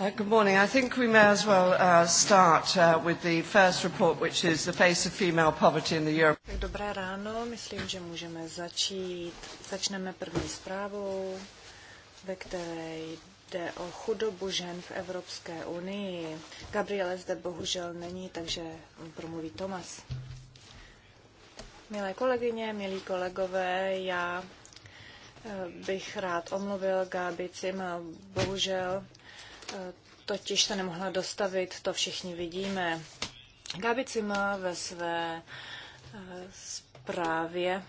Uh, good morning. I think we may as well uh, start uh, with the first report, which is the face of female poverty in the Europe. Dobré ráno, myslím, že můžeme začít. Začneme první zprávou, ve které jde o chudobu žen v Evropské unii. Gabriele zde bohužel není, takže promluví Tomas. Milé kolegyně, milí kolegové, já eh, bych rád omluvil Gábi Cim, bohužel totiž se nemohla dostavit, to všichni vidíme. Gabi má ve své eh, zprávě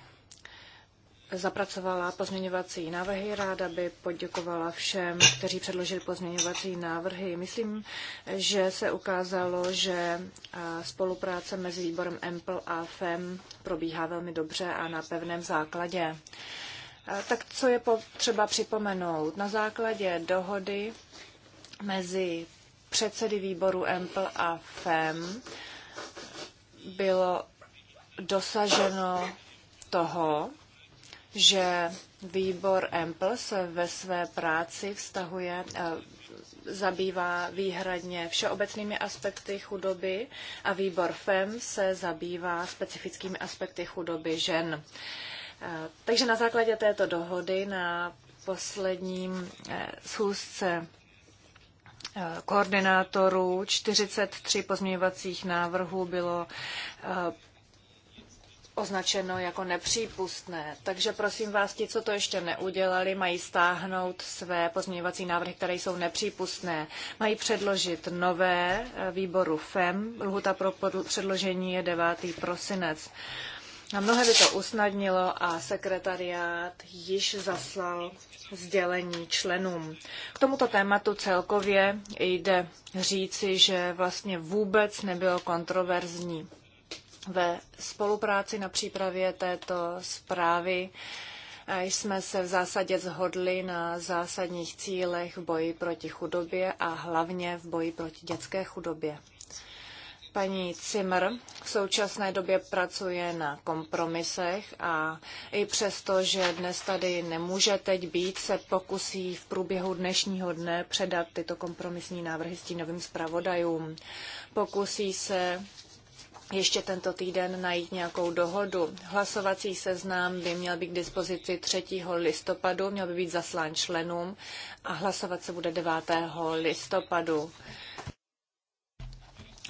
zapracovala pozměňovací návrhy. Ráda by poděkovala všem, kteří předložili pozměňovací návrhy. Myslím, že se ukázalo, že eh, spolupráce mezi výborem EMPL a FEM probíhá velmi dobře a na pevném základě. Eh, tak co je potřeba připomenout? Na základě dohody mezi předsedy výboru EMPL a FEM bylo dosaženo toho, že výbor EMPL se ve své práci vztahuje, eh, zabývá výhradně všeobecnými aspekty chudoby a výbor FEM se zabývá specifickými aspekty chudoby žen. Eh, takže na základě této dohody na posledním eh, schůzce Eh, koordinátorů, 43 pozměňovacích návrhů bylo eh, označeno jako nepřípustné. Takže prosím vás, ti, co to ještě neudělali, mají stáhnout své pozměňovací návrhy, které jsou nepřípustné. Mají předložit nové eh, výboru FEM. Lhuta pro předložení je 9. prosinec. A mnohé by to usnadnilo a sekretariát již zaslal sdělení členům. K tomuto tématu celkově jde říci, že vlastně vůbec nebylo kontroverzní. Ve spolupráci na přípravě této zprávy eh, jsme se v zásadě zhodli na zásadních cílech v boji proti chudobě a hlavně v boji proti dětské chudobě. Paní Cimr v současné době pracuje na kompromisech a i přesto, že dnes tady nemůže teď být, se pokusí v průběhu dnešního dne předat tyto kompromisní návrhy s novým zpravodajům. Pokusí se ještě tento týden najít nějakou dohodu. Hlasovací seznam by měl být k dispozici 3. listopadu, měl by být zaslán členům a hlasovat se bude 9. listopadu.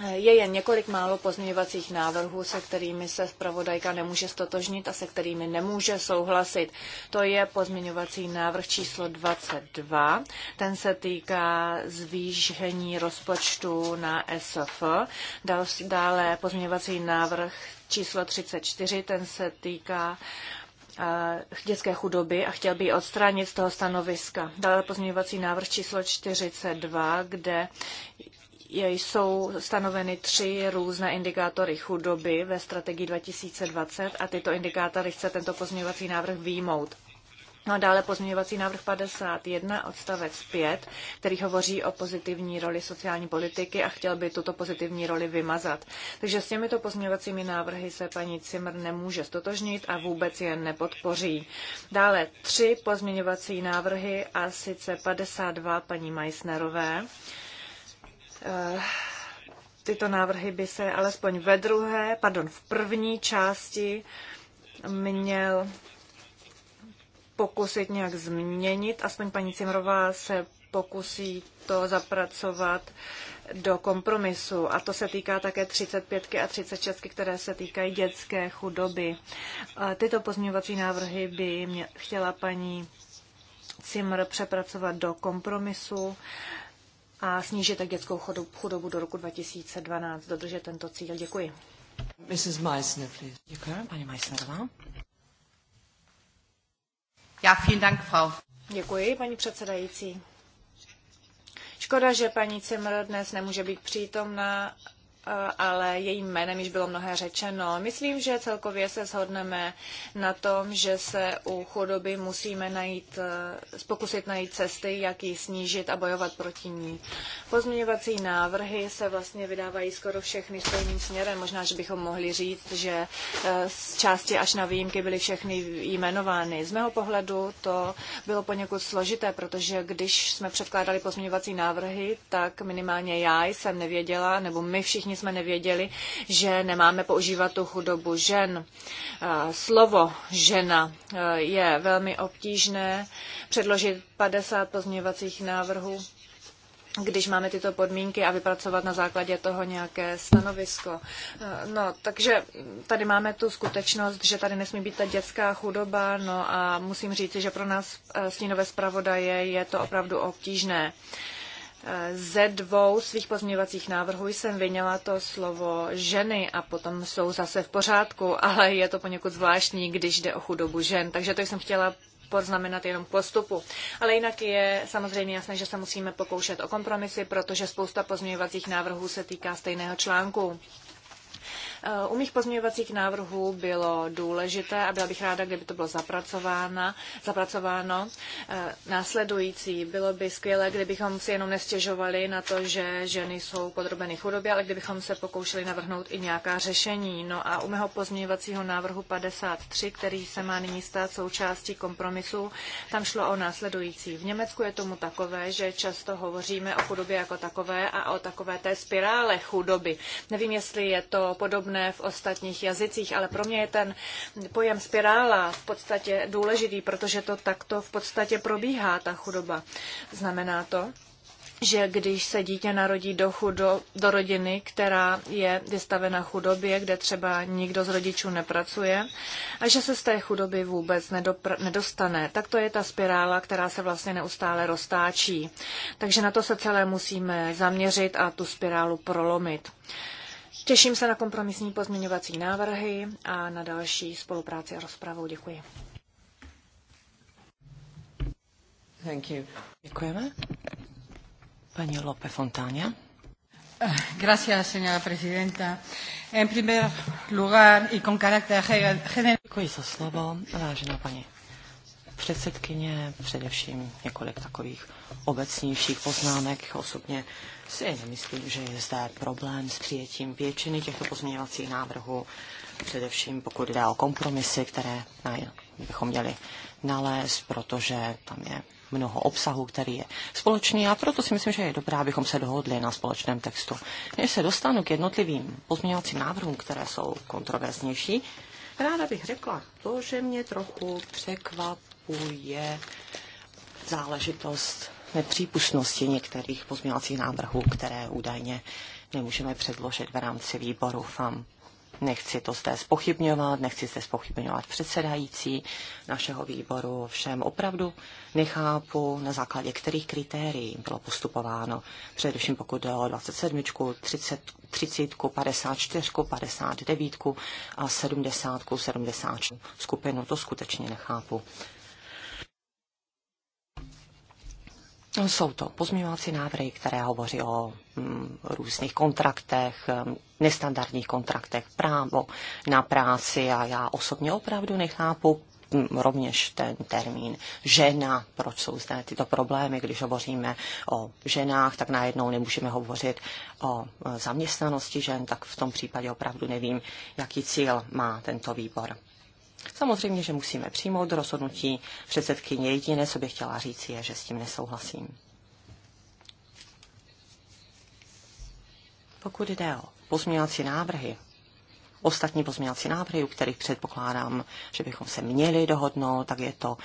Je jen několik málo pozměňovacích návrhů, se kterými se zpravodajka nemůže stotožnit a se kterými nemůže souhlasit. To je pozměňovací návrh číslo 22. Ten se týká zvýšení rozpočtu na SF. Dále pozměňovací návrh číslo 34. Ten se týká eh, dětské chudoby a chtěl by ji odstranit z toho stanoviska. Dále pozměňovací návrh číslo 42, kde jsou stanoveny tři různé indikátory chudoby ve strategii 2020 a tyto indikátory chce tento pozměňovací návrh výjmout. No a dále pozměňovací návrh 51 odstavec 5, který hovoří o pozitivní roli sociální politiky a chtěl by tuto pozitivní roli vymazat. Takže s těmito pozměňovacími návrhy se paní Cimr nemůže stotožnit a vůbec je nepodpoří. Dále tři pozměňovací návrhy a sice 52 paní Meissnerové, Eh, tyto návrhy by se alespoň ve druhé, pardon, v první části měl pokusit nějak změnit. Aspoň paní Cimrová se pokusí to zapracovat do kompromisu. A to se týká také 35 a 36, které se týkají dětské chudoby. A tyto pozměňovací návrhy by mě chtěla paní Cimr přepracovat do kompromisu a snížit tak dětskou chudobu do roku 2012. Dodržet tento cíl. Děkuji. Mrs. Meissner, please. Děkuji, paní Meissnerová. Já, vielen Dank, Frau. Děkuji, paní předsedající. Škoda, že paní Cimr dnes nemůže být přítomna ale jejím jménem již bylo mnohé řečeno. Myslím, že celkově se shodneme na tom, že se u chudoby musíme najít, e, pokusit najít cesty, jak ji snížit a bojovat proti ní. Pozměňovací návrhy se vlastně vydávají skoro všechny stejným směrem. Možná, že bychom mohli říct, že e, z části až na výjimky byly všechny jmenovány. Z mého pohledu to bylo poněkud složité, protože když jsme předkládali pozměňovací návrhy, tak minimálně já jsem nevěděla, nebo my všichni všichni jsme nevěděli, že nemáme používat tu chudobu žen. Slovo žena je velmi obtížné předložit 50 pozměňovacích návrhů když máme tyto podmínky a vypracovat na základě toho nějaké stanovisko. No, takže tady máme tu skutečnost, že tady nesmí být ta dětská chudoba, no a musím říci, že pro nás e, stínové zpravodaje je to opravdu obtížné. Uh, ze dvou svých pozměňovacích návrhů jsem vyněla to slovo ženy a potom jsou zase v pořádku, ale je to poněkud zvláštní, když jde o chudobu žen. Takže to jsem chtěla poznamenat jenom k postupu. Ale jinak je samozřejmě jasné, že se musíme pokoušet o kompromisy, protože spousta pozměňovacích návrhů se týká stejného článku. Eh, u mých pozměňovacích návrhů bylo důležité a byla bych ráda, kdyby to bylo zapracováno. zapracováno. Eh, následující bylo by skvělé, kdybychom si jenom nestěžovali na to, že ženy jsou podrobeny chudobě, ale kdybychom se pokoušeli navrhnout i nějaká řešení. No a u mého pozměňovacího návrhu 53, který se má nyní stát součástí kompromisu, tam šlo o následující. V Německu je tomu takové, že často hovoříme o chudobě jako takové a o takové té spirále chudoby. Nevím, jestli je to podobné podobné v ostatních jazycích, ale pro mě je ten pojem spirála v podstatě důležitý, protože to takto v podstatě probíhá, ta chudoba. Znamená to, že když se dítě narodí do, chudo, do rodiny, která je vystavena chudobě, kde třeba nikdo z rodičů nepracuje, a že se z té chudoby vůbec nedopr- nedostane, tak to je ta spirála, která se vlastně neustále roztáčí. Takže na to se celé musíme zaměřit a tu spirálu prolomit. Těším se na kompromisní pozměňovací návrhy a na další spolupráci a rozpravu. Děkuji. Thank you. Děkujeme. Pani Lope Fontania. Gracias, señora presidenta. En primer lugar y con carácter general. Děkuji za slovo, vážená paní předsedkyně, především několik takových obecnějších poznámek. Osobně si nemyslím, že je zde problém s přijetím většiny těchto pozměňovacích návrhů, především pokud jde o kompromisy, které bychom měli nalézt, protože tam je mnoho obsahu, který je společný a proto si myslím, že je dobré, abychom se dohodli na společném textu. Než se dostanu k jednotlivým pozměňovacím návrhům, které jsou kontroverznější, ráda bych řekla to, že mě trochu překvap roku je záležitost nepřípustnosti některých pozměňovacích návrhů, které údajně nemůžeme předložit v rámci výboru FAM. Nechci to zde spochybňovat, nechci zde spochybňovat předsedající našeho výboru. Všem opravdu nechápu, na základě kterých kritérií bylo postupováno. Především pokud jde o 27, 30, 30, 54, 59 a 70, 74 skupinu. To skutečně nechápu. Jsou to pozměňovací návrhy, které hovoří o mm, různých kontraktech, mm, nestandardních kontraktech, právo na práci a já osobně opravdu nechápu mm, rovněž ten termín žena, proč jsou zde tyto problémy, když hovoříme o ženách, tak najednou nemůžeme hovořit o e, zaměstnanosti žen, tak v tom případě opravdu nevím, jaký cíl má tento výbor. Samozřejmě, že musíme přijmout rozhodnutí předsedkyně. Jediné, co bych chtěla říct, je, že s tím nesouhlasím. Pokud jde o pozměňovací návrhy, ostatní pozměňovací návrhy, u kterých předpokládám, že bychom se měli dohodnout, tak je to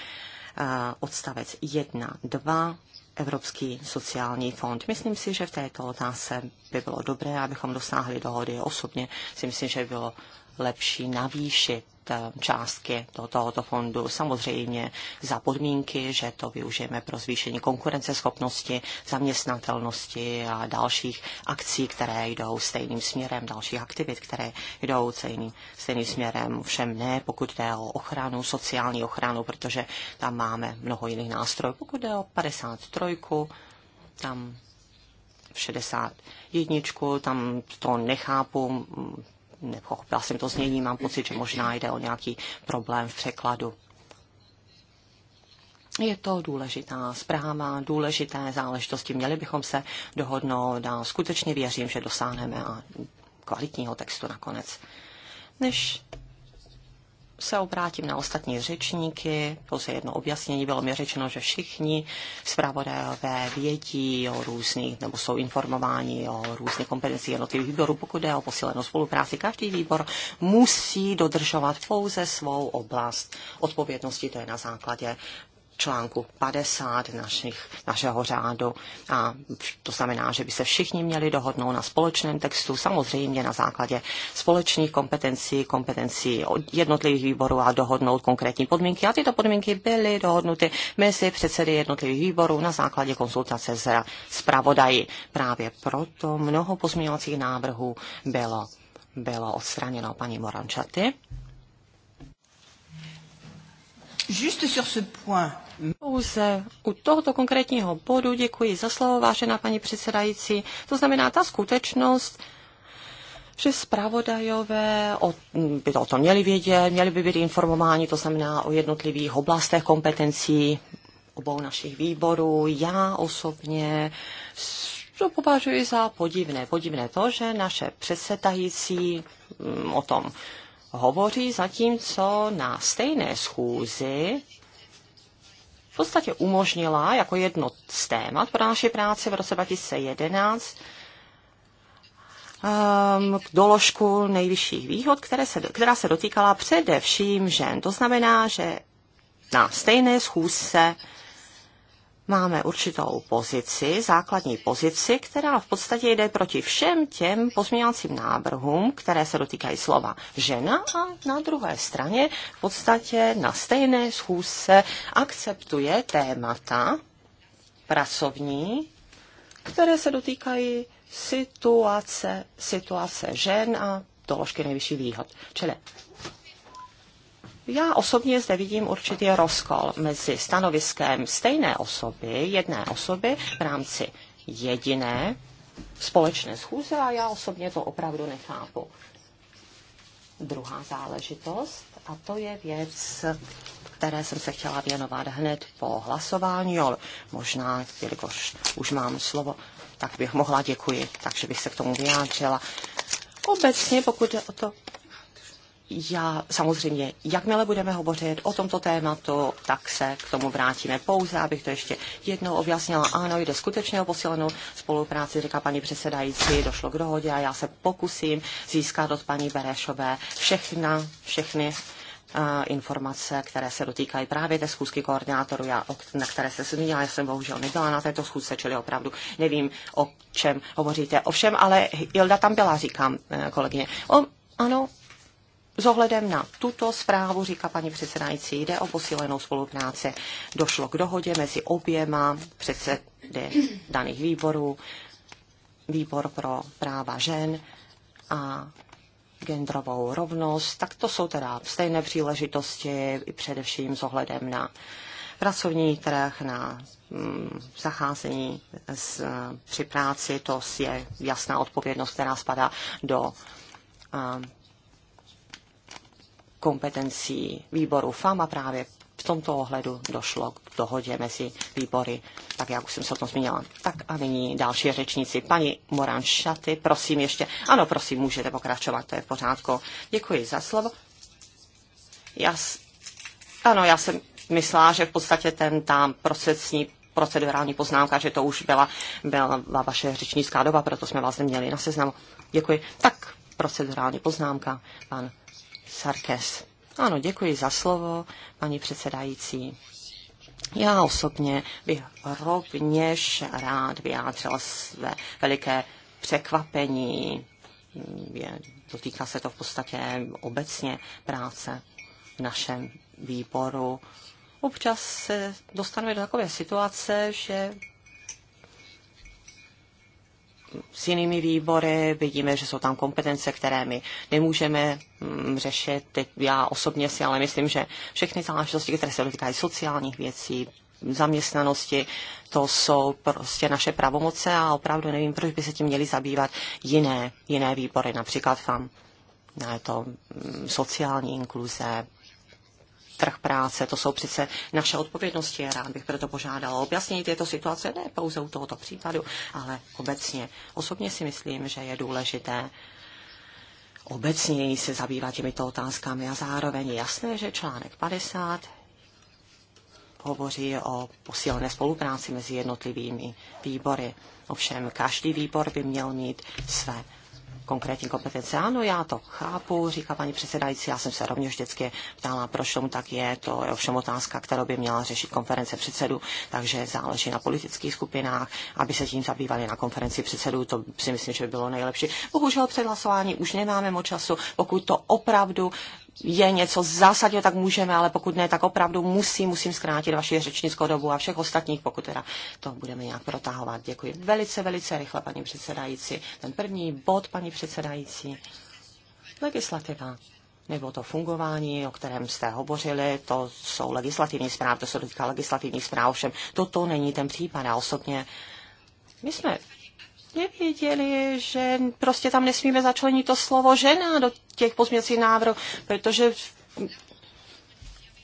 eh, odstavec 1, 2, Evropský sociální fond. Myslím si, že v této otázce by bylo dobré, abychom dosáhli dohody. Osobně si myslím, že by bylo lepší navýšit eh, částky do tohoto fondu. Samozřejmě za podmínky, že to využijeme pro zvýšení konkurenceschopnosti, zaměstnatelnosti a dalších akcí, které jdou stejným směrem, dalších aktivit, které jdou stejným, stejným směrem. Všem ne, pokud jde o ochranu, sociální ochranu, protože tam máme mnoho jiných nástrojů. Pokud jde o 53, tam 61, tam to nechápu, nepochopila jako, jsem to znění, mám pocit, že možná jde o nějaký problém v překladu. Je to důležitá zpráva, důležité záležitosti. Měli bychom se dohodnout a skutečně věřím, že dosáhneme a kvalitního textu nakonec. Než se obrátím na ostatní řečníky. Pouze jedno objasnění. Bylo mi řečeno, že všichni zpravodajové vědí o různých, nebo jsou informováni o různých kompetencích jednotlivých výborů. Pokud jde o posílenou spolupráci, každý výbor musí dodržovat pouze svou oblast odpovědnosti. To je na základě článku 50 našich, našeho řádu. A to znamená, že by se všichni měli dohodnout na společném textu, samozřejmě na základě společných kompetencí, kompetencí jednotlivých výborů a dohodnout konkrétní podmínky. A tyto podmínky byly dohodnuty mezi předsedy jednotlivých výborů na základě konzultace s zpravodají. Právě proto mnoho pozměňovacích návrhů bylo, bylo odstraněno paní Morančaty. Juste sur ce point, pouze u tohoto konkrétního bodu děkuji za slovo, vážená paní předsedající. To znamená ta skutečnost, že zpravodajové o, by to, o tom měli vědět, měli by být informováni, to znamená o jednotlivých oblastech kompetencí obou našich výborů. Já osobně to považuji za podivné. Podivné to, že naše předsedající mm, o tom hovoří, zatímco na stejné schůzi v podstatě umožnila jako jedno z témat pro naši práci v roce 2011 um, ehm, doložku nejvyšších výhod, které se, která se dotýkala především žen. To znamená, že na stejné schůzce máme určitou pozici, základní pozici, která v podstatě jde proti všem těm pozměňovacím návrhům, které se dotýkají slova žena a na druhé straně v podstatě na stejné schůzce akceptuje témata pracovní, které se dotýkají situace, situace žen a doložky nejvyšší výhod. Čili já osobně zde vidím určitý rozkol mezi stanoviskem stejné osoby, jedné osoby v rámci jediné společné schůze a já osobně to opravdu nechápu. Druhá záležitost, a to je věc, které jsem se chtěla věnovat hned po hlasování, ale možná, jelikož už mám slovo, tak bych mohla děkuji, takže bych se k tomu vyjádřila. Obecně, pokud o to já samozřejmě, jakmile budeme hovořit o tomto tématu, tak se k tomu vrátíme pouze, abych to ještě jednou objasnila. Ano, jde skutečně o posílenou spolupráci, říká paní předsedající, došlo k dohodě a já se pokusím získat od paní Berešové všechna, všechny eh, informace, které se dotýkají právě té schůzky koordinátorů, já, na které se zmínila. Já jsem bohužel nebyla na této schůzce, čili opravdu nevím, o čem hovoříte. Ovšem, ale Ilda tam byla, říkám eh, kolegyně. O, ano, s ohledem na tuto zprávu, říká paní předsedající, jde o posílenou spolupráci. Došlo k dohodě mezi oběma předsedy daných výborů, výbor pro práva žen a genderovou rovnost, tak to jsou teda stejné příležitosti i především s ohledem na pracovní trh, na mm, zacházení s, při práci, to je jasná odpovědnost, která spadá do kompetencí výboru FAM a právě v tomto ohledu došlo k dohodě mezi výbory, tak jak už jsem se o tom zmínila. Tak a nyní další řečníci. Paní Moran Šaty, prosím ještě. Ano, prosím, můžete pokračovat, to je v pořádku. Děkuji za slovo. Já, ano, já jsem myslela, že v podstatě ten tam procesní procedurální poznámka, že to už byla, byla vaše řečnická doba, proto jsme vás neměli na seznamu. Děkuji. Tak procedurální poznámka, pan Sarkes. Ano, děkuji za slovo, paní předsedající. Já osobně bych rovněž rád vyjádřil své veliké překvapení. Je, dotýká se to v podstatě obecně práce v našem výboru. Občas se dostaneme do takové situace, že s jinými výbory, vidíme, že jsou tam kompetence, které my nemůžeme mm, řešit. Já osobně si ale myslím, že všechny záležitosti, které se dotýkají sociálních věcí, zaměstnanosti, to jsou prostě naše pravomoce a opravdu nevím, proč by se tím měli zabývat jiné, jiné výbory, například tam na to mm, sociální inkluze, trh práce. To jsou přece naše odpovědnosti. Rád bych proto požádal objasnění této situace ne pouze u tohoto případu, ale obecně. Osobně si myslím, že je důležité obecněji se zabývat těmito otázkami a zároveň jasné, že článek 50 hovoří o posílené spolupráci mezi jednotlivými výbory. Ovšem, každý výbor by měl mít své konkrétní kompetence. Ano, já to chápu, říká paní předsedající, já jsem se rovněž vždycky ptala, proč tomu tak je, to je ovšem otázka, kterou by měla řešit konference předsedů, takže záleží na politických skupinách, aby se tím zabývali na konferenci předsedů, to si myslím, že by bylo nejlepší. Bohužel před hlasování už nemáme moc času, pokud to opravdu je něco zásadně, tak můžeme, ale pokud ne, tak opravdu musím, musím zkrátit vaši řečnickou dobu a všech ostatních, pokud teda to budeme nějak protahovat. Děkuji velice, velice rychle, paní předsedající. Ten první bod, paní předsedající, legislativa nebo to fungování, o kterém jste hovořili, to jsou legislativní zprávy, to se dotýká legislativních zpráv, ovšem toto není ten případ. A osobně my jsme nevěděli, že prostě tam nesmíme začlenit to slovo žena do těch pozměcích návrhů, protože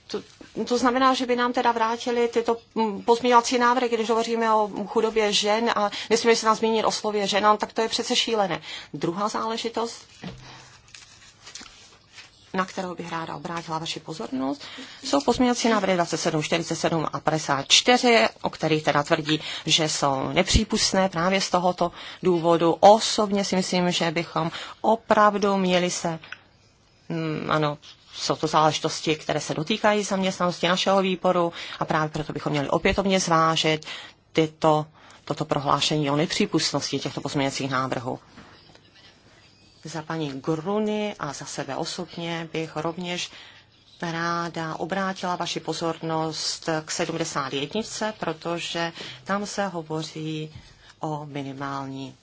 to, to znamená, že by nám teda vrátili tyto pozměňovací návrhy, když hovoříme o chudobě žen a nesmíme se nám zmínit o slově žena, tak to je přece šílené. Druhá záležitost, na kterou bych ráda obrátila vaši pozornost, jsou pozměňovací návrhy 27, 47 a 54, o kterých teda tvrdí, že jsou nepřípustné právě z tohoto důvodu. Osobně si myslím, že bychom opravdu měli se, mm, ano, jsou to záležitosti, které se dotýkají zaměstnanosti našeho výboru a právě proto bychom měli opětovně zvážit tyto, toto prohlášení o nepřípustnosti těchto pozměňovacích návrhů za paní Gruny a za sebe osobně bych rovněž ráda obrátila vaši pozornost k 71, protože tam se hovoří o minimální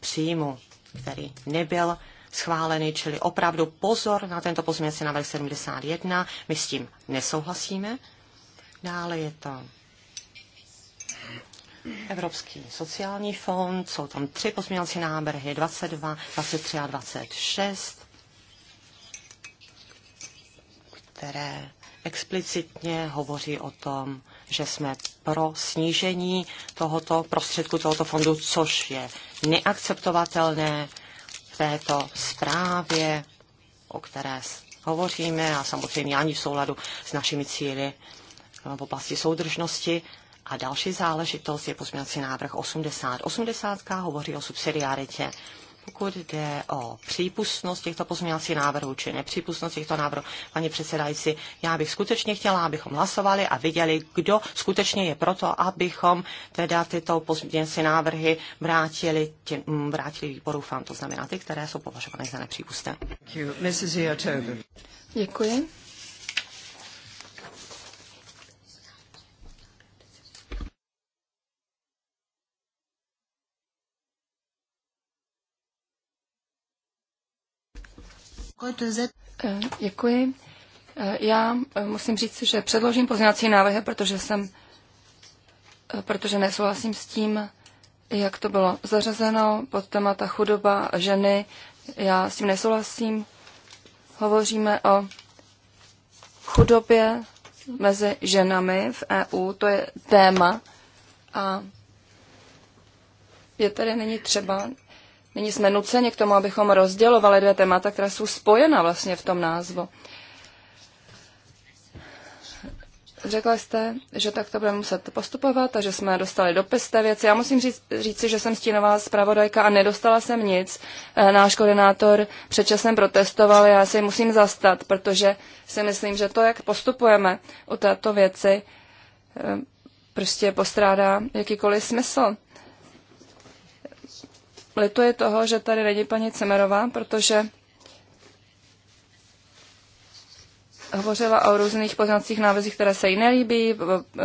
příjmu, který nebyl schválený, čili opravdu pozor na tento pozměnce návrh 71. My s tím nesouhlasíme. Dále je to Evropský sociální fond, jsou tam tři pozměňovací návrhy, 22, 23 a 26, které explicitně hovoří o tom, že jsme pro snížení tohoto prostředku tohoto fondu, což je neakceptovatelné v této zprávě, o které hovoříme a samozřejmě ani v souladu s našimi cíly v oblasti soudržnosti. A další záležitost je pozměňovací návrh 80. 80 hovoří o subsidiaritě. Pokud jde o přípustnost těchto pozměňovacích návrhů či nepřípustnost těchto návrhů, paní předsedající, já bych skutečně chtěla, abychom hlasovali a viděli, kdo skutečně je proto, abychom teda tyto pozměňovací návrhy vrátili, tě, mm, vrátili výboru FAM, to znamená ty, které jsou považované za nepřípustné. Děkuji. Eh, děkuji. Eh, já eh, musím říct, že předložím pozměňovací návrhy, protože jsem, protože nesouhlasím s tím, jak to bylo zařazeno pod témata chudoba ženy. Já s tím nesouhlasím. Hovoříme o chudobě mezi ženami v EU, to je téma a je tady není třeba Nyní jsme nuceni k tomu, abychom rozdělovali dvě témata, která jsou spojena vlastně v tom názvu. Řekla jste, že tak to budeme muset postupovat a že jsme dostali dopis té věci. Já musím říct, říci, že jsem stínová zpravodajka a nedostala jsem nic. Eh, náš koordinátor předčasem protestoval, já se musím zastat, protože si myslím, že to, jak postupujeme u této věci, eh, prostě postrádá jakýkoliv smysl. Lituji toho, že tady není paní Cemerová, protože hovořila o různých poznacích návrzích, které se jí nelíbí,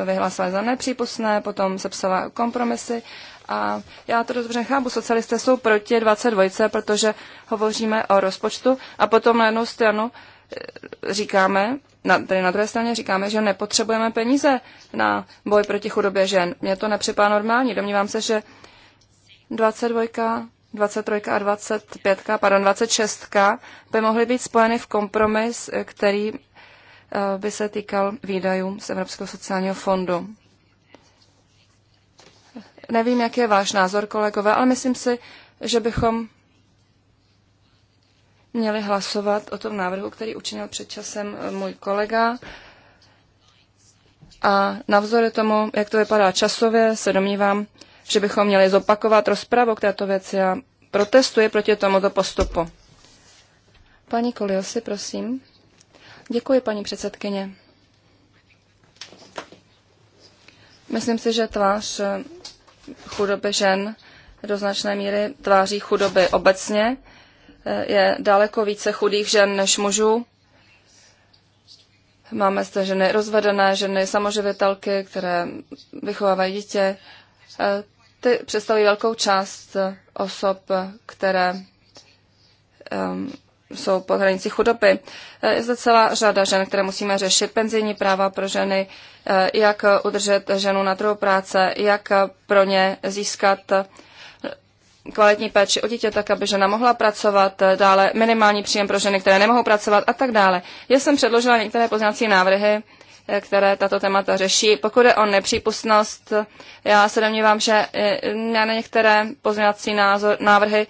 vyhlásila za nepřípustné, potom sepsala kompromisy a já to dobře chápu, socialisté jsou proti 22, protože hovoříme o rozpočtu a potom na jednu stranu eh, říkáme, na, tedy na druhé straně říkáme, že nepotřebujeme peníze na boj proti chudobě žen. Mně to nepřipadá normální. Domnívám se, že 22, 23 a 25, pardon, 26 by mohly být spojeny v kompromis, který eh, by se týkal výdajů z Evropského sociálního fondu. Nevím, jaký je váš názor, kolegové, ale myslím si, že bychom měli hlasovat o tom návrhu, který učinil před časem eh, můj kolega. A navzory tomu, jak to vypadá časově, se domnívám, že bychom měli zopakovat rozpravu k této věci a protestuji proti tomuto postupu. Paní Koliosi, prosím. Děkuji, paní předsedkyně. Myslím si, že tvář eh, chudoby žen do značné míry tváří chudoby obecně. Eh, je daleko více chudých žen než mužů. Máme zde ženy rozvedené, ženy samoživitelky, které vychovávají dítě. Eh, ty představují velkou část eh, osob, které um, jsou pod hranicí chudoby. Eh, je zde celá řada žen, které musíme řešit. Penzijní práva pro ženy, eh, jak udržet ženu na druhou práce, jak pro ně získat kvalitní péči o dítě, tak aby žena mohla pracovat, dále minimální příjem pro ženy, které nemohou pracovat a tak dále. Já jsem předložila některé poznávací návrhy, které tato témata řeší. Pokud je o nepřípustnost, já se domnívám, že eh, na některé pozměňovací návrhy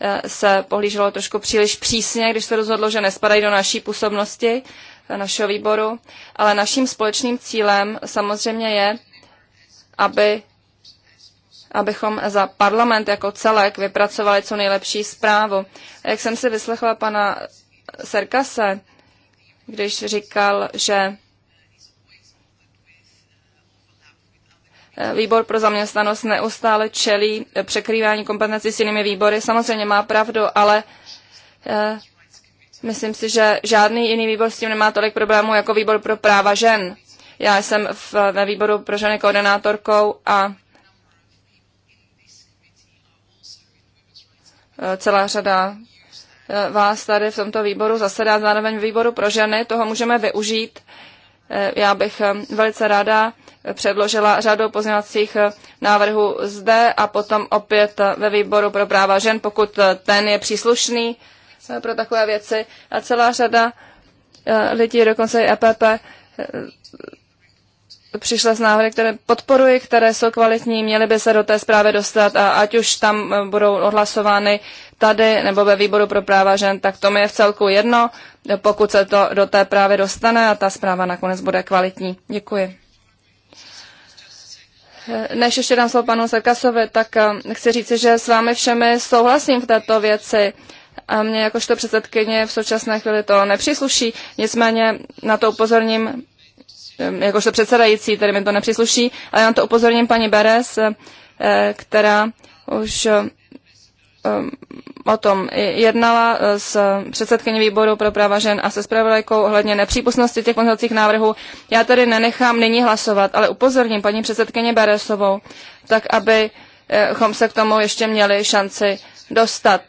eh, se pohlíželo trošku příliš přísně, když se rozhodlo, že nespadají do naší působnosti, eh, našeho výboru, ale naším společným cílem samozřejmě je, aby, abychom za parlament jako celek vypracovali co nejlepší zprávu. Jak jsem si vyslechla pana Serkase, když říkal, že Výbor pro zaměstnanost neustále čelí překrývání kompetencí s jinými výbory. Samozřejmě má pravdu, ale eh, myslím si, že žádný jiný výbor s tím nemá tolik problémů jako výbor pro práva žen. Já jsem v, ve výboru pro ženy koordinátorkou a eh, celá řada eh, vás tady v tomto výboru zasedá zároveň výboru pro ženy, toho můžeme využít. Já bych velice ráda předložila řadu pozměňovacích eh, návrhů zde a potom opět eh, ve výboru pro práva žen, pokud eh, ten je příslušný pro takové věci. A celá řada lidí, dokonce i EPP, přišla s návrhy, které podporuji, které jsou kvalitní, měly by se do té zprávy dostat a ať už tam budou odhlasovány tady nebo ve výboru pro práva žen, tak to mi je v celku jedno, pokud se to do té právě dostane a ta zpráva nakonec bude kvalitní. Děkuji. Než ještě dám slovo panu Sarkasovi, tak eh, chci říct, že s vámi všemi souhlasím v této věci. A mě jakožto předsedkyně v současné chvíli to nepřísluší, nicméně na to upozorním, eh, jakožto předsedající, tedy mi to nepřísluší, ale na to upozorním paní Beres, eh, která už Ehm, o tom jednala eh, s předsedkyní výboru pro práva žen a se zpravodajkou ohledně nepřípustnosti těch konzultacích návrhů. Já tady nenechám nyní hlasovat, ale upozorním paní předsedkyně Beresovou, tak abychom eh, se k tomu ještě měli šanci dostat,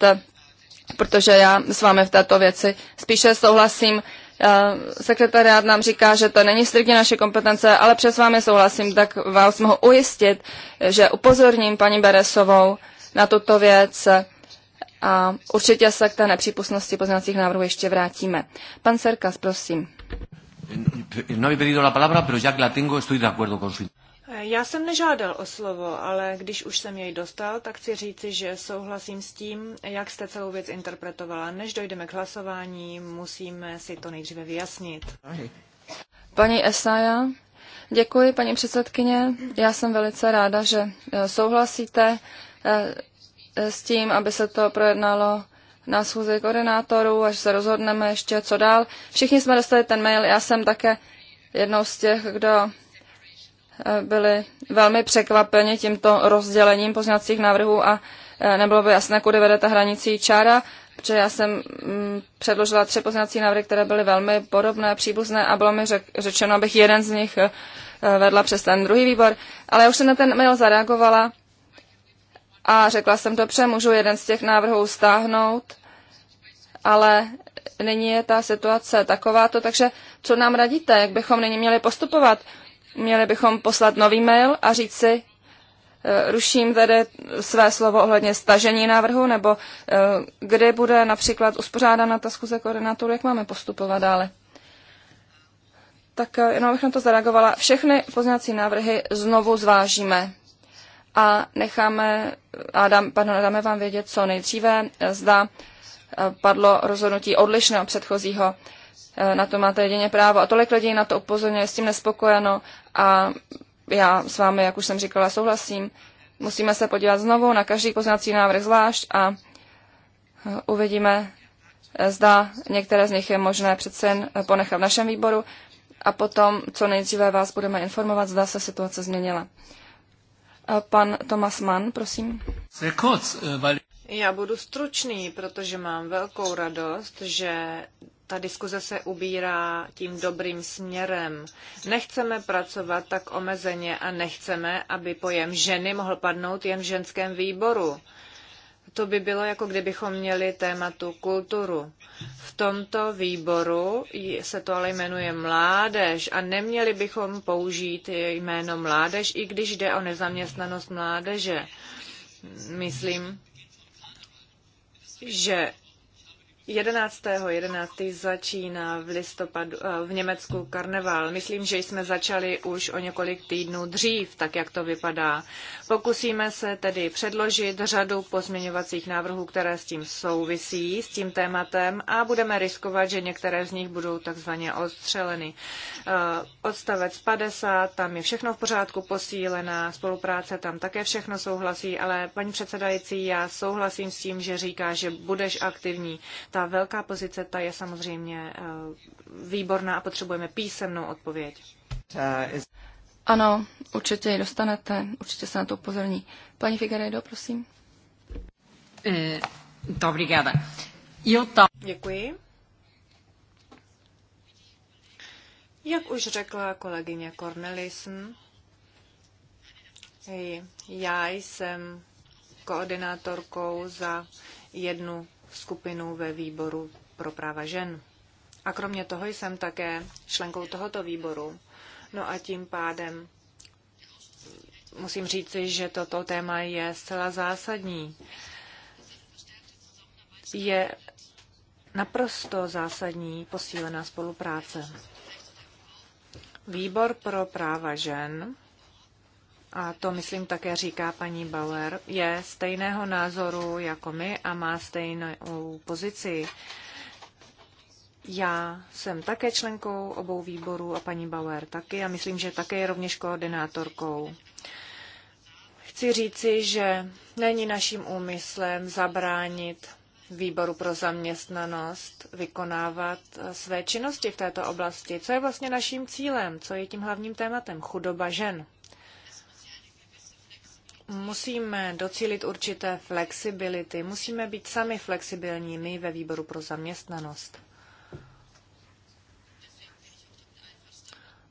protože já s vámi v této věci spíše souhlasím. Eh, sekretariát nám říká, že to není striktně naše kompetence, ale přes vámi souhlasím, tak vás mohu ujistit, že upozorním paní Beresovou, na tuto věc a určitě se k té nepřípustnosti pozměňovacích návrhů ještě vrátíme. Pan Serkas, prosím. No Já jsem nežádal o slovo, ale když už jsem jej dostal, tak chci říci, že souhlasím s tím, jak jste celou věc interpretovala. Než dojdeme k hlasování, musíme si to nejdříve vyjasnit. Paní Esaja, děkuji, paní předsedkyně. Já jsem velice ráda, že e, souhlasíte s tím, aby se to projednalo na schůzi koordinátorů, až se rozhodneme ještě co dál. Všichni jsme dostali ten mail, já jsem také jednou z těch, kdo eh, byli velmi překvapeni tímto rozdělením poznacích návrhů a eh, nebylo by jasné, kudy vede ta hranicí čára, protože já jsem mm, předložila tři poznací návrhy, které byly velmi podobné, příbuzné a bylo mi řečeno, abych jeden z nich eh, vedla přes ten druhý výbor. Ale já už jsem na ten mail zareagovala a řekla jsem, dobře, můžu jeden z těch návrhů stáhnout, ale nyní je ta situace takováto, takže co nám radíte, jak bychom nyní měli postupovat? Měli bychom poslat nový mail a říct si, eh, ruším tedy své slovo ohledně stažení návrhu, nebo eh, kdy bude například uspořádána ta schůze koordinátorů, jak máme postupovat dále? Tak eh, jenom bych na to zareagovala. Všechny pozněcí návrhy znovu zvážíme a necháme, a dám, pardon, dáme vám vědět co nejdříve, zda eh, padlo rozhodnutí odlišné od předchozího. Eh, na to máte jedině právo. A tolik lidí na to upozorňuje, s tím nespokojeno a já s vámi, jak už jsem říkala, souhlasím. Musíme se podívat znovu na každý poznací návrh zvlášť a eh, uvidíme, zda některé z nich je možné přece jen ponechat v našem výboru a potom co nejdříve vás budeme informovat, zda se situace změnila. Eh, pan Thomas Mann, prosím. Eh, Já budu stručný, protože mám velkou radost, že ta diskuze se ubírá tím dobrým směrem. Nechceme pracovat tak omezeně a nechceme, aby pojem ženy mohl padnout jen v ženském výboru to by bylo jako kdybychom měli tématu kulturu. V tomto výboru se to ale jmenuje mládež a neměli bychom použít jméno mládež, i když jde o nezaměstnanost mládeže. Myslím, že 11. 11. začíná v listopadu eh, v Německu karneval. Myslím, že jsme začali už o několik týdnů dřív, tak jak to vypadá. Pokusíme se tedy předložit řadu pozměňovacích návrhů, které s tím souvisí, s tím tématem a budeme riskovat, že některé z nich budou takzvaně odstřeleny. Eh, odstavec 50, tam je všechno v pořádku posílená, spolupráce tam také všechno souhlasí, ale paní předsedající, já souhlasím s tím, že říká, že budeš aktivní ta velká pozice, ta je samozřejmě eh, výborná a potřebujeme písemnou odpověď. Ano, určitě ji dostanete, určitě se na to upozorní. Paní Figueredo, prosím. Eh, obrigada. Děkuji. Jak už řekla kolegyně Cornelison, já jsem koordinátorkou za jednu skupinu ve výboru pro práva žen. A kromě toho jsem také členkou tohoto výboru. No a tím pádem musím říci, že toto téma je zcela zásadní. Je naprosto zásadní posílená spolupráce. Výbor pro práva žen a to myslím také říká paní Bauer, je stejného názoru jako my a má stejnou pozici. Já jsem také členkou obou výborů a paní Bauer taky a myslím, že také je rovněž koordinátorkou. Chci říci, že není naším úmyslem zabránit výboru pro zaměstnanost vykonávat své činnosti v této oblasti. Co je vlastně naším cílem? Co je tím hlavním tématem? Chudoba žen musíme docílit určité flexibility. Musíme být sami flexibilní my ve výboru pro zaměstnanost.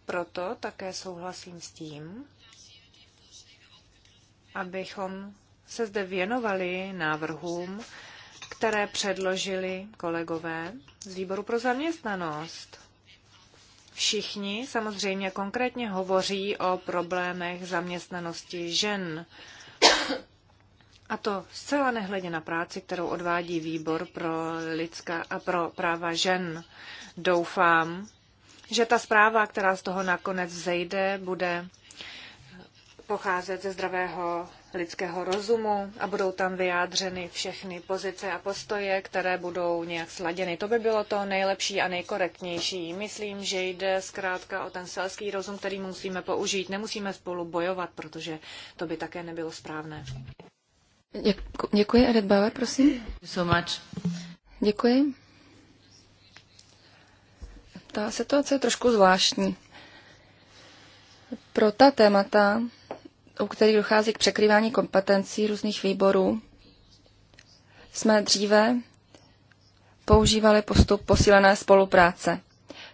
Proto také souhlasím s tím, abychom se zde věnovali návrhům, které předložili kolegové z výboru pro zaměstnanost. Všichni samozřejmě konkrétně hovoří o problémech zaměstnanosti žen. A to zcela nehledě na práci, kterou odvádí výbor pro lidská a pro práva žen. Doufám, že ta zpráva, která z toho nakonec zejde, bude pocházet ze zdravého lidského rozumu a budou tam vyjádřeny všechny pozice a postoje, které budou nějak sladěny. To by bylo to nejlepší a nejkorektnější. Myslím, že jde zkrátka o ten selský rozum, který musíme použít. Nemusíme spolu bojovat, protože to by také nebylo správné. Děkuji, Edith Bauer, prosím. So much. Děkuji. Ta situace je trošku zvláštní. Pro ta témata, u kterých dochází k překrývání kompetencí různých výborů, jsme dříve používali postup posílené spolupráce.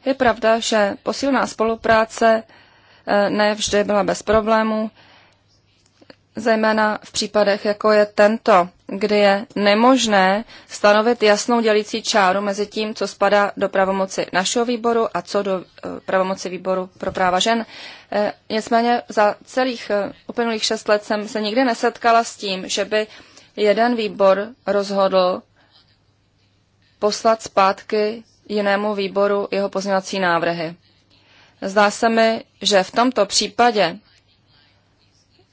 Je pravda, že posílená spolupráce eh, ne vždy byla bez problémů, zejména v případech, jako je tento, kdy je nemožné stanovit jasnou dělící čáru mezi tím, co spadá do pravomoci našeho výboru a co do eh, pravomoci výboru pro práva žen. Eh, nicméně za celých eh, uplynulých šest let jsem se nikdy nesetkala s tím, že by jeden výbor rozhodl poslat zpátky jinému výboru jeho pozměňovací návrhy. Zdá se mi, že v tomto případě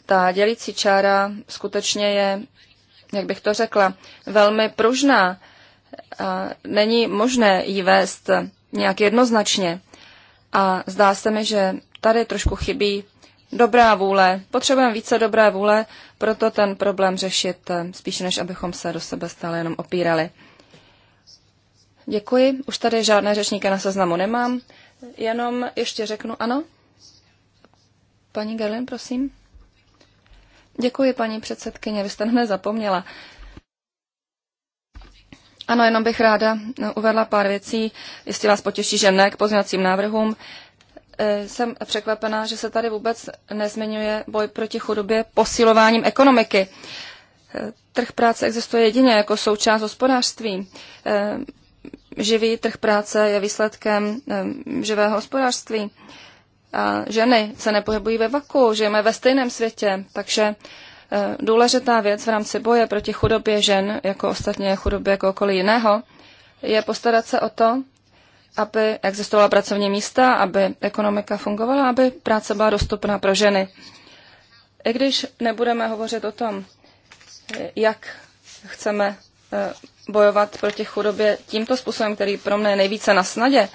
ta dělící čára skutečně je, jak bych to řekla, velmi pružná. A není možné ji vést nějak jednoznačně. A zdá se mi, že tady trošku chybí dobrá vůle. Potřebujeme více dobré vůle, proto ten problém řešit eh, spíše, než abychom se do sebe stále jenom opírali. Děkuji. Už tady žádné řečníky na seznamu nemám. Jenom ještě řeknu ano. Paní Gerlin, prosím. Děkuji, paní předsedkyně, vy jste hned zapomněla. Ano, jenom bych ráda no, uvedla pár věcí. Jestli vás potěší, že ne k pozměňovacím návrhům. E, jsem překvapená, že se tady vůbec nezmiňuje boj proti chudobě posilováním ekonomiky. E, trh práce existuje jedině jako součást hospodářství. E, živý trh práce je výsledkem živého hospodářství ženy se nepohybují ve vaku, žijeme ve stejném světě, takže eh, důležitá věc v rámci boje proti chudobě žen, jako ostatně chudobě jako okolí jiného, je postarat se o to, aby existovala pracovní místa, aby ekonomika fungovala, aby práce byla dostupná pro ženy. I když nebudeme hovořit o tom, jak chceme eh, bojovat proti chudobě tímto způsobem, který pro mě je nejvíce na snadě,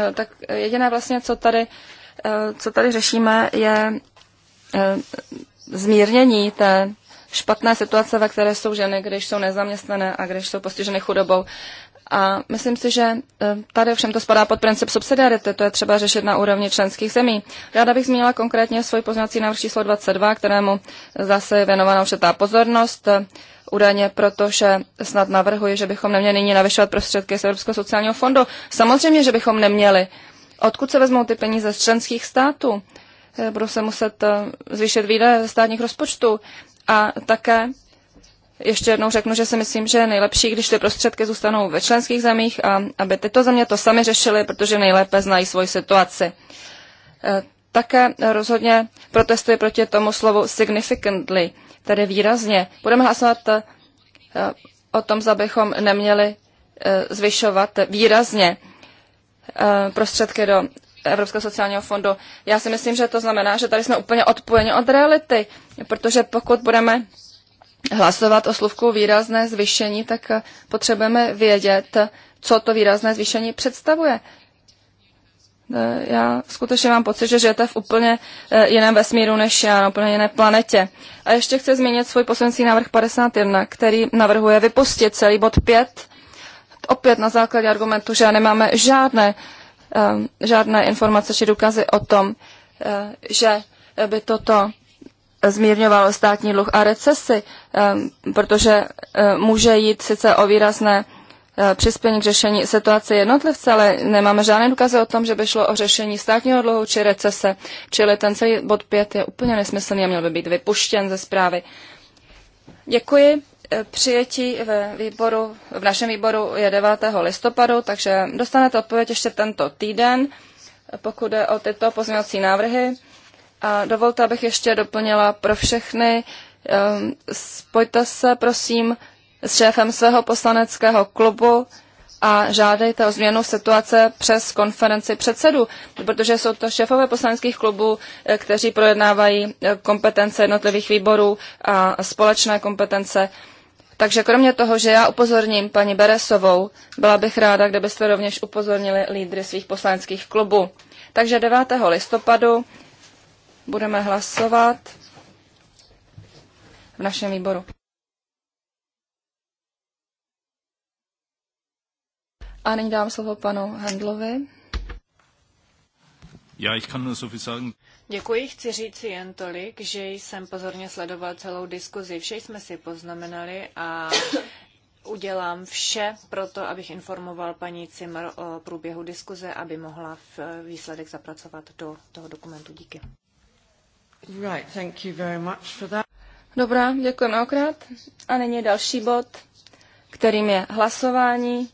eh, tak jediné vlastně, co tady Eh, co tady řešíme, je eh, zmírnění té špatné situace, ve které jsou ženy, když jsou nezaměstnané a když jsou postiženy chudobou. A myslím si, že eh, tady všem to spadá pod princip subsidiarity, to je třeba řešit na úrovni členských zemí. Ráda bych zmínila konkrétně svůj poznací návrh číslo 22, kterému zase je věnovaná určitá pozornost, údajně proto, že snad navrhuji, že bychom neměli nyní navyšovat prostředky z Evropského sociálního fondu. Samozřejmě, že bychom neměli. Odkud se vezmou ty peníze z členských států? Eh, budou se muset eh, zvýšit výdaje ze státních rozpočtů. A také ještě jednou řeknu, že si myslím, že je nejlepší, když ty prostředky zůstanou ve členských zemích a aby tyto země to sami řešily, protože nejlépe znají svoji situaci. Eh, také rozhodně protestuji proti tomu slovu significantly, tedy výrazně. Budeme hlasovat o tom, abychom neměli zvyšovat výrazně Eh, prostředky do Evropského sociálního fondu. Já si myslím, že to znamená, že tady jsme úplně odpojeni od reality, protože pokud budeme hlasovat o slovku výrazné zvýšení, tak eh, potřebujeme vědět, co to výrazné zvýšení představuje. Eh, já skutečně mám pocit, že žijete v úplně jiném vesmíru než já, na úplně jiné planetě. A ještě chci zmínit svůj poslední návrh 51, který navrhuje vypustit celý bod 5 opět na základě argumentu, že nemáme žádné, eh, žádné informace či důkazy o tom, eh, že by toto zmírňovalo státní dluh a recesi, eh, protože může jít sice o výrazné přispění k řešení situace jednotlivce, ale nemáme žádné důkazy o tom, že by šlo o řešení státního dluhu či recese, čili ten celý bod 5 je úplně nesmyslný a měl by být vypuštěn ze zprávy. Děkuji. Eh, přijetí ve výboru, v našem výboru je 9. listopadu, takže dostanete odpověď ještě tento týden, pokud je o tyto pozměňovací návrhy. A dovolte, abych ještě doplnila pro všechny. Ehm, spojte se, prosím, s šéfem svého poslaneckého klubu a žádejte o změnu situace přes konferenci předsedů, protože jsou to šéfové poslaneckých klubů, eh, kteří projednávají eh, kompetence jednotlivých výborů a společné kompetence takže kromě toho, že já upozorním paní Beresovou, byla bych ráda, kdybyste rovněž upozornili lídry svých poslaneckých klubů. Takže 9. listopadu budeme hlasovat v našem výboru. A nyní dám slovo panu Handlovi. Já ich kann nur so viel sagen. Děkuji, chci říci jen tolik, že jsem pozorně sledoval celou diskuzi. Vše jsme si poznamenali a udělám vše pro to, abych informoval paní Cimr o průběhu diskuze, aby mohla výsledek zapracovat do toho dokumentu. Díky. Right, thank you very much for that. Dobrá, děkuji mnohokrát. A nyní další bod, kterým je hlasování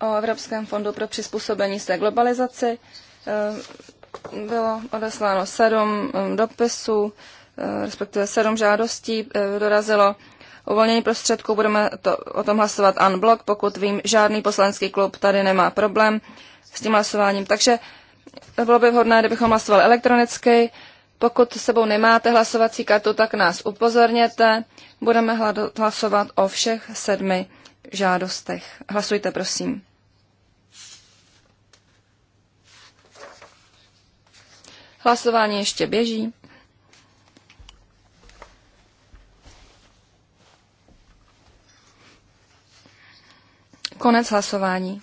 o Evropském fondu pro přizpůsobení se globalizaci bylo odesláno sedm um, dopisů, uh, respektive sedm žádostí uh, dorazilo. Uvolnění prostředků budeme to, o tom hlasovat unblock, pokud vím, žádný poslanský klub tady nemá problém s tím hlasováním. Takže bylo by vhodné, kdybychom hlasovali elektronicky. Pokud s sebou nemáte hlasovací kartu, tak nás upozorněte. Budeme hlasovat o všech sedmi žádostech. Hlasujte, prosím. Hlasování ještě běží. Konec hlasování.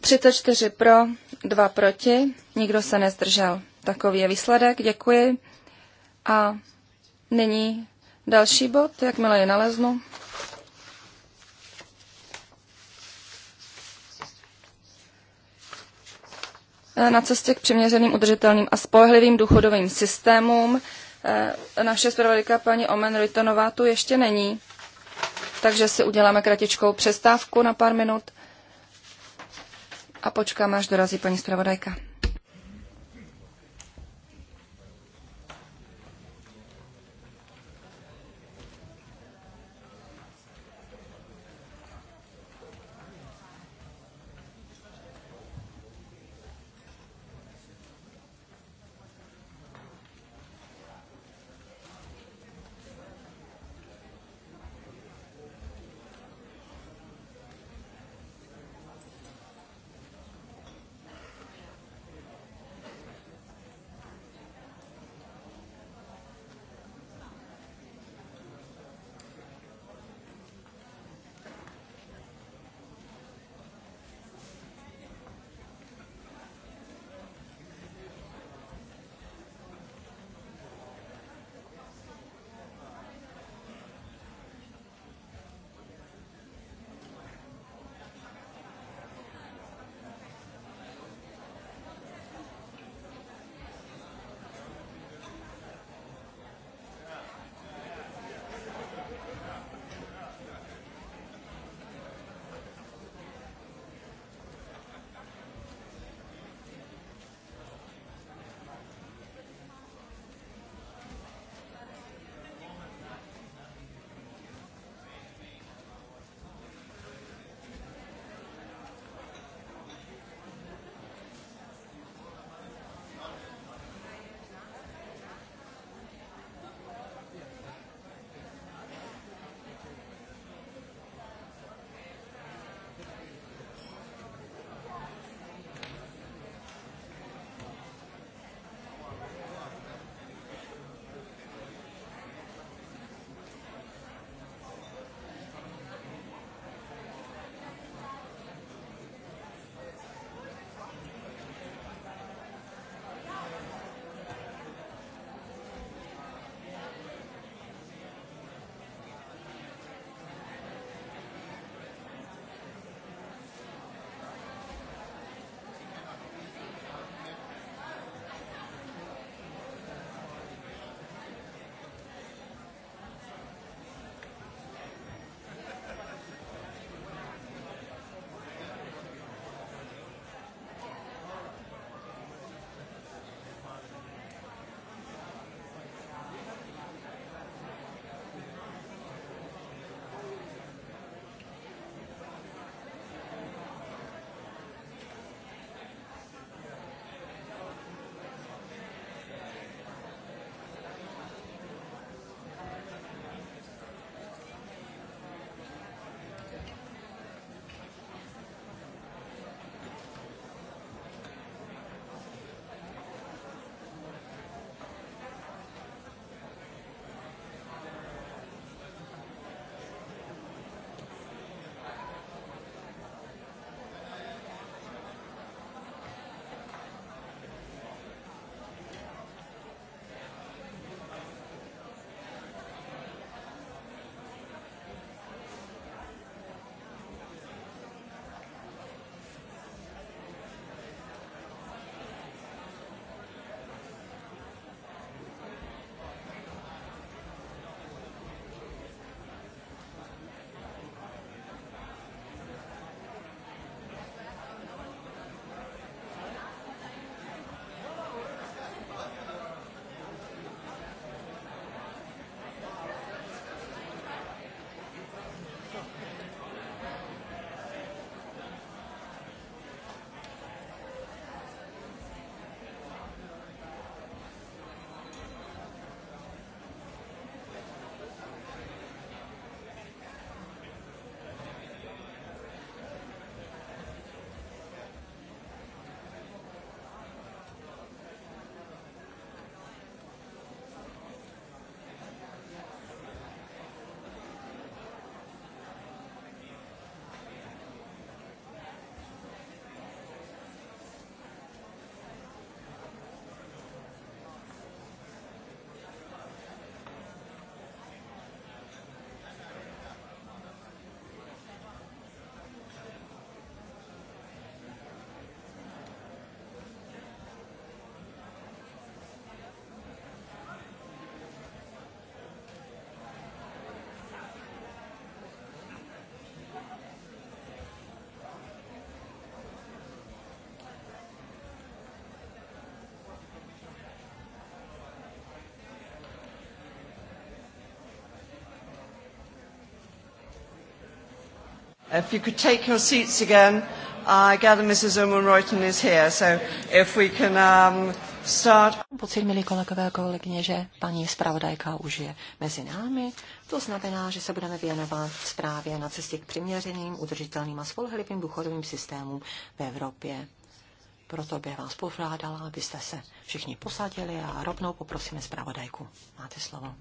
Třicet čtyři pro, dva proti, nikdo se nezdržel. Takový je výsledek, děkuji. A nyní další bod, jakmile je naleznu. Eh, na cestě k přiměřeným, udržitelným a spolehlivým důchodovým systémům. Eh, naše zpravodajka paní Omen Rytonová tu ještě není, takže si uděláme kratičkou přestávku na pár minut a počkáme, až dorazí paní zpravodajka. If you could take your seats again, I gather Mrs. Omen-Reuten is here, so if we can um, start... Pocit, milí kolegové a kolegyně, že paní zpravodajka už je mezi námi. To znamená, že se budeme věnovat zprávě na cestě k přiměřeným, udržitelným a spolehlivým důchodovým systémům v Evropě. Proto bych vás požádala, abyste se všichni posadili a rovnou poprosíme zpravodajku. Máte slovo.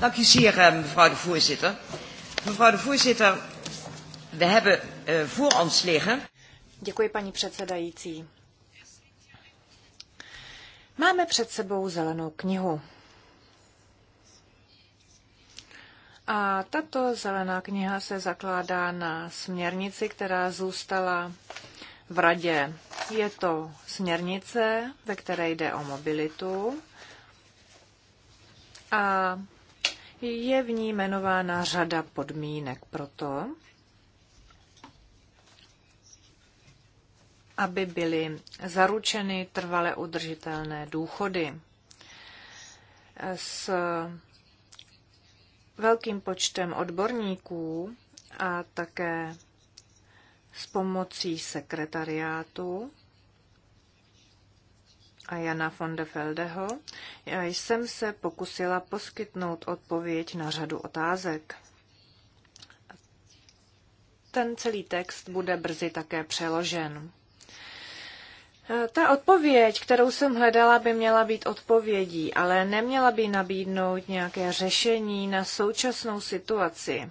Dank u zeer, eh, mevrouw de voorzitter. Mevrouw de voorzitter, we hebben eh, voor ons liggen. Děkuji, paní předsedající. Máme před sebou zelenou knihu. A tato zelená kniha se zakládá na směrnici, která zůstala v radě. Je to směrnice, ve které jde o mobilitu. A je v ní jmenována řada podmínek pro to, aby byly zaručeny trvale udržitelné důchody. S velkým počtem odborníků a také s pomocí sekretariátu a Jana von de Feldeho Já jsem se pokusila poskytnout odpověď na řadu otázek. Ten celý text bude brzy také přeložen. E, ta odpověď, kterou jsem hledala, by měla být odpovědí, ale neměla by nabídnout nějaké řešení na současnou situaci.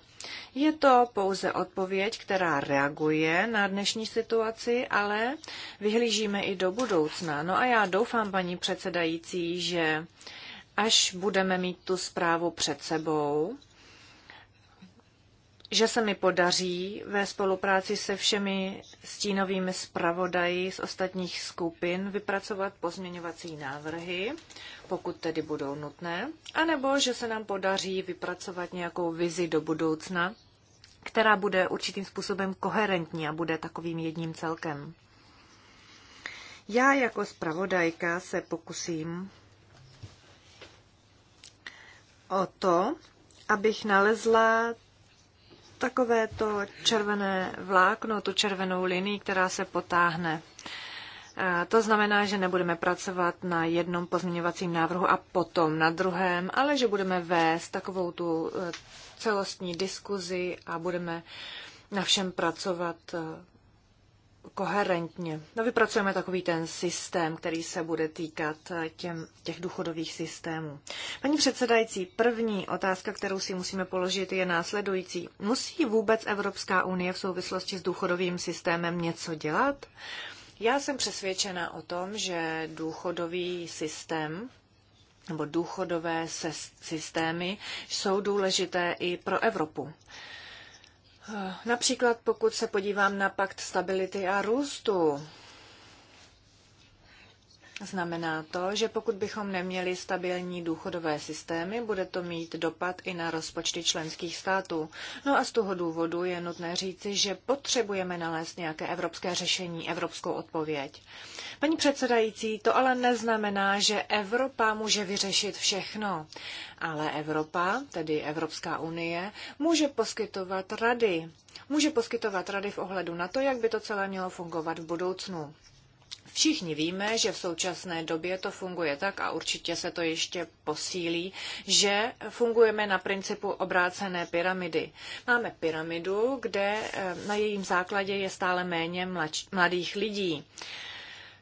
Je to pouze odpověď, která reaguje na dnešní situaci, ale vyhlížíme i do budoucna. No a já doufám, paní předsedající, že až budeme mít tu zprávu před sebou, že se mi podaří ve spolupráci se všemi stínovými zpravodaji z ostatních skupin vypracovat pozměňovací návrhy, pokud tedy budou nutné, anebo že se nám podaří vypracovat nějakou vizi do budoucna, která bude určitým způsobem koherentní a bude takovým jedním celkem. Já jako zpravodajka se pokusím o to, abych nalezla takové to červené vlákno, tu červenou linii, která se potáhne. To znamená, že nebudeme pracovat na jednom pozměňovacím návrhu a potom na druhém, ale že budeme vést takovou tu e, celostní diskuzi a budeme na všem pracovat e, koherentně. No, vypracujeme takový ten systém, který se bude týkat eh, těm, těch důchodových systémů. Paní předsedající, první otázka, kterou si musíme položit, je následující. Musí vůbec Evropská unie v souvislosti s důchodovým systémem něco dělat? Já jsem přesvědčena o tom, že důchodový systém nebo důchodové systémy jsou důležité i pro Evropu. Například pokud se podívám na pakt stability a růstu, Znamená to, že pokud bychom neměli stabilní důchodové systémy, bude to mít dopad i na rozpočty členských států. No a z toho důvodu je nutné říci, že potřebujeme nalézt nějaké evropské řešení, evropskou odpověď. Paní předsedající, to ale neznamená, že Evropa může vyřešit všechno. Ale Evropa, tedy Evropská unie, může poskytovat rady. Může poskytovat rady v ohledu na to, jak by to celé mělo fungovat v budoucnu. Všichni víme, že v současné době to funguje tak a určitě se to ještě posílí, že fungujeme na principu obrácené pyramidy. Máme pyramidu, kde eh, na jejím základě je stále méně mladých lidí.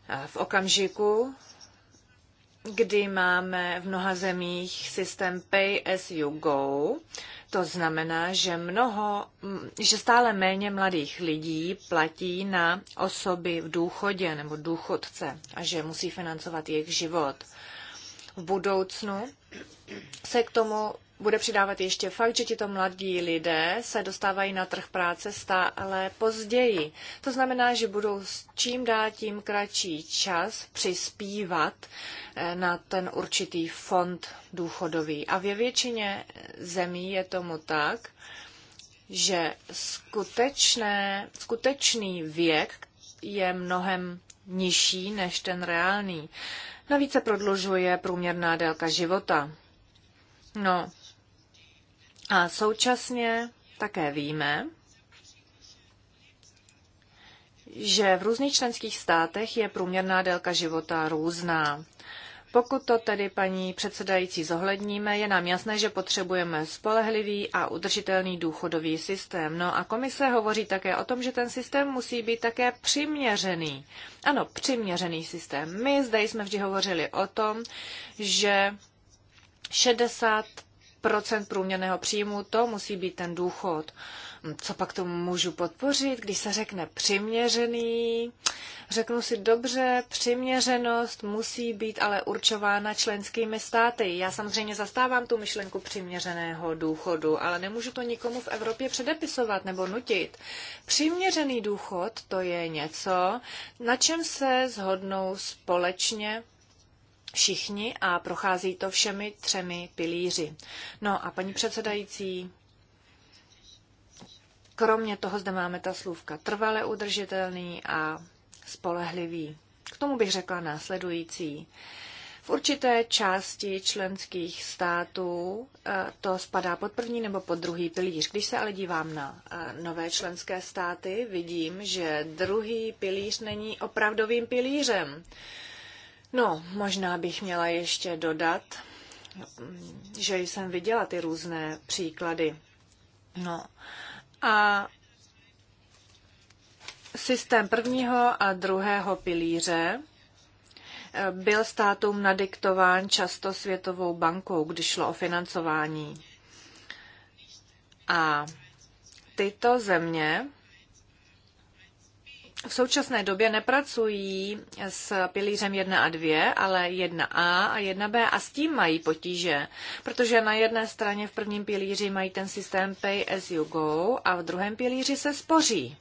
Eh, v okamžiku, kdy máme v mnoha zemích systém pay as you go. To znamená, že, mnoho, že stále méně mladých lidí platí na osoby v důchodě nebo důchodce a že musí financovat jejich život. V budoucnu se k tomu bude přidávat ještě fakt, že tito mladí lidé se dostávají na trh práce stále později. To znamená, že budou s čím dál tím kratší čas přispívat eh, na ten určitý fond důchodový. A ve většině zemí je tomu tak, že skutečné, skutečný věk je mnohem nižší než ten reálný. Navíc se prodlužuje průměrná délka života. No, a současně také víme, že v různých členských státech je průměrná délka života různá. Pokud to tedy paní předsedající zohledníme, je nám jasné, že potřebujeme spolehlivý a udržitelný důchodový systém. No a komise hovoří také o tom, že ten systém musí být také přiměřený. Ano, přiměřený systém. My zde jsme vždy hovořili o tom, že 60 procent průměrného příjmu, to musí být ten důchod. Co pak tomu můžu podpořit, když se řekne přiměřený? Řeknu si dobře, přiměřenost musí být ale určována členskými státy. Já samozřejmě zastávám tu myšlenku přiměřeného důchodu, ale nemůžu to nikomu v Evropě předepisovat nebo nutit. Přiměřený důchod to je něco, na čem se zhodnou společně všichni a prochází to všemi třemi pilíři. No a paní předsedající, kromě toho zde máme ta slůvka trvale udržitelný a spolehlivý. K tomu bych řekla následující. V určité části členských států eh, to spadá pod první nebo pod druhý pilíř. Když se ale dívám na eh, nové členské státy, vidím, že druhý pilíř není opravdovým pilířem. No, možná bych měla ještě dodat, že jsem viděla ty různé příklady. No a systém prvního a druhého pilíře eh, byl státům nadiktován často Světovou bankou, když šlo o financování. A tyto země v současné době nepracují s pilířem 1 a 2, ale 1a a 1b a s tím mají potíže, protože na jedné straně v prvním pilíři mají ten systém Pay as you go a v druhém pilíři se spoří.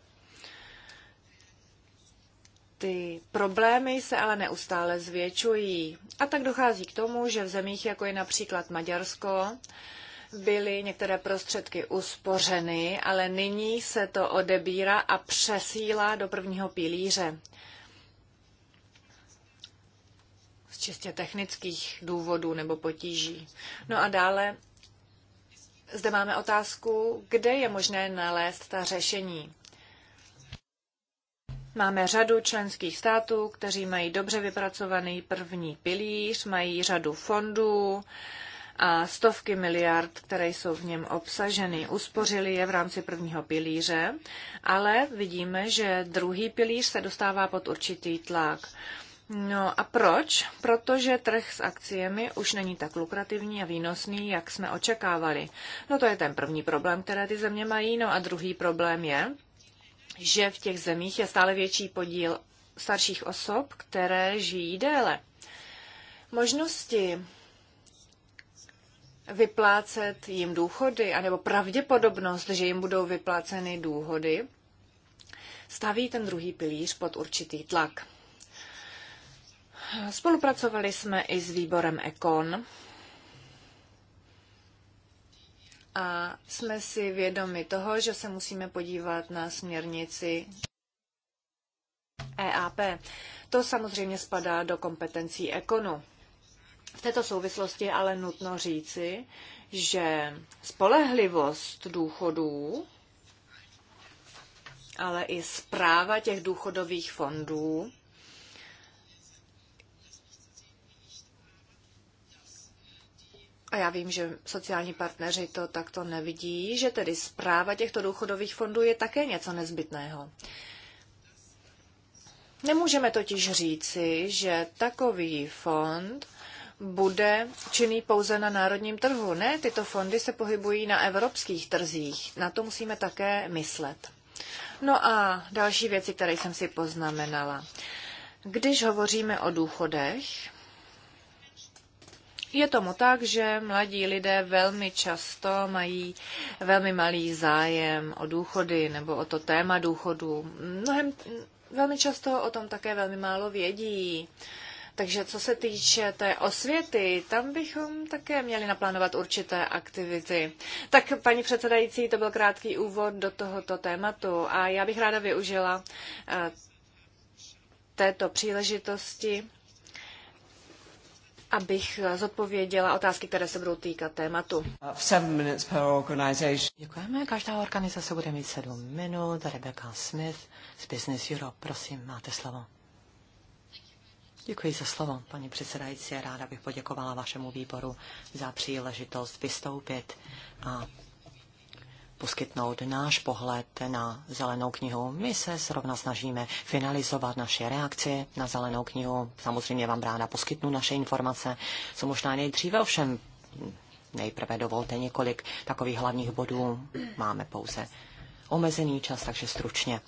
Ty problémy se ale neustále zvětšují. A tak dochází k tomu, že v zemích, jako je například Maďarsko, byly některé prostředky uspořeny, ale nyní se to odebírá a přesílá do prvního pilíře. Z čistě technických důvodů nebo potíží. No a dále zde máme otázku, kde je možné nalézt ta řešení. Máme řadu členských států, kteří mají dobře vypracovaný první pilíř, mají řadu fondů, a stovky miliard, které jsou v něm obsaženy. Uspořili je v rámci prvního pilíře, ale vidíme, že druhý pilíř se dostává pod určitý tlak. No a proč? Protože trh s akciemi už není tak lukrativní a výnosný, jak jsme očekávali. No to je ten první problém, které ty země mají. No a druhý problém je, že v těch zemích je stále větší podíl starších osob, které žijí déle. Možnosti vyplácet jim důchody, anebo pravděpodobnost, že jim budou vypláceny důchody, staví ten druhý pilíř pod určitý tlak. Spolupracovali jsme i s výborem Ekon a jsme si vědomi toho, že se musíme podívat na směrnici EAP. To samozřejmě spadá do kompetencí Ekonu. V této souvislosti je ale nutno říci, že spolehlivost důchodů, ale i zpráva těch důchodových fondů A já vím, že sociální partneři to takto nevidí, že tedy zpráva těchto důchodových fondů je také něco nezbytného. Nemůžeme totiž říci, že takový fond bude činný pouze na národním trhu. Ne, tyto fondy se pohybují na evropských trzích. Na to musíme také myslet. No a další věci, které jsem si poznamenala. Když hovoříme o důchodech, je tomu tak, že mladí lidé velmi často mají velmi malý zájem o důchody nebo o to téma důchodu. Mnohem, velmi často o tom také velmi málo vědí. Uh, takže co se týče té osvěty, tam bychom také měli naplánovat určité aktivity. Tak, paní předsedající, to byl krátký úvod do tohoto tématu a já bych ráda využila eh, této příležitosti, abych zodpověděla otázky, které se budou týkat tématu. Děkujeme. Každá organizace bude mít sedm minut. Rebecca Smith z Business Europe. Prosím, máte slovo. Děkuji za slovo, paní předsedající. Ráda bych poděkovala vašemu výboru za příležitost vystoupit a poskytnout náš pohled na zelenou knihu. My se zrovna snažíme finalizovat naše reakce na zelenou knihu. Samozřejmě vám ráda poskytnu naše informace, co možná nejdříve, ovšem nejprve dovolte několik takových hlavních bodů. Máme pouze omezený čas, takže stručně.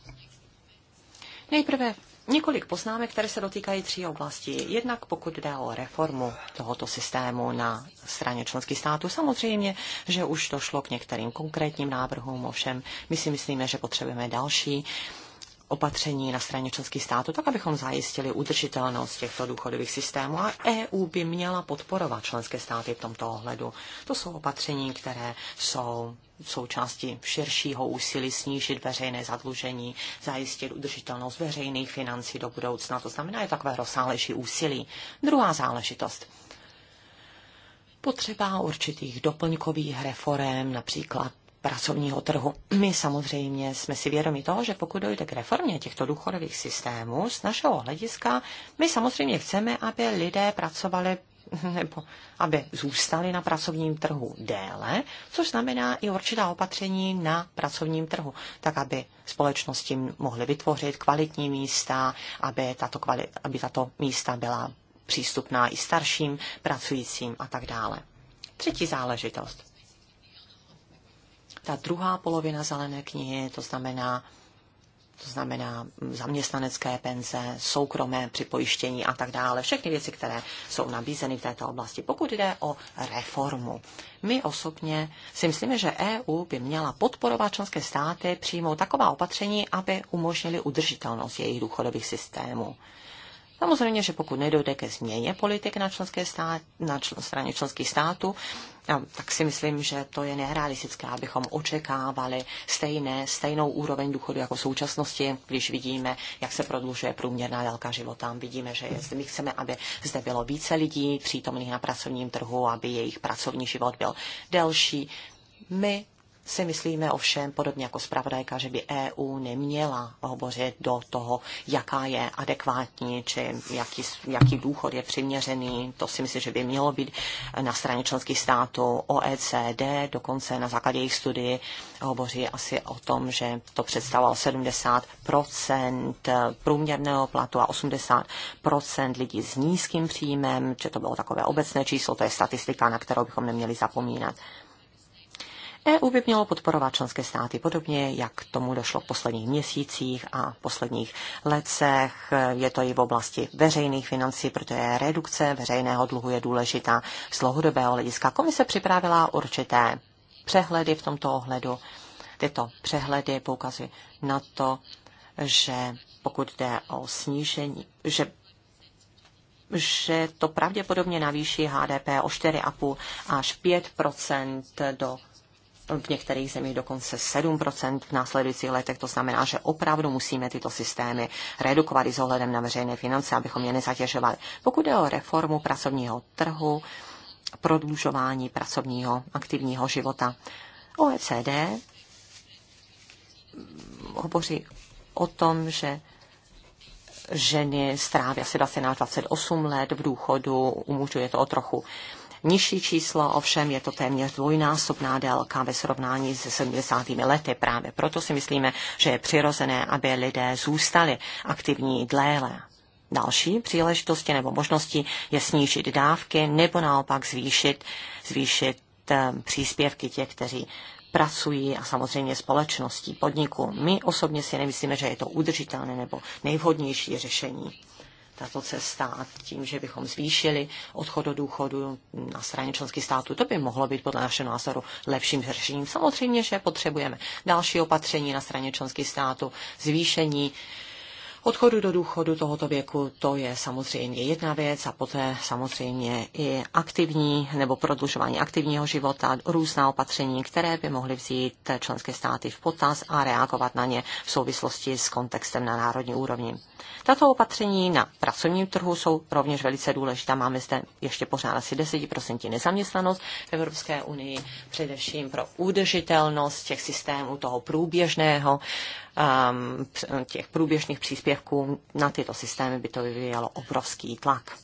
Nejprve Několik poznámek, které se dotýkají tří oblastí. Jednak pokud jde o reformu tohoto systému na straně členských států, samozřejmě, že už došlo k některým konkrétním návrhům, ovšem my si myslíme, že potřebujeme další uh, opatření na straně členských států, tak abychom zajistili udržitelnost těchto důchodových systémů a EU by měla podporovat členské státy v tomto ohledu. To jsou opatření, které jsou součástí širšího úsilí snížit veřejné zadlužení, zajistit udržitelnost veřejných financí do budoucna. To znamená, je takové rozsáhlejší úsilí. Druhá záležitost potřeba určitých doplňkových reform, například pracovního trhu. My samozřejmě jsme si vědomi toho, že pokud dojde k reformě těchto důchodových systémů, z našeho hlediska, my samozřejmě chceme, aby lidé pracovali nebo aby zůstali na pracovním trhu déle, což znamená i určitá opatření na pracovním trhu, tak aby společnosti mohly vytvořit kvalitní místa, aby tato, kvali- aby tato místa byla přístupná i starším pracujícím a tak dále. Třetí záležitost ta druhá polovina zelené knihy, to znamená, to znamená zaměstnanecké penze, soukromé připojištění a tak dále. Všechny věci, které jsou nabízeny v této oblasti. Pokud jde o reformu, my osobně si myslíme, že EU by měla podporovat členské státy přijmout taková opatření, aby umožnili udržitelnost jejich důchodových systémů. Samozřejmě, že pokud nedojde ke změně politik na, členské stát, na čl- straně členských států, tak si myslím, že to je nerealistické, abychom očekávali stejné, stejnou úroveň důchodu jako v současnosti, když vidíme, jak se prodlužuje průměrná délka života. Vidíme, že je, my chceme, aby zde bylo více lidí přítomných na pracovním trhu, aby jejich pracovní život byl delší. My si myslíme ovšem, podobně jako zpravodajka, že by EU neměla hovořit do toho, jaká je adekvátní, či jaký, jaký důchod je přiměřený. To si myslím, že by mělo být na straně členských států OECD, dokonce na základě jejich studii hovoří asi o tom, že to představovalo 70 průměrného platu a 80 lidí s nízkým příjmem, že to bylo takové obecné číslo, to je statistika, na kterou bychom neměli zapomínat. EU by mělo podporovat členské státy podobně, jak tomu došlo v posledních měsících a posledních letech. Je to i v oblasti veřejných financí, protože redukce veřejného dluhu je důležitá z dlouhodobého hlediska. Komise připravila určité přehledy v tomto ohledu. Tyto přehledy poukazují na to, že pokud jde o snížení, že že to pravděpodobně navýší HDP o 4,5 až 5 do v některých zemích dokonce 7% v následujících letech. To znamená, že opravdu musíme tyto systémy redukovat i s ohledem na veřejné finance, abychom je nezatěžovali. Pokud je o reformu pracovního trhu, prodlužování pracovního aktivního života. OECD hovoří o tom, že ženy stráví asi 28 let v důchodu, u mužů je to o trochu nižší číslo, ovšem je to téměř dvojnásobná délka ve srovnání se 70. lety. Právě proto si myslíme, že je přirozené, aby lidé zůstali aktivní dléle. Další příležitosti nebo možnosti je snížit dávky nebo naopak zvýšit, zvýšit eh, příspěvky těch, kteří pracují a samozřejmě společností, podniku. My osobně si nemyslíme, že je to udržitelné nebo nejvhodnější řešení tato cesta tím, že bychom zvýšili odchod do důchodu na straně členských států, to by mohlo být podle našeho názoru lepším řešením. Samozřejmě, že potřebujeme další opatření na straně členských států, zvýšení odchodu do důchodu tohoto věku, to je samozřejmě jedna věc a poté samozřejmě i aktivní nebo prodlužování aktivního života, různá opatření, které by mohly vzít členské státy v potaz a reagovat na ně v souvislosti s kontextem na národní úrovni. Tato opatření na pracovním trhu jsou rovněž velice důležitá. Máme zde ještě pořád asi 10% nezaměstnanost v Evropské unii, především pro udržitelnost těch systémů toho průběžného ehm, těch průběžných příspěvků na tyto systémy by to vyvíjelo obrovský tlak.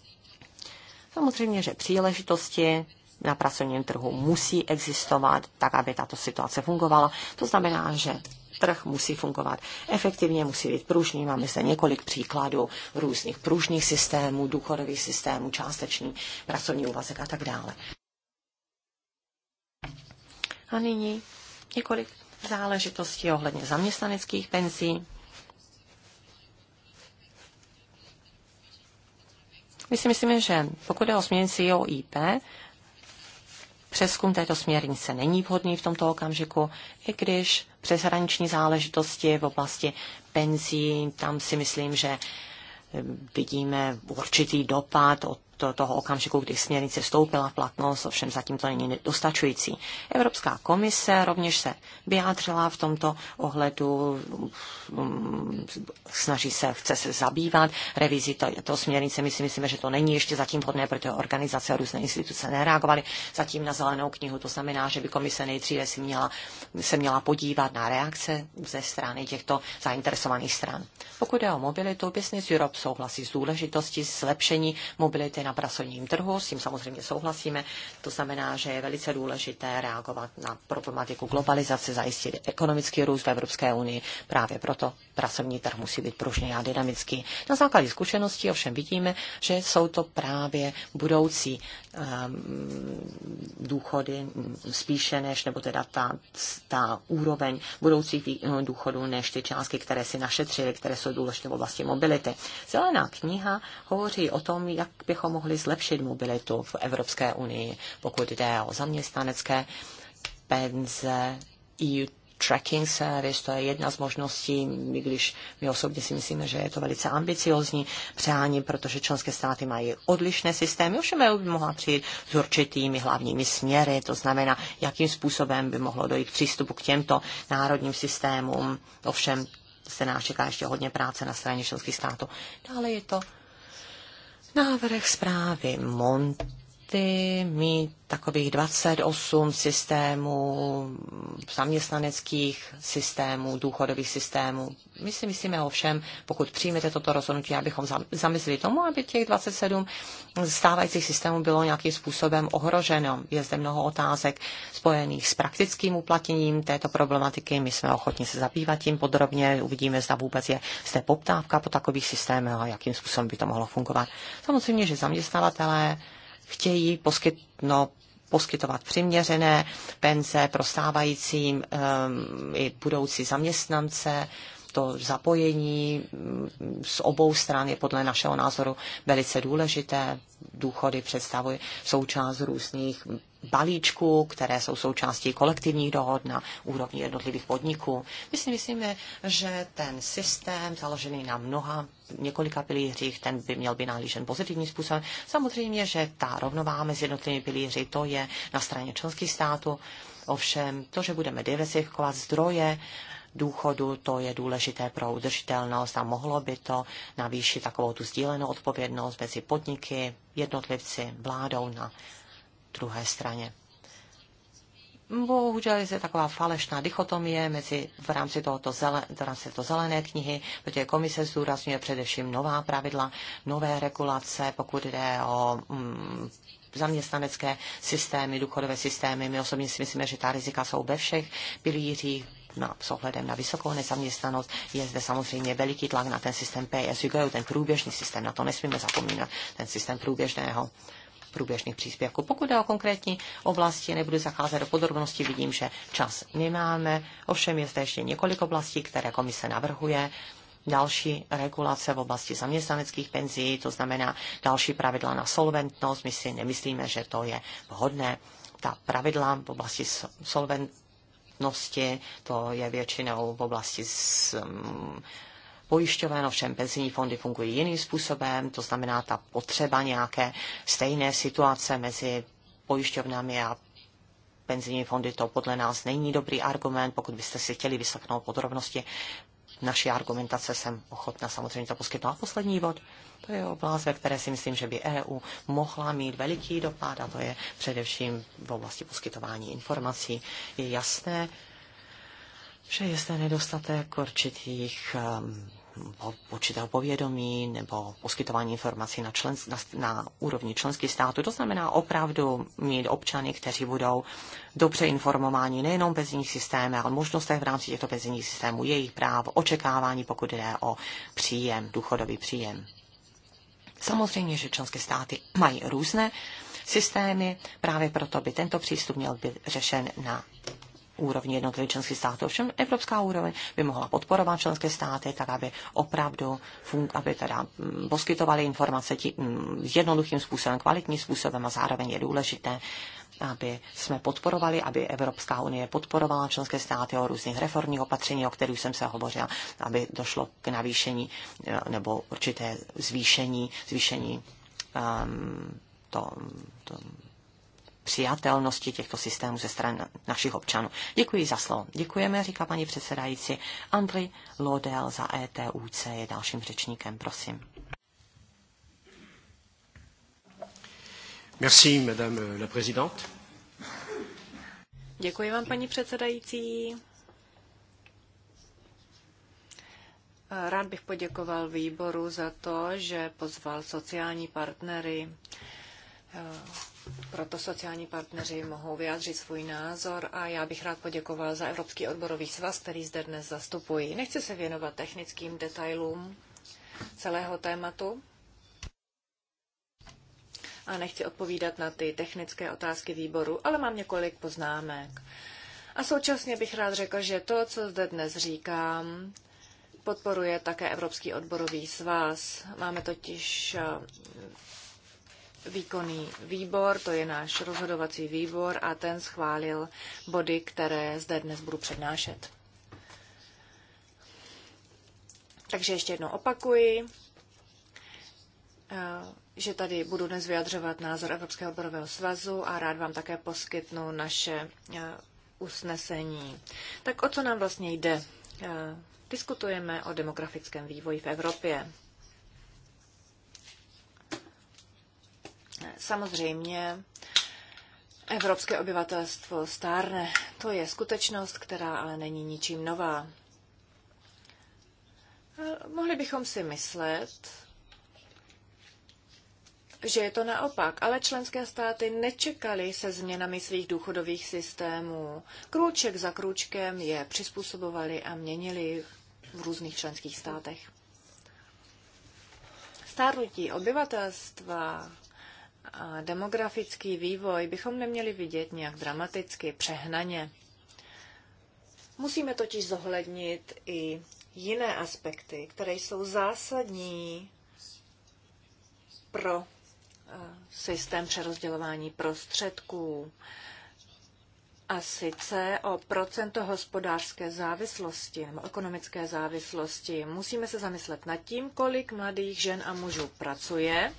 Samozřejmě, že příležitosti na pracovním trhu musí existovat, tak aby tato situace fungovala. To znamená, že trh musí fungovat efektivně, musí být pružný. Máme zde několik příkladů různých pružných systémů, důchodových systémů, částečný pracovní úvazek a tak dále. A nyní několik záležitostí ohledně zaměstnaneckých penzí. My si myslíme, že pokud je o směnici OIP, Přeskum této směrnice není vhodný v tomto okamžiku, i když přeshraniční záležitosti v oblasti penzí, tam si myslím, že eh, vidíme určitý dopad od to, toho okamžiku, kdy směrnice vstoupila v platnost, ovšem zatím to není dostačující. Evropská komise rovněž se vyjádřila v tomto ohledu, mm, snaží se, chce se zabývat revizí to, to směrnice. My si myslíme, že to není ještě zatím vhodné, protože organizace a různé instituce nereagovaly zatím na zelenou knihu. To znamená, že by komise nejdříve si měla, se měla podívat na reakce ze strany těchto zainteresovaných stran. Pokud je o mobilitu, Business Europe souhlasí s důležitostí zlepšení mobility na pracovním trhu, s tím samozřejmě souhlasíme. To znamená, že je velice důležité reagovat na problematiku globalizace, zajistit ekonomický růst v Evropské unii. Právě proto pracovní trh musí být pružný a dynamický. Na základě zkušeností ovšem vidíme, že jsou to právě budoucí um, důchody spíše než, nebo teda ta, ta úroveň budoucích no, důchodů než ty částky, které si našetřili, které jsou důležité v oblasti mobility. Zelená kniha hovoří o tom, jak bychom mohli zlepšit mobilitu v Evropské unii, pokud jde o zaměstnanecké penze, EU tracking service, to je jedna z možností, i když my osobně si myslíme, že je to velice ambiciozní přání, protože členské státy mají odlišné systémy, ovšem EU by mohla přijít s určitými hlavními směry, to znamená, jakým způsobem by mohlo dojít k přístupu k těmto národním systémům, ovšem se nás čeká ještě hodně práce na straně členských států. Dále je to Návrh zprávy Mont státy mít takových 28 systémů, zaměstnaneckých systémů, důchodových systémů. My si myslíme ovšem, pokud přijmete toto rozhodnutí, abychom zamyslili tomu, aby těch 27 stávajících systémů bylo nějakým způsobem ohroženo. Je zde mnoho otázek spojených s praktickým uplatněním této problematiky. My jsme ochotni se zabývat tím podrobně. Uvidíme, zda vůbec je zde poptávka po takových systémech a jakým způsobem by to mohlo fungovat. Samozřejmě, že zaměstnavatelé chtějí poskytnout poskytovat přiměřené penze pro stávajícím um, i budoucí zaměstnance. To zapojení mm, z obou stran je podle našeho názoru velice důležité. Důchody představují součást různých balíčků, které jsou součástí kolektivních dohod na úrovni jednotlivých podniků. My si myslíme, že ten systém založený na mnoha několika pilířích, ten by měl být nahlížen pozitivním způsobem. Samozřejmě, že ta rovnováha mezi jednotlivými pilíři, to je na straně členských států. Ovšem, to, že budeme diversifikovat zdroje, důchodu, to je důležité pro udržitelnost a mohlo by to navýšit takovou tu sdílenou odpovědnost mezi podniky, jednotlivci, vládou na druhé straně. Bohužel je taková falešná dichotomie mezi, v, rámci tohoto zele, v rámci zelené knihy, protože komise zdůrazňuje především nová pravidla, nové regulace, pokud jde o mm, zaměstnanecké systémy, důchodové systémy. My osobně si myslíme, že ta rizika jsou ve všech pilířích, na, s ohledem na vysokou nezaměstnanost. Je zde samozřejmě veliký tlak na ten systém PSU, ten průběžný systém, na to nesmíme zapomínat, ten systém průběžného průběžných příspěvků. Pokud jde o konkrétní oblasti, nebudu zacházet do podrobností, vidím, že čas nemáme. Ovšem je zde ještě několik oblastí, které komise navrhuje další regulace v oblasti zaměstnaneckých penzí, to znamená další pravidla na solventnost. My si nemyslíme, že to je vhodné. Ta pravidla v oblasti solventnosti, to je většinou v oblasti s, mm, pojišťoven, ovšem penzijní fondy fungují jiným způsobem, to znamená ta potřeba nějaké stejné situace mezi pojišťovnami a penzijní fondy, to podle nás není dobrý argument. Pokud byste si chtěli vyslechnout podrobnosti naší argumentace, jsem ochotna samozřejmě to poskytnout. A poslední bod, to je oblast, ve které si myslím, že by EU mohla mít veliký dopad a to je především v oblasti poskytování informací. Je jasné, že je zde nedostatek určitých um, určitého povědomí nebo poskytování informací na, člen, na, na úrovni členských států. To znamená opravdu mít občany, kteří budou dobře informováni nejenom o penzijních systémech, ale možnostech v rámci těchto penzijních systémů, jejich práv, očekávání, pokud jde o příjem, důchodový příjem. Samozřejmě, že členské státy mají různé systémy, právě proto by tento přístup měl být řešen na úrovni jednotlivých členských států. Ovšem evropská úroveň by mohla podporovat členské státy, tak aby opravdu fun- aby teda mm, poskytovali informace tí, mm, jednoduchým způsobem, kvalitním způsobem a zároveň je důležité, aby jsme podporovali, aby Evropská unie podporovala členské státy o různých reformních opatření, o kterých jsem se hovořila, aby došlo k navýšení eh, nebo určité zvýšení, zvýšení um, to, to přijatelnosti těchto systémů ze strany našich občanů. Děkuji za slovo. Děkujeme, říká paní předsedající. Andri Lodel za ETUC je dalším řečníkem, prosím. Merci, madame la présidente. Děkuji vám, paní předsedající. Rád bych poděkoval výboru za to, že pozval sociální partnery proto sociální partneři mohou vyjádřit svůj názor a já bych rád poděkoval za Evropský odborový svaz, který zde dnes zastupuji. Nechci se věnovat technickým detailům celého tématu a nechci odpovídat na ty technické otázky výboru, ale mám několik poznámek. A současně bych rád řekl, že to, co zde dnes říkám, podporuje také Evropský odborový svaz. Máme totiž výkonný výbor, to je náš rozhodovací výbor a ten schválil body, které zde dnes budu přednášet. Takže ještě jednou opakuji, eh, že tady budu dnes vyjadřovat názor Evropského odborového svazu a rád vám také poskytnu naše eh, usnesení. Tak o co nám vlastně jde? Eh, diskutujeme o demografickém vývoji v Evropě. Samozřejmě evropské obyvatelstvo stárne. To je skutečnost, která ale není ničím nová. Mohli bychom si myslet, že je to naopak, ale členské státy nečekaly se změnami svých důchodových systémů. Krůček za krůčkem je přizpůsobovali a měnili v různých členských státech. Stárnutí obyvatelstva demografický vývoj bychom neměli vidět nějak dramaticky, přehnaně. Musíme totiž zohlednit i jiné aspekty, které jsou zásadní pro eh, systém přerozdělování prostředků. A sice o procento hospodářské závislosti nebo ekonomické závislosti. Musíme se zamyslet nad tím, kolik mladých žen a mužů pracuje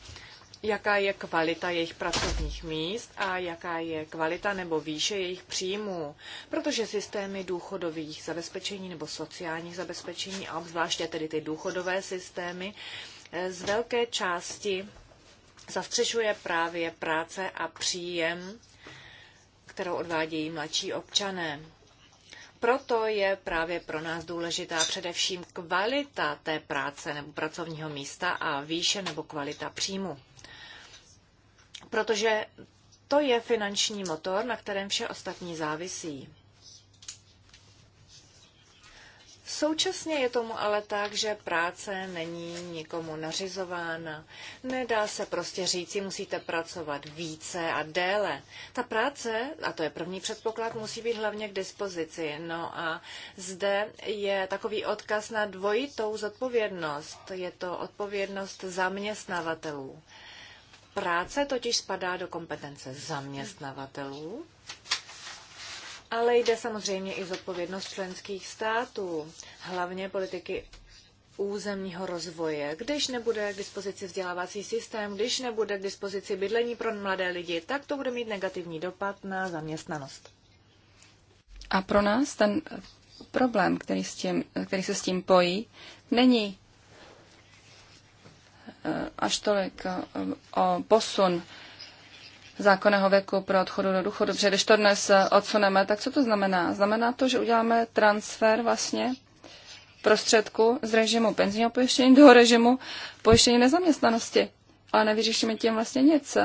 jaká je kvalita jejich pracovních míst a jaká je kvalita nebo výše jejich příjmů, protože systémy důchodových zabezpečení nebo sociálních zabezpečení, a obzvláště tedy ty důchodové systémy, eh, z velké části zastřešuje právě práce a příjem, kterou odvádějí mladší občané. Proto je právě pro nás důležitá především kvalita té práce nebo pracovního místa a výše nebo kvalita příjmu protože to je finanční motor, na kterém vše ostatní závisí. Současně je tomu ale tak, že práce není nikomu nařizována. Nedá se prostě říci, musíte pracovat více a déle. Ta práce, a to je první předpoklad, musí být hlavně k dispozici. No a zde je takový odkaz na dvojitou zodpovědnost. Je to odpovědnost zaměstnavatelů. Práce totiž spadá do kompetence zaměstnavatelů, ale jde samozřejmě i zodpovědnost členských států, hlavně politiky územního rozvoje. Když nebude k dispozici vzdělávací systém, když nebude k dispozici bydlení pro mladé lidi, tak to bude mít negativní dopad na zaměstnanost. A pro nás ten problém, který, s tím, který se s tím pojí, není Eh, až tolik eh, o posun zákonného věku pro odchodu do důchodu, protože když to dnes eh, odsuneme, tak co to znamená? Znamená to, že uděláme transfer vlastně prostředku z režimu penzijního pojištění do režimu pojištění nezaměstnanosti. Ale nevyřešíme tím vlastně nic.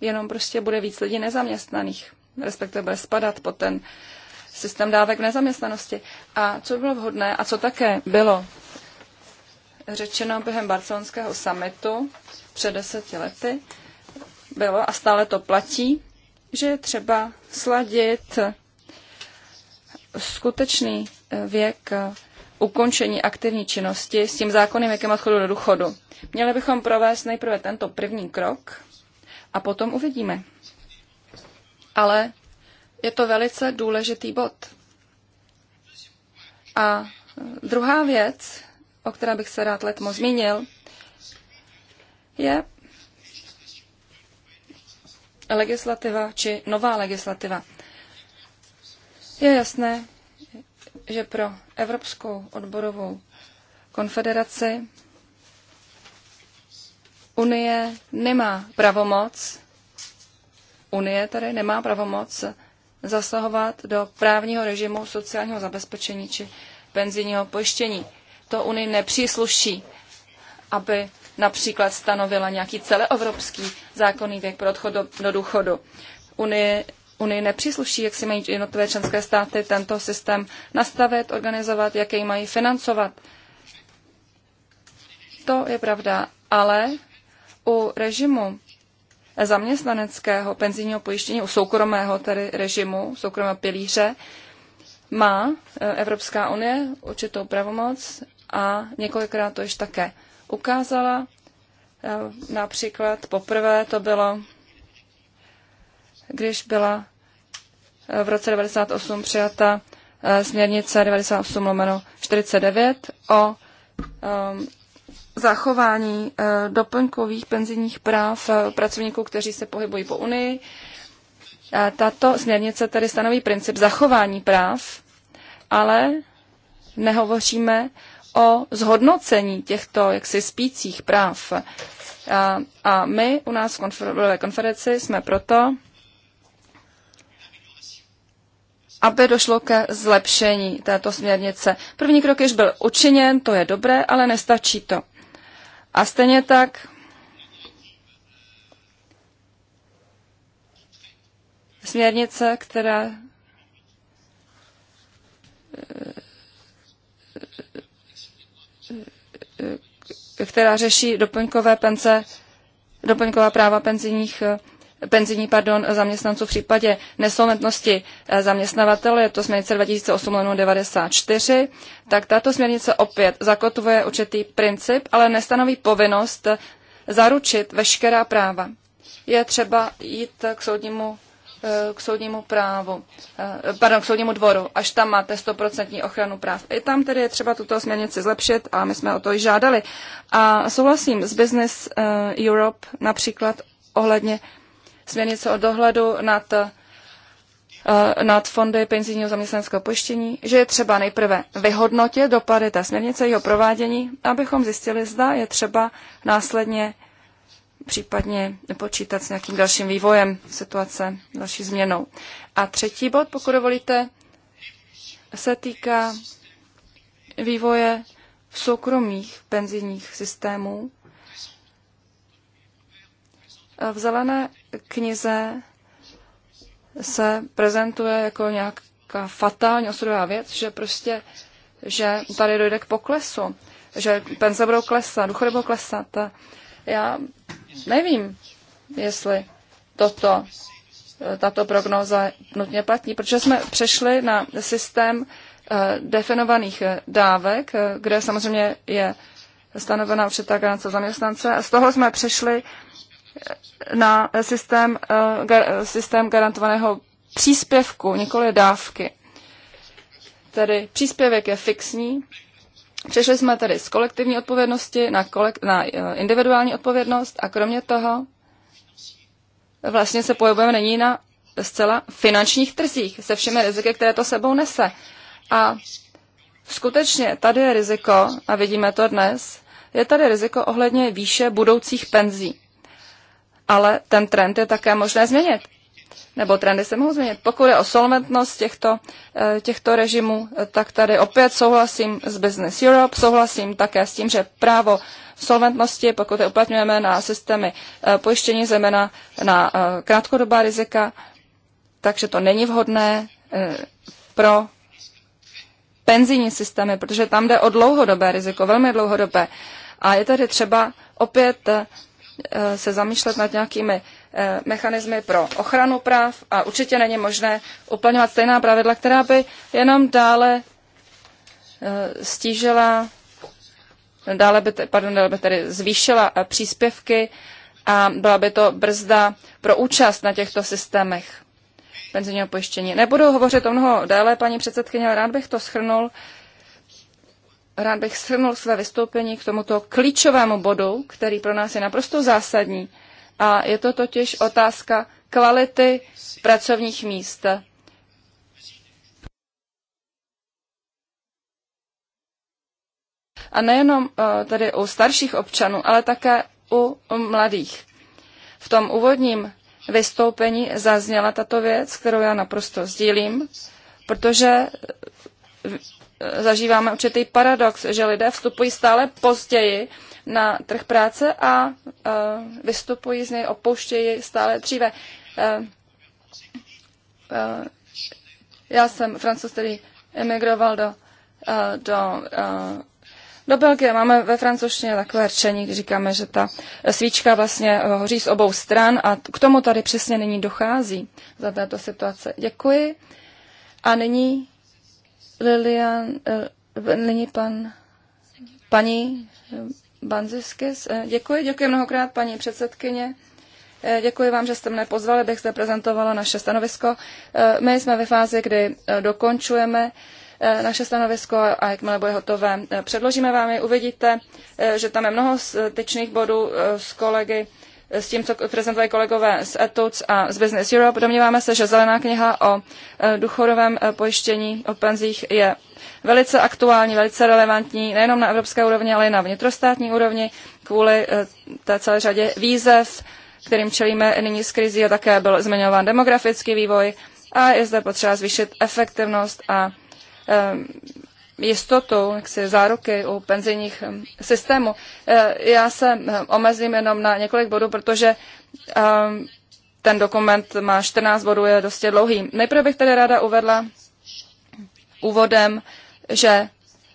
Jenom prostě bude víc lidí nezaměstnaných, respektive bude spadat pod ten systém dávek nezaměstnanosti. A co bylo vhodné a co také bylo řečeno během barcelonského summitu před deseti lety, bylo a stále to platí, že je třeba sladit skutečný eh, věk eh, ukončení aktivní činnosti s tím zákonným věkem odchodu do důchodu. Měli bychom provést nejprve tento první krok a potom uvidíme. Ale je to velice důležitý bod. A druhá věc, o které bych se rád letmo zmínil, je legislativa či nová legislativa. Je jasné, že pro Evropskou odborovou konfederaci Unie nemá pravomoc, Unie tady nemá pravomoc zasahovat do právního režimu sociálního zabezpečení či penzijního pojištění to Unii nepřísluší, aby například stanovila nějaký celoevropský zákonný věk pro odchod do, do důchodu. Unii, Unii nepřísluší, jak si mají jednotlivé členské státy tento systém nastavit, organizovat, jak jej mají financovat. To je pravda, ale u režimu zaměstnaneckého penzijního pojištění, u soukromého tedy režimu, soukromého pilíře, má e, Evropská unie určitou pravomoc a několikrát to již také ukázala. E, například poprvé to bylo, když byla e, v roce 1998 přijata e, směrnice 98 lomeno 49 o um, zachování doplňkových penzijních práv pracovníků, kteří se pohybují po Unii. Tato směrnice tedy stanoví princip zachování práv, ale nehovoříme o zhodnocení těchto jaksi spících práv. A, a my u nás v konferenci, konferenci jsme proto, aby došlo ke zlepšení této směrnice. První krok již byl učiněn, to je dobré, ale nestačí to. A stejně tak směrnice, která Eh, která řeší doplňkové pence, doplňková práva penzijních eh, penzijní pardon, zaměstnanců v případě nesolventnosti eh, zaměstnavatele, je to směrnice 2008 94, tak tato směrnice opět zakotvuje určitý princip, ale nestanoví povinnost zaručit veškerá práva. Je třeba jít k soudnímu k soudnímu právu, eh, pardon, k soudnímu dvoru, až tam máte 100% ochranu práv. I tam tedy je třeba tuto směrnici zlepšit a my jsme o to i žádali. A souhlasím s Business eh, Europe například ohledně směrnice o dohledu nad, eh, nad fondy penzijního zaměstnaneckého pojištění, že je třeba nejprve vyhodnotit dopady té směrnice, jeho provádění, abychom zjistili, zda je třeba následně případně počítat s nějakým dalším vývojem situace, další změnou. A třetí bod, pokud dovolíte, se týká vývoje v soukromých penzijních systémů. V zelené knize se prezentuje jako nějaká fatální osudová věc, že prostě, že tady dojde k poklesu, že penze budou klesat, důchody budou klesat. A já nevím, jestli toto, eh, tato prognóza nutně platí, protože jsme přešli na systém eh, definovaných eh, dávek, kde samozřejmě je stanovená určitá garance zaměstnance a z toho jsme přešli na systém, systém garantovaného příspěvku, nikoli dávky. Tedy příspěvek je fixní, Přešli jsme tedy z kolektivní odpovědnosti na, kolek- na eh, individuální odpovědnost a kromě toho vlastně se pohybujeme není na zcela finančních trzích se všemi riziky, které to sebou nese. A skutečně tady je riziko, a vidíme to dnes, je tady riziko ohledně výše budoucích penzí. Ale ten trend je také možné změnit nebo trendy se mohou změnit. Pokud je o solventnost těchto, eh, těchto režimů, eh, tak tady opět souhlasím s Business Europe, souhlasím také s tím, že právo solventnosti, pokud je uplatňujeme na systémy eh, pojištění, zejména na krátkodobá rizika, takže to není vhodné pro penzijní systémy, protože tam jde o dlouhodobé riziko, velmi dlouhodobé. A je tady třeba opět se zamýšlet nad nějakými Eh, mechanismy pro ochranu práv a určitě není možné uplatňovat stejná pravidla, která by jenom dále eh, stížila, dále by, pardon, dále by tedy zvýšila eh, příspěvky a byla by to brzda pro účast na těchto systémech penzijního pojištění. Nebudu hovořit o mnoho déle, paní předsedkyně, ale rád bych to schrnul. Rád bych schrnul své vystoupení k tomuto klíčovému bodu, který pro nás je naprosto zásadní a je to totiž otázka kvality pracovních míst. A nejenom eh, tedy u starších občanů, ale také u mladých. V tom úvodním vystoupení zazněla tato věc, kterou já naprosto sdílím, protože zažíváme určitý paradox, že lidé vstupují stále později na trh práce a uh, vystupují z něj, opouštějí stále dříve. Uh, uh, já jsem francouz, který emigroval do, uh, do, uh, do Belgie. Máme ve francouzštině takové řečení, když říkáme, že ta svíčka vlastně hoří z obou stran a k tomu tady přesně nyní dochází za této situace. Děkuji. A nyní Lilian, eh, nyní pan, paní Banziskis. Eh, děkuji, děkuji mnohokrát, paní předsedkyně. Eh, děkuji vám, že jste mne pozvali, abych zde prezentovala naše stanovisko. My jsme ve fázi, kdy dokončujeme naše stanovisko a jakmile bude hotové, předložíme vám je. Uvidíte, že tam je mnoho styčných bodů s kolegy s tím, co prezentovali kolegové z ETUC a z Business Europe. Domníváme se, že zelená kniha o e, důchodovém e, pojištění, o penzích je velice aktuální, velice relevantní, nejenom na evropské úrovni, ale i na vnitrostátní úrovni, kvůli e, té celé řadě výzev, kterým čelíme nyní z krizi a také byl zmiňován demografický vývoj a je zde potřeba zvýšit efektivnost a jistotu, jaksi záruky u penzijních systémů. Eh, já se omezím jenom na několik bodů, protože ten dokument má 14 bodů, je dosti dlouhý. Nejprve bych tedy ráda uvedla úvodem, že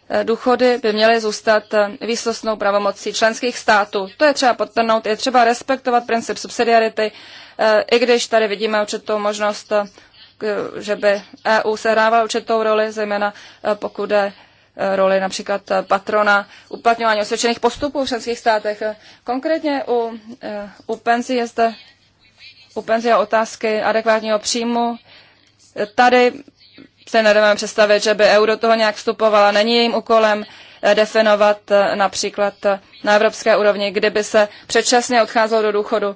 eh, důchody by měly zůstat výsostnou pravomocí členských států. To je třeba podtrhnout, je třeba respektovat princip subsidiarity, eh, i když tady vidíme určitou možnost že by EU sehrávala určitou roli, zejména eh, pokud je eh, roli například eh, patrona uplatňování osvědčených postupů v členských státech. Konkrétně u, u penzí je zde u penzí a otázky adekvátního příjmu. Tady se nedáme představit, že by EU do toho nějak vstupovala. Není jejím úkolem definovat například na evropské úrovni, kdyby se předčasně odcházelo do důchodu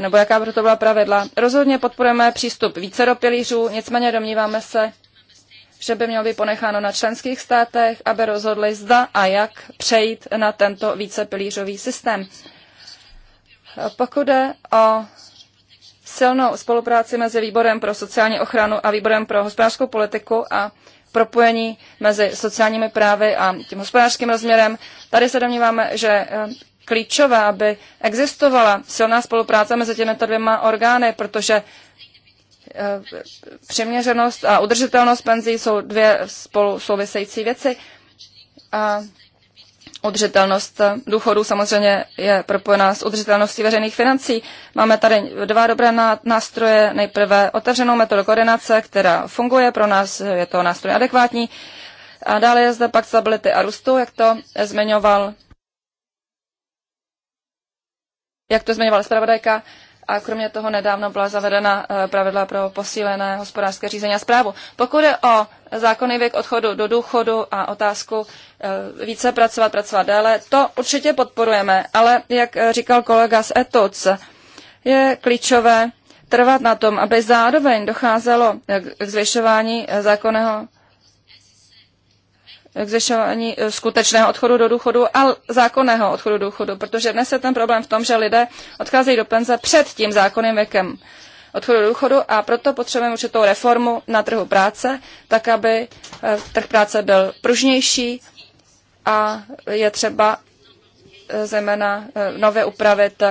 nebo jaká by to byla pravidla. Rozhodně podporujeme přístup více do pilířů, nicméně domníváme se, že by mělo být ponecháno na členských státech, aby rozhodli zda a jak přejít na tento vícepilířový systém. Pokud jde o silnou spolupráci mezi Výborem pro sociální ochranu a Výborem pro hospodářskou politiku a propojení mezi sociálními právy a tím hospodářským rozměrem. Tady se domníváme, že klíčová, aby existovala silná spolupráce mezi těmito dvěma orgány, protože eh, přiměřenost a udržitelnost penzí jsou dvě spolu související věci. A udržitelnost důchodů samozřejmě je propojená s udržitelností veřejných financí. Máme tady dva dobré nástroje. Nejprve otevřenou metodu koordinace, která funguje. Pro nás je to nástroj adekvátní. A dále je zde pak stability a růstu, jak to zmiňoval jak to zmiňovala zpravodajka, a kromě toho nedávno byla zavedena eh, pravidla pro posílené hospodářské řízení a zprávu. Pokud je o zákony věk odchodu do důchodu a otázku eh, více pracovat, pracovat déle, to určitě podporujeme, ale jak eh, říkal kolega z ETOC, je klíčové trvat na tom, aby zároveň docházelo k zvyšování zákonného k ani eh, skutečného odchodu do důchodu a zákonného odchodu do důchodu, protože dnes je ten problém v tom, že lidé odcházejí do penze před tím zákonným věkem odchodu do důchodu a proto potřebujeme určitou reformu na trhu práce, tak aby eh, trh práce byl pružnější a je třeba eh, zejména nově upravit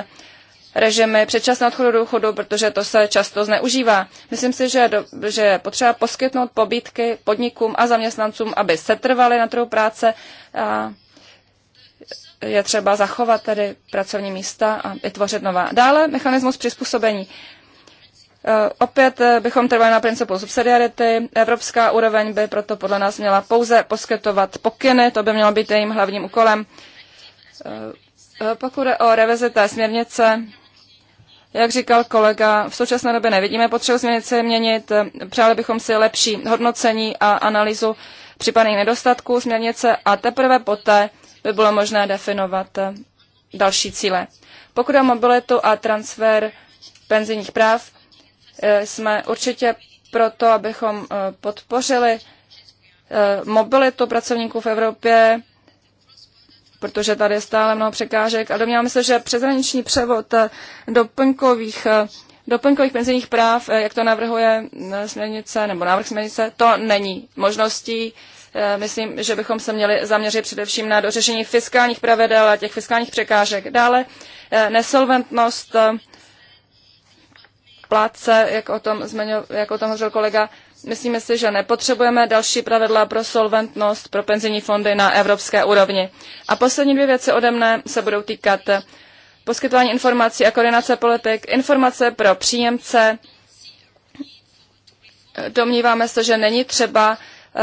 režimy předčasného odchodu do důchodu, protože to se často zneužívá. Myslím si, že, do, že je potřeba poskytnout pobídky podnikům a zaměstnancům, aby se trvali na trhu práce a je třeba zachovat tedy pracovní místa a vytvořit nová. Dále mechanismus přizpůsobení. Eh, opět eh, bychom trvali na principu subsidiarity. Evropská úroveň by proto podle nás měla pouze poskytovat pokyny, to by mělo být jejím hlavním úkolem. Eh, pokud je o revizi té směrnice, jak říkal kolega, v současné době nevidíme potřebu změnit se měnit. Přáli bychom si lepší hodnocení a analýzu případných nedostatků směrnice a teprve poté by bylo možné definovat další cíle. Pokud o mobilitu a transfer penzijních práv, eh, jsme určitě proto, abychom eh, podpořili eh, mobilitu pracovníků v Evropě, protože tady je stále mnoho překážek a domnívám se, že přeshraniční převod eh, doplňkových eh, doplňkových penzijních práv, eh, jak to navrhuje mm, směrnice nebo návrh směrnice, to není možností. Myslím, že bychom se měli zaměřit především na dořešení fiskálních pravidel a těch fiskálních překážek. Dále nesolventnost plátce, jak o tom, zmiňo, jak o tom hovořil kolega, Myslíme si, že nepotřebujeme další pravidla pro solventnost pro penzijní fondy na evropské úrovni. A poslední dvě věci ode mne se budou týkat poskytování informací a koordinace politik, informace pro příjemce. Domníváme se, že není třeba eh,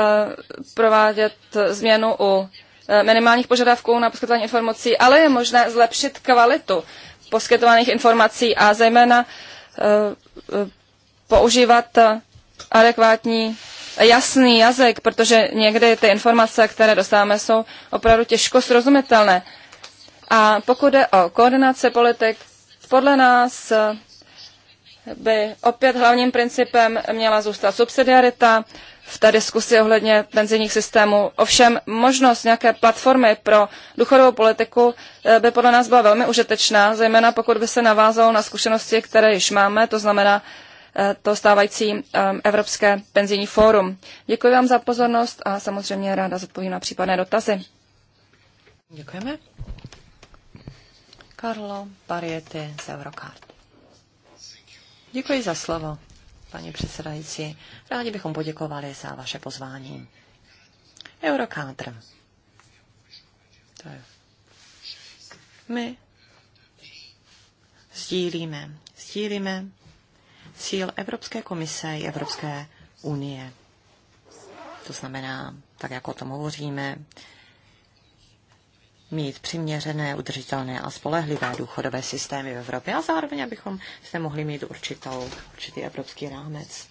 provádět změnu u eh, minimálních požadavků na poskytování informací, ale je možné zlepšit kvalitu poskytovaných informací a zejména eh, používat adekvátní, jasný jazyk, protože někdy ty informace, které dostáváme, jsou opravdu těžko srozumitelné. A pokud jde o koordinaci politik, podle nás eh, by opět hlavním principem měla zůstat subsidiarita v té diskusi ohledně penzijních systémů. Ovšem možnost nějaké platformy pro důchodovou politiku eh, by podle nás byla velmi užitečná, zejména pokud by se navázalo na zkušenosti, které již máme, to znamená to stávající um, Evropské penzijní fórum. Děkuji vám za pozornost a samozřejmě ráda zodpovím na případné dotazy. Děkujeme. Carlo Pariety z Eurocard. Děkuji za slovo, paní předsedající. Rádi bychom poděkovali za vaše pozvání. Eurocadr. My sdílíme. Sdílíme cíl Evropské komise i Evropské unie. To znamená, tak jako o tom hovoříme, mít přiměřené, udržitelné a spolehlivé důchodové systémy v Evropě a zároveň, abychom se mohli mít určitou, určitý evropský rámec.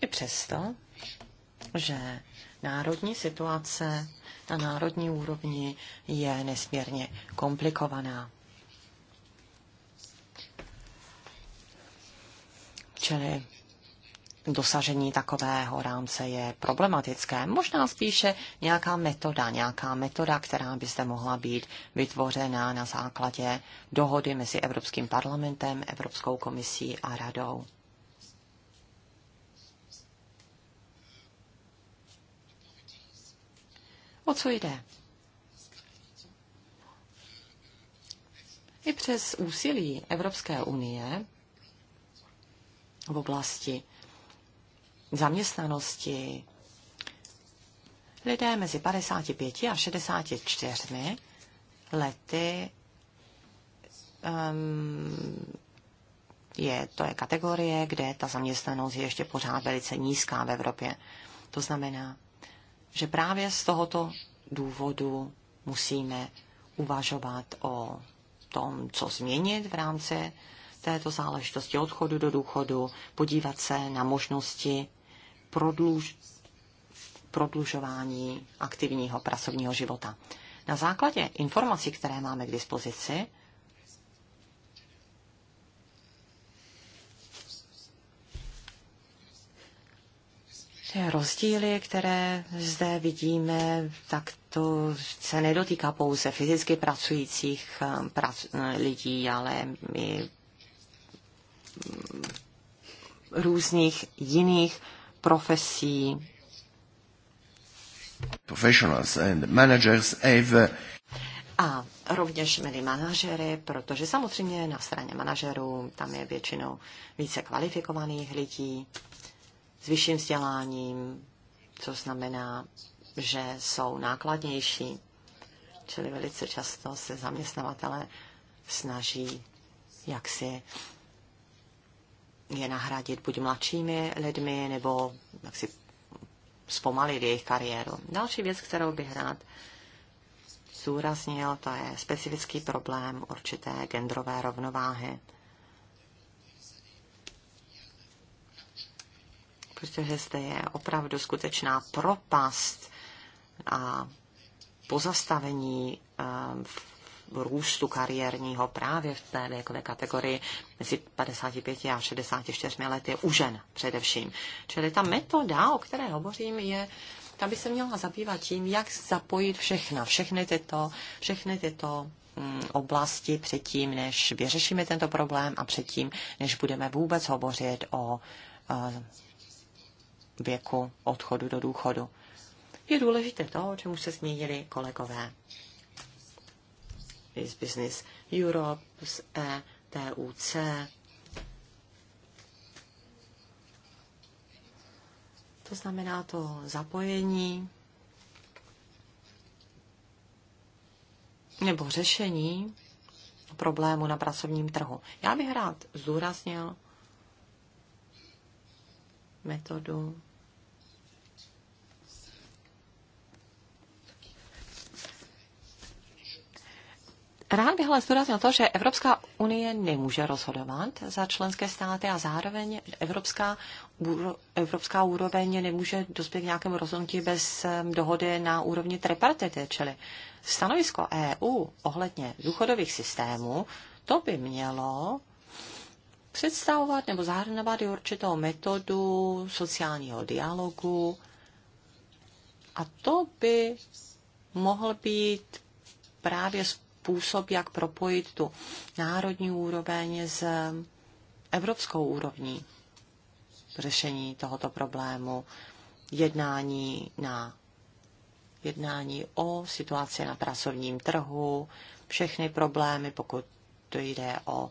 I přesto, že národní situace na národní úrovni je nesmírně komplikovaná. Čili dosažení takového rámce je problematické. Možná spíše nějaká metoda, nějaká metoda, která by zde mohla být vytvořena na základě dohody mezi Evropským parlamentem, Evropskou komisí a radou. O co jde? I přes úsilí Evropské unie v oblasti zaměstnanosti. Lidé mezi 55 a 64 lety um, je, to je kategorie, kde ta zaměstnanost je ještě pořád velice nízká v Evropě. To znamená, že právě z tohoto důvodu musíme uvažovat o tom, co změnit v rámci této záležitosti odchodu do důchodu, podívat se na možnosti prodluž, prodlužování aktivního pracovního života. Na základě informací, které máme k dispozici, rozdíly, které zde vidíme, tak to se nedotýká pouze fyzicky pracujících eh, prac, lidí, ale i různých jiných profesí. Professionals and managers have... Uh, A rovněž měli manažery, protože samozřejmě na straně manažerů tam je většinou více kvalifikovaných lidí s vyšším vzděláním, co znamená, že jsou nákladnější. Čili velice často se zaměstnavatele snaží jaksi je nahradit buď mladšími lidmi, nebo jak si zpomalit jejich kariéru. Další věc, kterou bych rád zúraznil, to je specifický problém určité genderové rovnováhy. Protože zde je opravdu skutečná propast a pozastavení eh, v růstu kariérního právě v té věkové kategorii mezi 55 a 64 lety u žen především. Čili ta metoda, o které hovořím, je ta by se měla zabývat tím, jak zapojit všechna, všechny tyto, všechny tyto mm, oblasti předtím, než vyřešíme tento problém a předtím, než budeme vůbec hovořit o eh, věku odchodu do důchodu. Je důležité to, o čemu se zmínili kolegové is Business Europe, z ETUC. To znamená to zapojení nebo řešení problému na pracovním trhu. Já bych rád zdůraznil metodu Rád bych ale zdůraznil to, že Evropská unie nemůže rozhodovat za členské státy a zároveň Evropská, Evropská úroveň nemůže dospět k nějakému rozhodnutí bez dohody na úrovni tripartity, čili stanovisko EU ohledně důchodových systémů, to by mělo představovat nebo zahrnovat i určitou metodu sociálního dialogu a to by mohl být právě z způsob, jak propojit tu národní úroveň s evropskou úrovní řešení tohoto problému, jednání na jednání o situaci na pracovním trhu, všechny problémy, pokud to jde o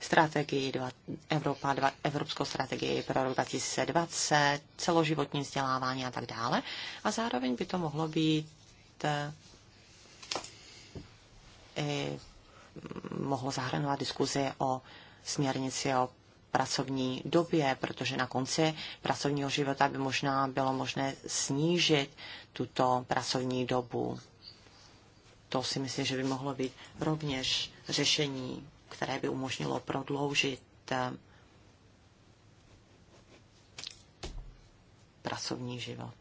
strategii dva, Evropa, dva, Evropskou strategii pro rok 2020, celoživotní vzdělávání a tak dále. A zároveň by to mohlo být eh, i mohlo zahrnovat diskuzi o směrnici o pracovní době, protože na konci pracovního života by možná bylo možné snížit tuto pracovní dobu. To si myslím, že by mohlo být rovněž řešení, které by umožnilo prodloužit eh, pracovní život.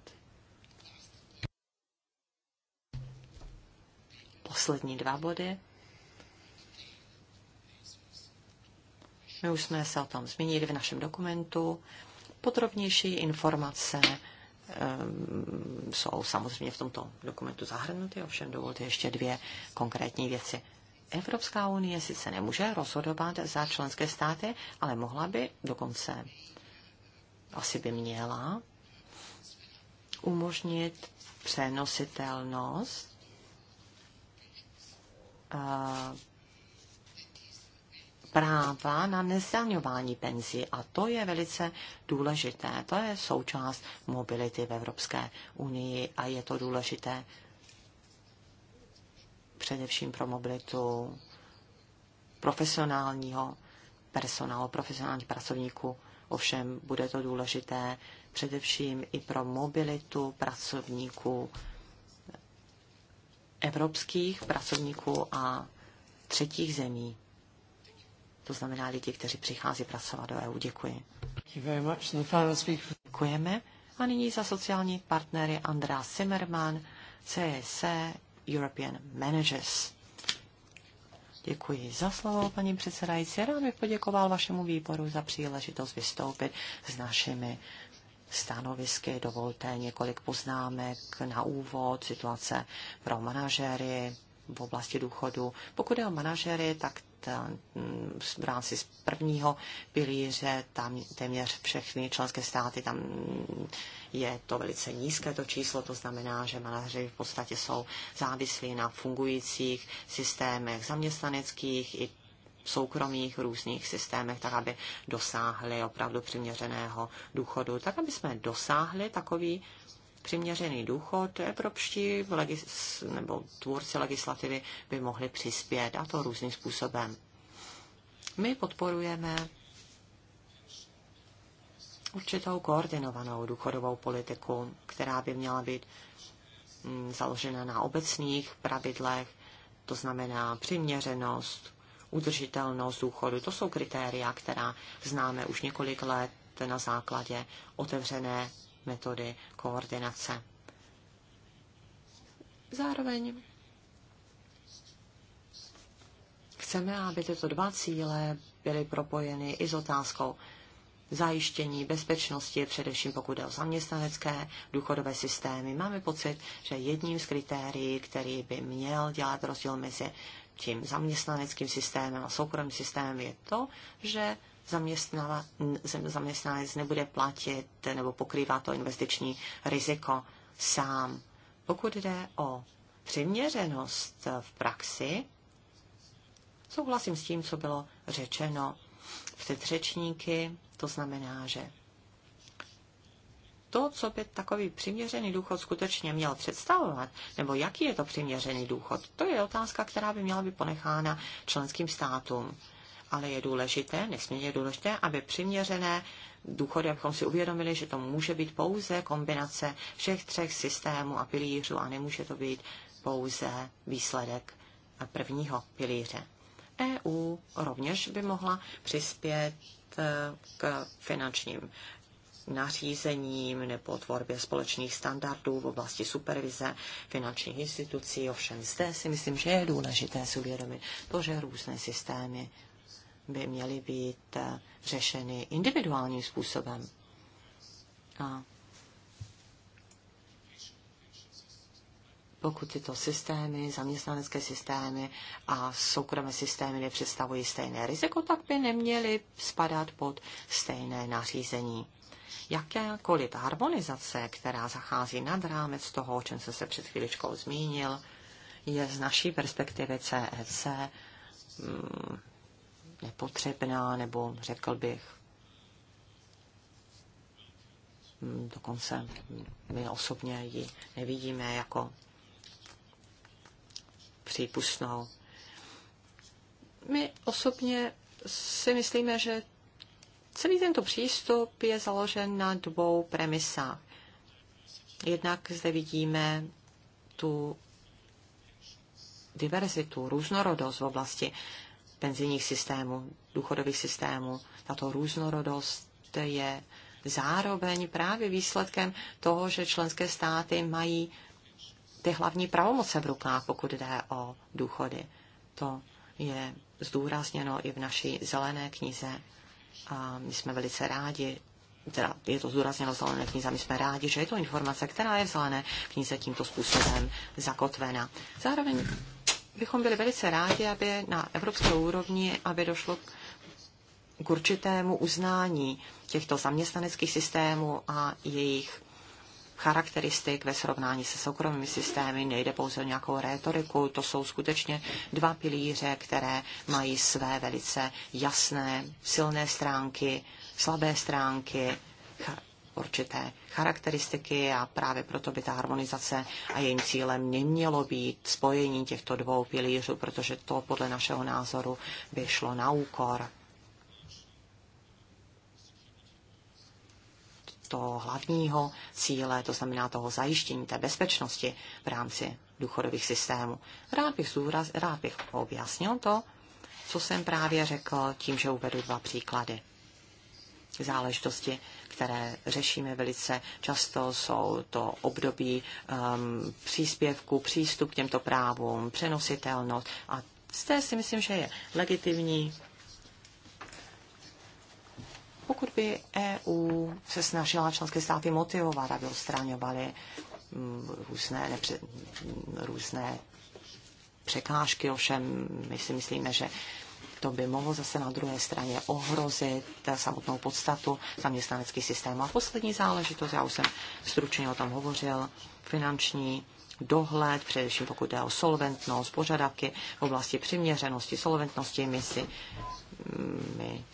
poslední dva body. My už jsme se o tom zmínili v našem dokumentu. Podrobnější informace um, jsou samozřejmě v tomto dokumentu zahrnuty, ovšem dovolte ještě dvě konkrétní věci. Evropská unie sice nemůže rozhodovat za členské státy, ale mohla by dokonce, asi by měla, umožnit přenositelnost práva na nezdaňování penzí a to je velice důležité. To je součást mobility v Evropské unii a je to důležité především pro mobilitu profesionálního personálu, profesionálních pracovníků. Ovšem bude to důležité především i pro mobilitu pracovníků evropských pracovníků a třetích zemí. To znamená lidi, kteří přichází pracovat do EU. Děkuji. Děkujeme. A nyní za sociální partnery Andrea Zimmermann, CSC, e European Managers. Děkuji za slovo, paní předsedající. Rád bych poděkoval vašemu výboru za příležitost vystoupit s našimi stanovisky. Dovolte několik poznámek na úvod, situace pro manažery v oblasti důchodu. Pokud je o manažery, tak mm, v rámci z prvního pilíře, tam téměř všechny členské státy, tam mm, je to velice nízké to číslo, to znamená, že manažeři v podstatě jsou závislí na fungujících systémech zaměstnaneckých i soukromých různých systémech, tak aby dosáhli opravdu přiměřeného důchodu, tak aby jsme dosáhli takový přiměřený důchod, evropští legis, nebo tvůrci legislativy by mohli přispět a to různým způsobem. My podporujeme určitou koordinovanou důchodovou politiku, která by měla být mm, založena na obecných pravidlech, to znamená přiměřenost, udržitelnost důchodu. To jsou kritéria, která známe už několik let na základě otevřené metody koordinace. Zároveň chceme, aby tyto dva cíle byly propojeny i s otázkou zajištění bezpečnosti, především pokud jde o zaměstnanecké důchodové systémy. Máme pocit, že jedním z kritérií, který by měl dělat rozdíl mezi tím zaměstnaneckým systémem a soukromým systémem je to, že zaměstnanec nebude platit nebo pokrývá to investiční riziko sám. Pokud jde o přiměřenost v praxi, souhlasím s tím, co bylo řečeno v předřečníky, to znamená, že to, co by takový přiměřený důchod skutečně měl představovat, nebo jaký je to přiměřený důchod, to je otázka, která by měla být ponechána členským státům. Ale je důležité, nesmírně důležité, aby přiměřené důchody, abychom si uvědomili, že to může být pouze kombinace všech třech systémů a pilířů a nemůže to být pouze výsledek prvního pilíře. EU rovněž by mohla přispět eh, k finančním nařízením nebo tvorbě společných standardů v oblasti supervize finančních institucí. Ovšem zde si myslím, že je důležité si uvědomit to, že různé systémy by měly být eh, řešeny individuálním způsobem. A pokud tyto systémy, zaměstnanecké systémy a soukromé systémy nepředstavují stejné riziko, tak by neměly spadat pod stejné nařízení jakékoliv harmonizace, která zachází nad rámec toho, o čem jsem se před chvíličkou zmínil, je z naší perspektivy CFC mm, nepotřebná, nebo řekl bych, mm, dokonce my osobně ji nevidíme jako přípustnou. My osobně si myslíme, že Celý tento přístup je založen na dvou premisách. Jednak zde vidíme tu diverzitu, různorodost v oblasti penzijních systémů, důchodových systémů. Tato různorodost je zároveň právě výsledkem toho, že členské státy mají ty hlavní pravomoce v rukách, pokud jde o důchody. To je zdůrazněno i v naší zelené knize a my jsme velice rádi, teda je to zdůrazněno v zelené knize, my jsme rádi, že je to informace, která je v zelené knize tímto způsobem zakotvena. Zároveň bychom byli velice rádi, aby na evropské úrovni, aby došlo k určitému uznání těchto zaměstnaneckých systémů a jejich charakteristik ve srovnání se soukromými systémy. Nejde pouze o nějakou rétoriku, to jsou skutečně dva pilíře, které mají své velice jasné, silné stránky, slabé stránky, určité charakteristiky a právě proto by ta harmonizace a jejím cílem nemělo být spojení těchto dvou pilířů, protože to podle našeho názoru by šlo na úkor toho hlavního cíle, to znamená toho zajištění té bezpečnosti v rámci důchodových systémů. Rád bych, zúraz, rád bych objasnil to, co jsem právě řekl, tím, že uvedu dva příklady. Záležitosti, které řešíme velice často, jsou to období um, příspěvku, přístup k těmto právům, přenositelnost a zde si myslím, že je legitimní pokud by EU se snažila členské státy motivovat, aby odstraňovaly mm, různé, nepře- mm, různé překážky, ovšem my si myslíme, že to by mohlo zase na druhé straně ohrozit samotnou podstatu zaměstnanecký systém. A poslední záležitost, já už jsem stručně o tom hovořil, finanční dohled, především pokud jde o solventnost, požadavky v oblasti přiměřenosti, solventnosti. My, si, mm, my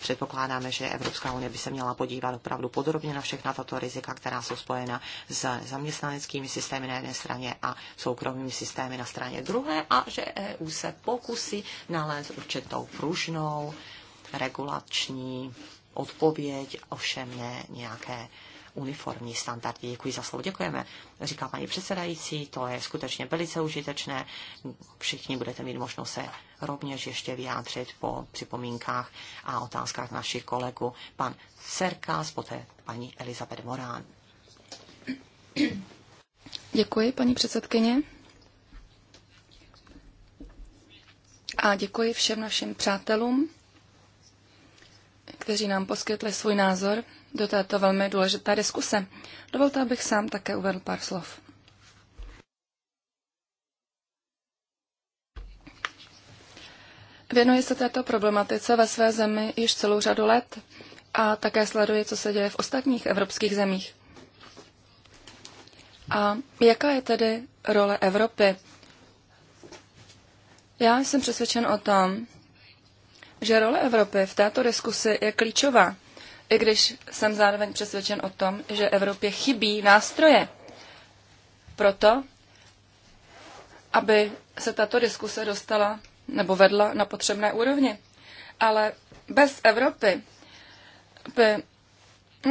Předpokládáme, že Evropská unie by se měla podívat opravdu podrobně na všechna tato rizika, která jsou spojena s zaměstnaneckými systémy na jedné straně a soukromými systémy na straně druhé a že EU se pokusí nalézt určitou pružnou regulační odpověď, ovšem ne nějaké uniformní standardy. Děkuji za slovo, děkujeme. Říká paní předsedající, to je skutečně velice užitečné. Všichni budete mít možnost se rovněž ještě vyjádřit po připomínkách a otázkách našich kolegů. Pan Serkás, poté paní Elizabeth Morán. Děkuji, paní předsedkyně. A děkuji všem našim přátelům, kteří nám poskytli svůj názor do této velmi důležité diskuse. Dovolte, abych sám také uvedl pár slov. Věnuji se této problematice ve své zemi již celou řadu let a také sleduji, co se děje v ostatních evropských zemích. A jaká je tedy role Evropy? Já jsem přesvědčen o tom, že role Evropy v této diskusi je klíčová i když jsem zároveň přesvědčen o tom, že Evropě chybí nástroje proto, aby se tato diskuse dostala nebo vedla na potřebné úrovni. Ale bez Evropy by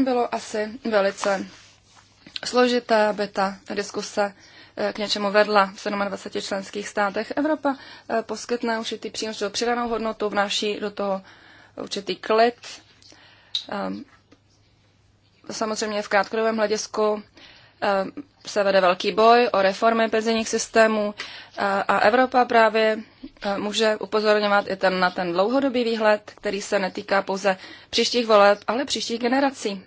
bylo asi velice složité, aby ta diskuse eh, k něčemu vedla v 27 členských státech. Evropa eh, poskytne určitý přínos, přidanou hodnotu, vnáší do toho určitý klid, Ehm, samozřejmě v krátkodobém hledisku ehm, se vede velký boj o reformy penzijních systémů eh, a Evropa právě eh, může upozorňovat i ten, na ten dlouhodobý výhled, který se netýká pouze příštích voleb, ale příštích generací.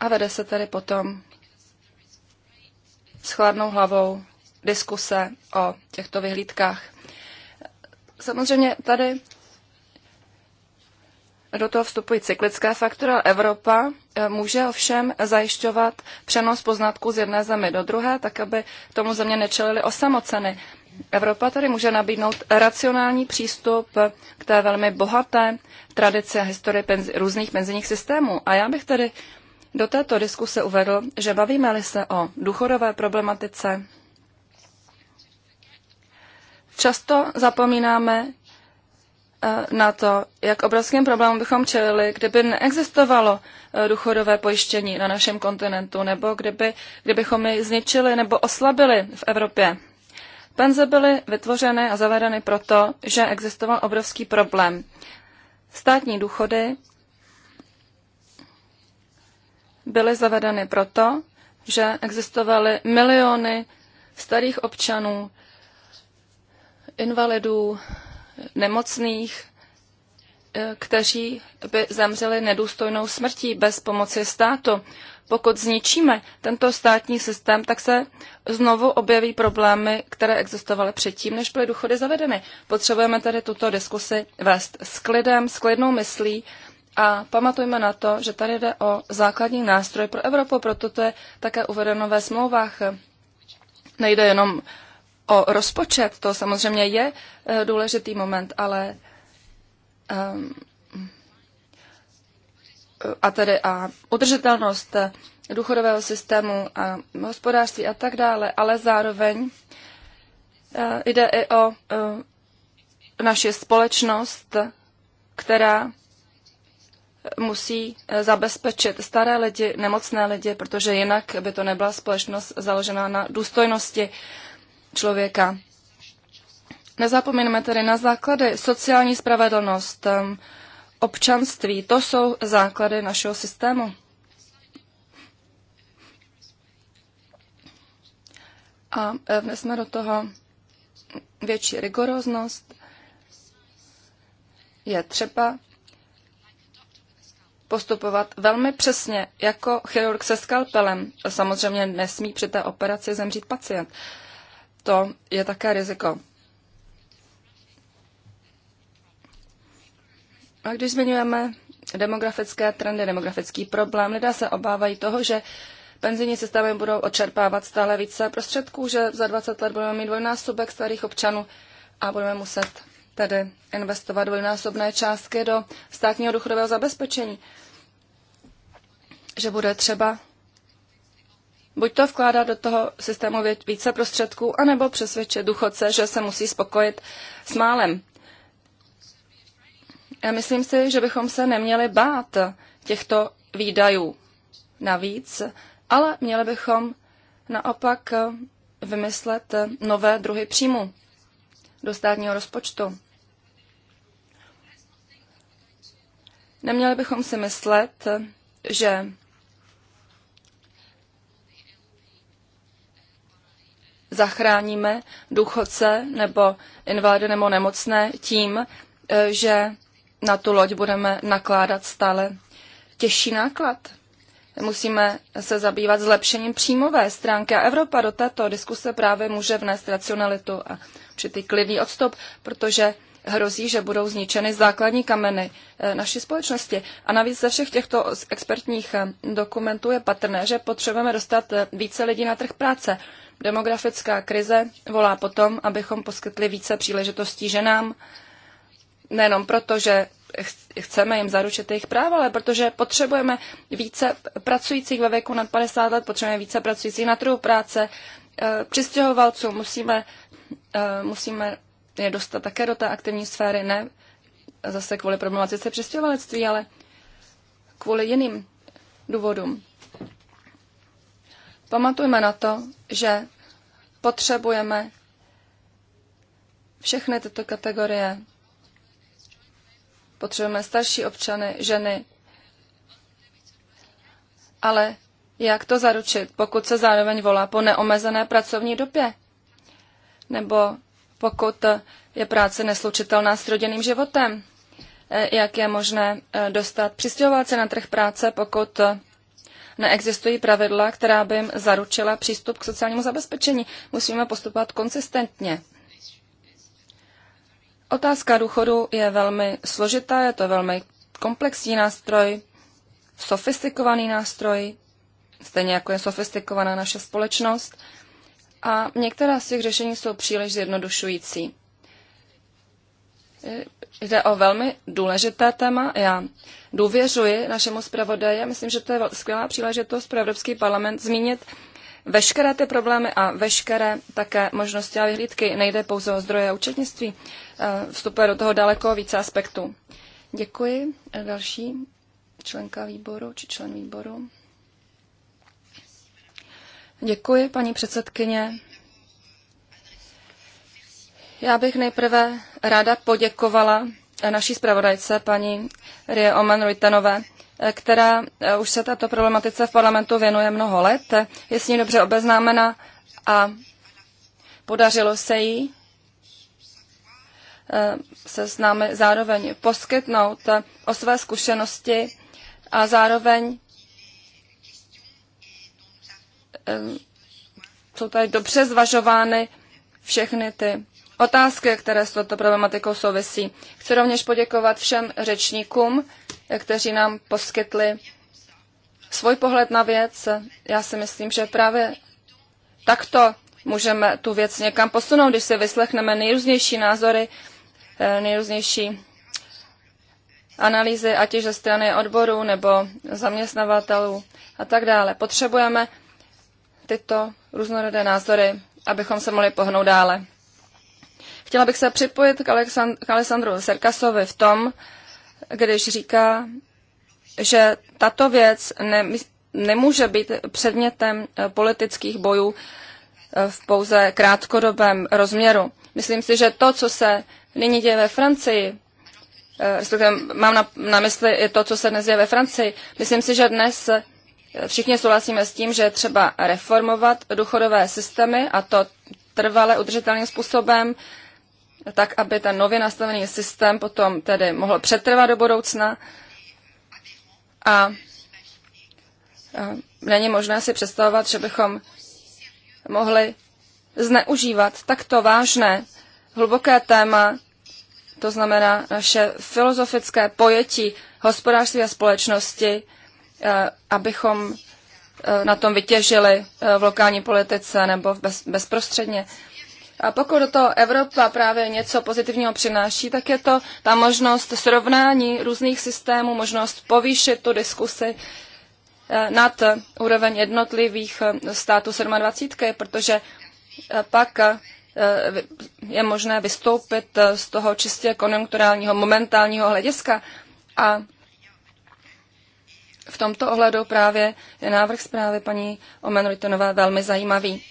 A vede se tedy potom s chladnou hlavou diskuse o těchto vyhlídkách. Samozřejmě tady do toho vstupují cyklické faktory, ale Evropa eh, může ovšem zajišťovat přenos poznatků z jedné země do druhé, tak aby tomu země nečelili osamoceny. Evropa tady může nabídnout racionální přístup k té velmi bohaté tradici a historii penzi, různých penzijních systémů. A já bych tedy do této diskuse uvedl, že bavíme-li se o důchodové problematice, často zapomínáme Eh, na to, jak obrovským problémům bychom čelili, kdyby neexistovalo eh, důchodové pojištění na našem kontinentu, nebo kdyby, kdybychom ji zničili nebo oslabili v Evropě. Penze byly vytvořeny a zavedeny proto, že existoval obrovský problém. Státní důchody byly zavedeny proto, že existovaly miliony starých občanů, invalidů, nemocných, eh, kteří by zemřeli nedůstojnou smrtí bez pomoci státu. Pokud zničíme tento státní systém, tak se znovu objeví problémy, které existovaly předtím, než byly důchody zavedeny. Potřebujeme tedy tuto diskusi vést s klidem, s klidnou myslí a pamatujme na to, že tady jde o základní nástroj pro Evropu, proto to je také uvedeno ve smlouvách. Nejde jenom o rozpočet, to samozřejmě je eh, důležitý moment, ale um, a tedy a udržitelnost eh, důchodového systému a hospodářství a tak dále, ale zároveň jde i o naši společnost, která musí zabezpečit staré lidi, nemocné lidi, protože jinak by to nebyla společnost založená na důstojnosti člověka. Nezapomeňme tedy na základy sociální spravedlnost, um, občanství. To jsou základy našeho systému. A eh, vnesme do toho větší rigoroznost. Je třeba postupovat velmi přesně, jako chirurg se skalpelem. Samozřejmě nesmí při té operaci zemřít pacient to je také riziko. A když zmiňujeme demografické trendy, demografický problém, lidé se obávají toho, že penzijní systémy budou odčerpávat stále více prostředků, že za 20 let budeme mít dvojnásobek starých občanů a budeme muset tedy investovat dvojnásobné částky do státního důchodového zabezpečení. Že bude třeba buď to vkládat do toho systému více prostředků, anebo přesvědčit důchodce, že se musí spokojit s málem. Já myslím si, že bychom se neměli bát těchto výdajů navíc, ale měli bychom naopak vymyslet nové druhy příjmu do státního rozpočtu. Neměli bychom si myslet, že zachráníme důchodce nebo invalidy nebo nemocné tím, eh, že na tu loď budeme nakládat stále těžší náklad. Musíme se zabývat zlepšením příjmové stránky a Evropa do této diskuse právě může vnést racionalitu a určitý klidný odstup, protože hrozí, že budou zničeny základní kameny eh, naší společnosti. A navíc ze všech těchto expertních eh, dokumentů je patrné, že potřebujeme dostat eh, více lidí na trh práce. Demografická krize volá potom, abychom poskytli více příležitostí ženám, nejenom proto, že chceme jim zaručit jejich práva, ale protože potřebujeme více pracujících ve věku nad 50 let, potřebujeme více pracujících na trhu práce, přistěhovalců, musíme, musíme je dostat také do té aktivní sféry, ne zase kvůli problematice přestěhovalectví, ale kvůli jiným důvodům. Pamatujme na to, že potřebujeme všechny tyto kategorie. Potřebujeme starší občany, ženy. Ale jak to zaručit, pokud se zároveň volá po neomezené pracovní době? Nebo pokud je práce neslučitelná s rodinným životem. Eh, jak je možné eh, dostat přistěhovalce na trh práce, pokud neexistují pravidla, která by jim zaručila přístup k sociálnímu zabezpečení. Musíme postupovat konsistentně. Otázka důchodu je velmi složitá, je to velmi komplexní nástroj, sofistikovaný nástroj, stejně jako je sofistikovaná naše společnost a některá z těch řešení jsou příliš zjednodušující. Eh, jde o velmi důležité téma. Já důvěřuji našemu zpravodaji. Myslím, že to je skvělá příležitost pro Evropský parlament zmínit veškeré ty problémy a veškeré také možnosti a vyhlídky. Nejde pouze o zdroje a účetnictví. Eh, vstupuje do toho daleko více aspektů. Děkuji. Další členka výboru či člen výboru. Děkuji, paní předsedkyně. Já bych nejprve ráda poděkovala naší zpravodajce, paní Rie Oman Ruitenové, která eh, už se této problematice v parlamentu věnuje mnoho let. Je s ní dobře obeznámena a podařilo se jí eh, se s námi zároveň poskytnout o své zkušenosti a zároveň jsou tady dobře zvažovány všechny ty otázky, které s touto problematikou souvisí. Chci rovněž poděkovat všem řečníkům, kteří nám poskytli svůj pohled na věc. Já si myslím, že právě takto můžeme tu věc někam posunout, když si vyslechneme nejrůznější názory, eh, nejrůznější analýzy, ať již ze strany odborů nebo zaměstnavatelů a tak dále. Potřebujeme tyto různorodé názory, abychom se mohli pohnout dále. Chtěla bych se připojit k, Aleksand- k Alessandru Serkasovi v tom, když říká, že tato věc ne- nemůže být předmětem eh, politických bojů eh, v pouze krátkodobém rozměru. Myslím si, že to, co se nyní děje ve Francii, eh, respektive mám na, na mysli i to, co se dnes děje ve Francii, myslím si, že dnes Všichni souhlasíme s tím, že třeba reformovat důchodové systémy a to trvale udržitelným způsobem, tak aby ten nově nastavený systém potom tedy mohl přetrvat do budoucna. A není možné si představovat, že bychom mohli zneužívat takto vážné, hluboké téma, to znamená naše filozofické pojetí hospodářství a společnosti, Eh, abychom eh, na tom vytěžili eh, v lokální politice nebo bez, bezprostředně. A pokud do toho Evropa právě něco pozitivního přináší, tak je to ta možnost srovnání různých systémů, možnost povýšit tu diskusi nad úroveň jednotlivých států 27, protože pak je možné vystoupit z toho čistě konjunkturálního, momentálního hlediska a v tomto ohledu právě je návrh zprávy paní Omenritonové velmi zajímavý.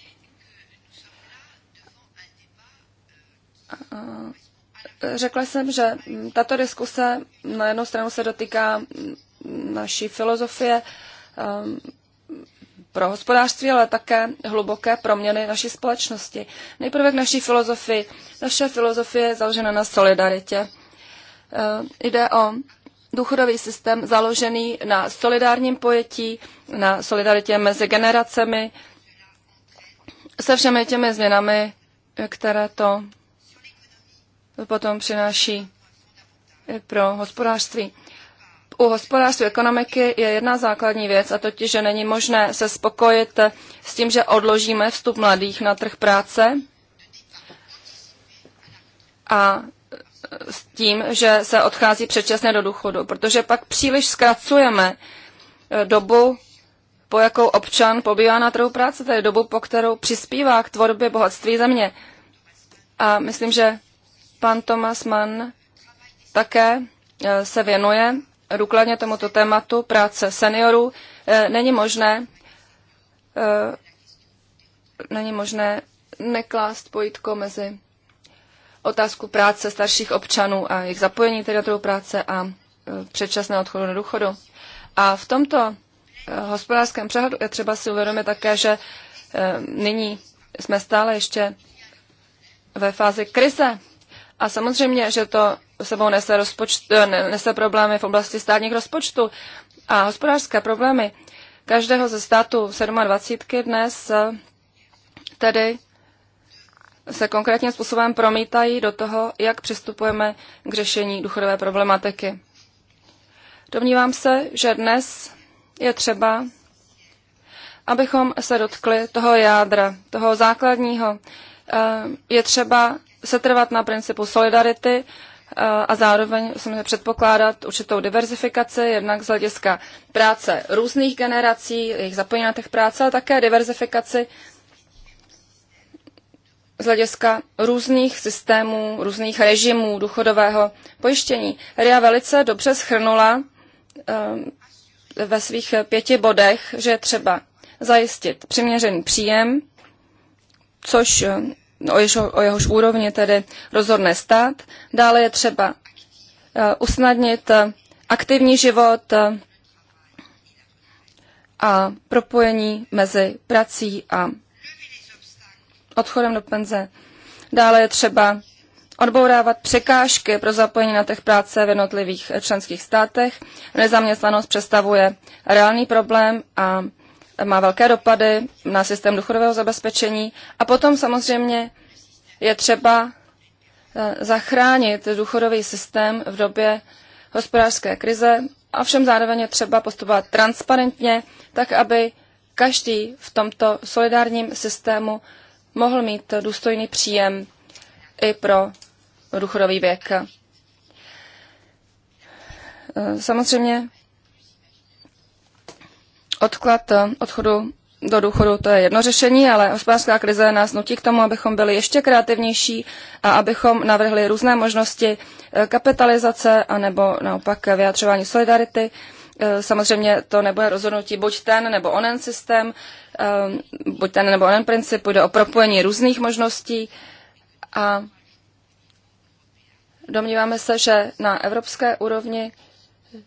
Řekla jsem, že tato diskuse na jednu stranu se dotýká naší filozofie ehm, pro hospodářství, ale také hluboké proměny naší společnosti. Nejprve k naší filozofii. Naše filozofie je založena na solidaritě. Ehm, jde o důchodový systém založený na solidárním pojetí, na solidaritě mezi generacemi, se všemi těmi změnami, které to potom přináší pro hospodářství. U hospodářství ekonomiky je jedna základní věc, a totiž, že není možné se spokojit s tím, že odložíme vstup mladých na trh práce a s tím, že se odchází předčasně do důchodu, protože pak příliš zkracujeme eh, dobu, po jakou občan pobývá na trhu práce, tedy dobu, po kterou přispívá k tvorbě bohatství země. A myslím, že pan Thomas Mann také eh, se věnuje důkladně tomuto tématu práce seniorů. Eh, není možné, není možné neklást pojítko mezi otázku práce starších občanů a jejich zapojení tedy do trhu práce a e, předčasné odchodu na důchodu. A v tomto e, hospodářském přehledu je třeba si uvědomit také, že e, nyní jsme stále ještě ve fázi krize. A samozřejmě, že to sebou nese, rozpočt, nese problémy v oblasti státních rozpočtů a hospodářské problémy každého ze států 27 dnes tedy se konkrétním způsobem promítají do toho, jak přistupujeme k řešení důchodové problematiky. Domnívám se, že dnes je třeba, abychom se dotkli toho jádra, toho základního. Eh, je třeba setrvat na principu solidarity eh, a zároveň samozřejmě předpokládat určitou diverzifikaci, jednak z hlediska práce různých generací, jejich zapojení na těch práce, a také diverzifikaci z hlediska různých systémů, různých režimů důchodového pojištění. RIA velice dobře schrnula ehm, ve svých pěti bodech, že je třeba zajistit přiměřený příjem, což eh, o, jeho, o jehož úrovni tedy rozhodne stát. Dále je třeba eh, usnadnit eh, aktivní život a propojení mezi prací a odchodem do penze. Dále je třeba odbourávat překážky pro zapojení na těch práce v jednotlivých členských státech. Nezaměstnanost představuje reálný problém a má velké dopady na systém důchodového zabezpečení. A potom samozřejmě je třeba eh, zachránit důchodový systém v době hospodářské krize, všem zároveň je třeba postupovat transparentně, tak aby každý v tomto solidárním systému mohl mít důstojný příjem i pro důchodový věk. Samozřejmě odklad odchodu do důchodu to je jedno řešení, ale hospodářská krize nás nutí k tomu, abychom byli ještě kreativnější a abychom navrhli různé možnosti kapitalizace anebo naopak vyjadřování solidarity. Samozřejmě to nebude rozhodnutí buď ten nebo onen systém, Ehm, buď ten nebo onen princip, půjde o propojení různých možností a domníváme se, že na evropské úrovni eh,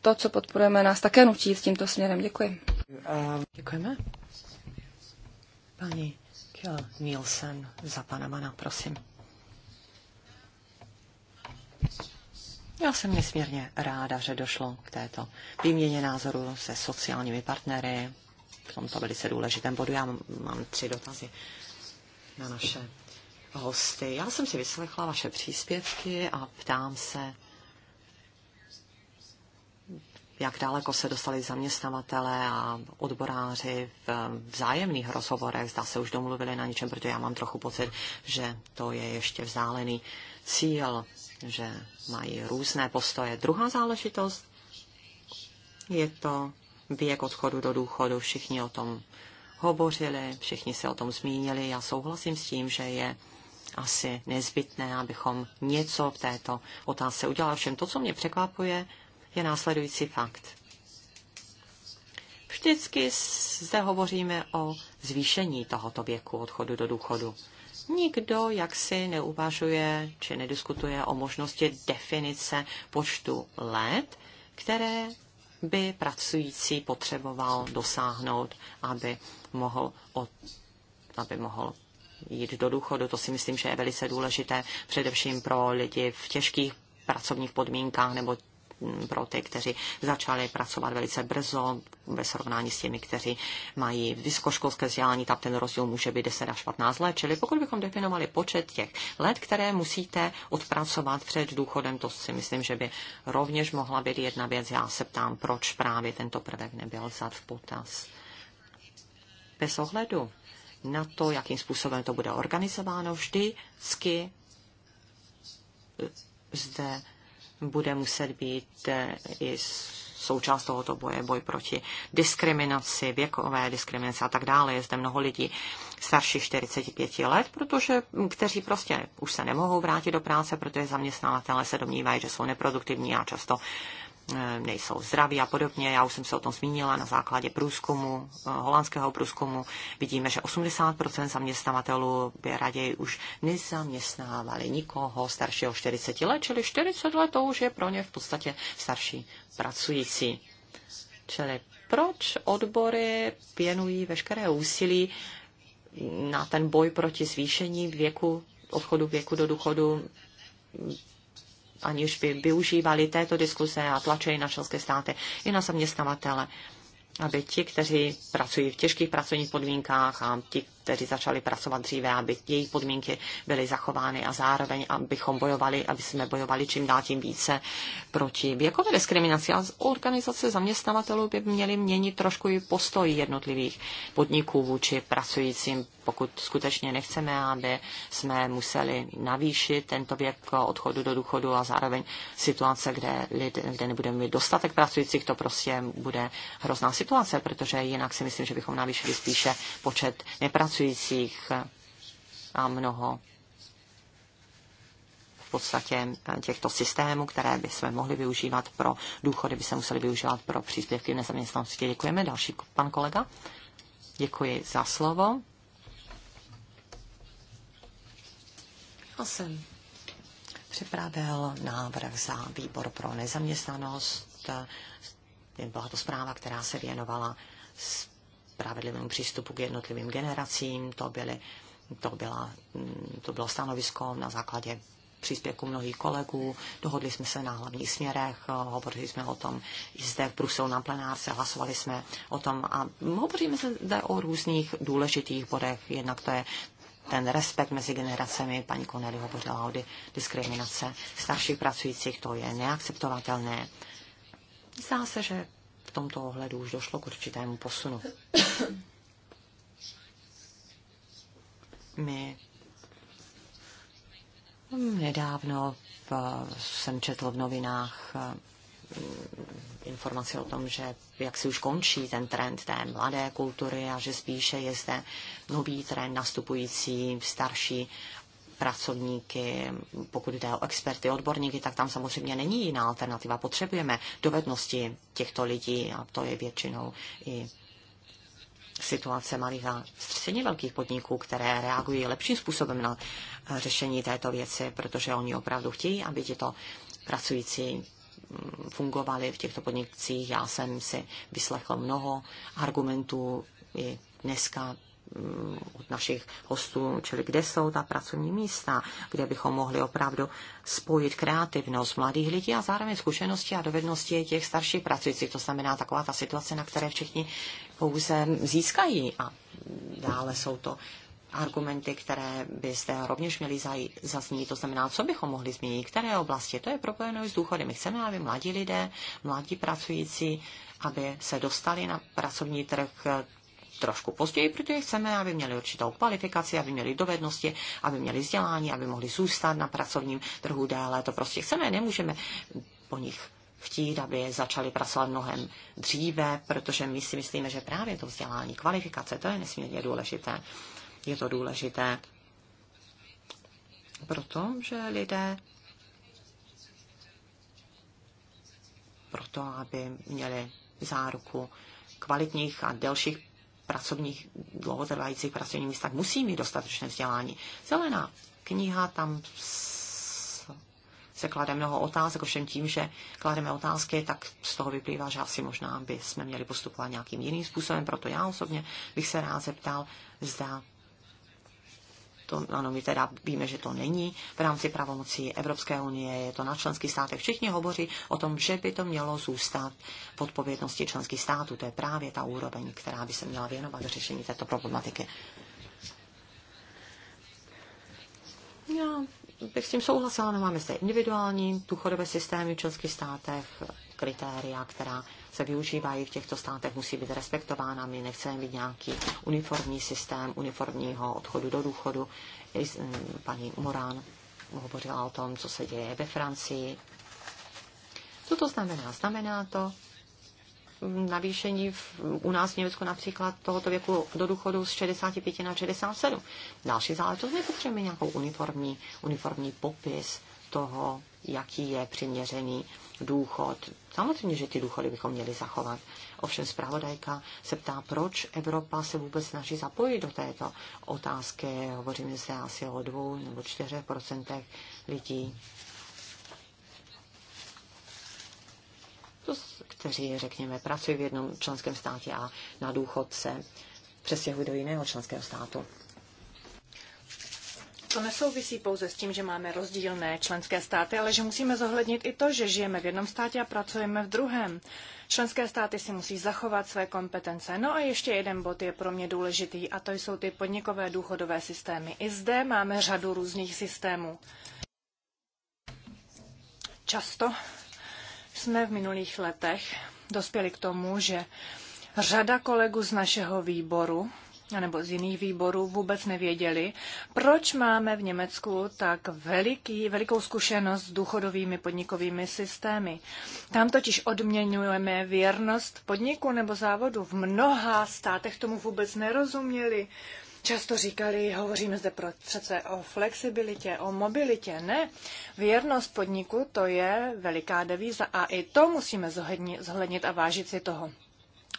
to, co podporujeme, nás také nutí s tímto směrem. Děkuji. Děkujeme. Paní Kjell Nielsen za Mana, prosím. Já jsem nesmírně ráda, že došlo k této výměně názoru se sociálními partnery, v tomto velice důležitém bodu. Já mám tři dotazy na naše hosty. Já jsem si vyslechla vaše příspěvky a ptám se, jak daleko se dostali zaměstnavatele a odboráři v vzájemných rozhovorech, Zdá se už domluvili na něčem, protože já mám trochu pocit, že to je ještě vzdálený cíl, že mají různé postoje. Druhá záležitost je to věk odchodu do důchodu, všichni o tom hovořili, všichni se o tom zmínili. Já souhlasím s tím, že je asi nezbytné, abychom něco v této otázce udělali. Všem to, co mě překvapuje, je následující fakt. Vždycky zde hovoříme o zvýšení tohoto věku odchodu do důchodu. Nikdo jaksi neuvažuje či nediskutuje o možnosti definice počtu let, které by pracující potřeboval dosáhnout, aby mohl, od, aby mohl jít do důchodu. To si myslím, že je velice důležité, především pro lidi v těžkých pracovních podmínkách nebo pro ty, kteří začali pracovat velice brzo ve srovnání s těmi, kteří mají vysokoškolské vzdělání, tam ten rozdíl může být 10 až 15 let. Čili pokud bychom definovali počet těch let, které musíte odpracovat před důchodem, to si myslím, že by rovněž mohla být jedna věc. Já se ptám, proč právě tento prvek nebyl vzat v potaz. Bez ohledu na to, jakým způsobem to bude organizováno, vždycky zde bude muset být eh, i součást tohoto boje, boj proti diskriminaci, věkové diskriminace a tak dále. Je zde mnoho lidí starší 45 let, protože, hm, kteří prostě už se nemohou vrátit do práce, protože zaměstnavatele se domnívají, že jsou neproduktivní a často Eh, nejsou zdraví a podobně. Já už jsem se o tom zmínila na základě průzkumu, eh, holandského průzkumu. Vidíme, že 80% zaměstnavatelů by raději už nezaměstnávali nikoho staršího 40 let, čili 40 let to už je pro ně v podstatě starší pracující. Čili proč odbory věnují veškeré úsilí na ten boj proti zvýšení věku, odchodu věku do důchodu aniž by využívali této diskuse a tlačili na členské státy i na zaměstnavatele, aby ti, kteří pracují v těžkých pracovních podmínkách a ti, kteří začali pracovat dříve, aby jejich podmínky byly zachovány a zároveň, abychom bojovali, aby jsme bojovali čím dál tím více proti věkové diskriminaci. A organizace zaměstnavatelů by měly měnit trošku i postoj jednotlivých podniků vůči pracujícím, pokud skutečně nechceme, aby jsme museli navýšit tento věk odchodu do důchodu a zároveň situace, kde, lidé, kde nebudeme mít dostatek pracujících, to prostě bude hrozná situace, protože jinak si myslím, že bychom navýšili spíše počet nepracujících pracujících a mnoho v podstatě těchto systémů, které by jsme mohli využívat pro důchody, by se museli využívat pro příspěvky v nezaměstnanosti. Děkujeme. Další pan kolega. Děkuji za slovo. Já jsem připravil návrh za výbor pro nezaměstnanost. Byla to zpráva, která se věnovala s spravedlivému přístupu k jednotlivým generacím. To, byly, to, byla, to bylo stanovisko na základě příspěvku mnohých kolegů, dohodli jsme se na hlavních směrech, hovořili jsme o tom i zde v Bruselu na plenárce, hlasovali jsme o tom a hovoříme se zde o různých důležitých bodech, jednak to je ten respekt mezi generacemi, paní Konely hovořila o diskriminace starších pracujících, to je neakceptovatelné. Zdá se, že tomto ohledu už došlo k určitému posunu. My nedávno v, jsem četl v novinách eh, informaci o tom, že jak si už končí ten trend té mladé kultury a že spíše je zde nový trend nastupující starší pracovníky, pokud jde o experty, odborníky, tak tam samozřejmě není jiná alternativa. Potřebujeme dovednosti těchto lidí a to je většinou i situace malých a středně velkých podniků, které reagují lepším způsobem na řešení této věci, protože oni opravdu chtějí, aby tito pracující mm, fungovali v těchto podnikcích. Já jsem si vyslechl mnoho argumentů i dneska Eh, od našich hostů, čili kde jsou ta pracovní místa, kde bychom mohli opravdu spojit kreativnost mladých lidí a zároveň zkušenosti a dovednosti těch starších pracujících. To znamená taková ta situace, na které všichni pouze získají a dále jsou to argumenty, které byste rovněž měli zaznít, to znamená, co bychom mohli změnit, které oblasti. To je propojeno s důchody. My chceme, aby mladí lidé, mladí pracující, aby se dostali na pracovní trh trošku později, protože chceme, aby měli určitou kvalifikaci, aby měli dovednosti, aby měli vzdělání, aby mohli zůstat na pracovním trhu déle. To prostě chceme, nemůžeme po nich chtít, aby začali pracovat mnohem dříve, protože my si myslíme, že právě to vzdělání, kvalifikace, to je nesmírně důležité. Je to důležité proto, že lidé proto, aby měli záruku kvalitních a delších pracovních, dlouhotrvajících pracovních místech musí mít dostatečné vzdělání. Zelená kniha, tam se klade mnoho otázek, ovšem tím, že klademe otázky, tak z toho vyplývá, že asi možná by jsme měli postupovat nějakým jiným způsobem, proto já osobně bych se rád zeptal, zda to, ano, my teda víme, že to není v rámci pravomocí Evropské unie, je to na členských státech. Všichni hovoří o tom, že by to mělo zůstat v odpovědnosti členských států. To je právě ta úroveň, která by se měla věnovat řešení této problematiky. Já bych s tím souhlasila, nemáme zde individuální důchodové systémy v členských státech, kritéria, která se využívají v těchto státech, musí být respektována. My nechceme mít nějaký uniformní systém uniformního odchodu do důchodu. Paní Morán hovořila o tom, co se děje ve Francii. Co to znamená? Znamená to, navýšení v, u nás v Německu například tohoto věku do důchodu z 65 na 67. Další záležitost, my potřebujeme nějakou uniformní, uniformní popis toho, jaký je přiměřený důchod. Samozřejmě, že ty důchody bychom měli zachovat. Ovšem zpravodajka se ptá, proč Evropa se vůbec snaží zapojit do této otázky. Hovoříme se asi o dvou nebo čtyřech procentech lidí, kteří, řekněme, pracují v jednom členském státě a na důchod se přestěhují do jiného členského státu. To nesouvisí pouze s tím, že máme rozdílné členské státy, ale že musíme zohlednit i to, že žijeme v jednom státě a pracujeme v druhém. Členské státy si musí zachovat své kompetence. No a ještě jeden bod je pro mě důležitý, a to jsou ty podnikové důchodové systémy. I zde máme řadu různých systémů. Často jsme v minulých letech dospěli k tomu, že řada kolegů z našeho výboru nebo z jiných výborů vůbec nevěděli, proč máme v Německu tak veliký, velikou zkušenost s důchodovými podnikovými systémy. Tam totiž odměňujeme věrnost podniku nebo závodu. V mnoha státech tomu vůbec nerozuměli. Často říkali, hovoříme zde pro, přece o flexibilitě, o mobilitě. Ne, věrnost podniku to je veliká devíza a i to musíme zohlednit a vážit si toho.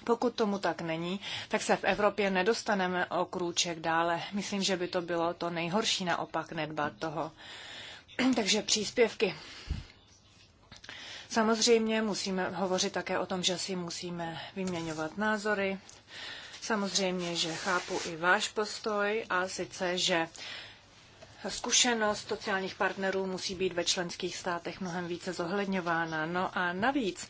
Pokud tomu tak není, tak se v Evropě nedostaneme o krůček dále. Myslím, že by to bylo to nejhorší naopak nedbat toho. Takže příspěvky. Samozřejmě musíme hovořit také o tom, že si musíme vyměňovat názory. Samozřejmě, že chápu i váš postoj a sice, že zkušenost sociálních partnerů musí být ve členských státech mnohem více zohledňována. No a navíc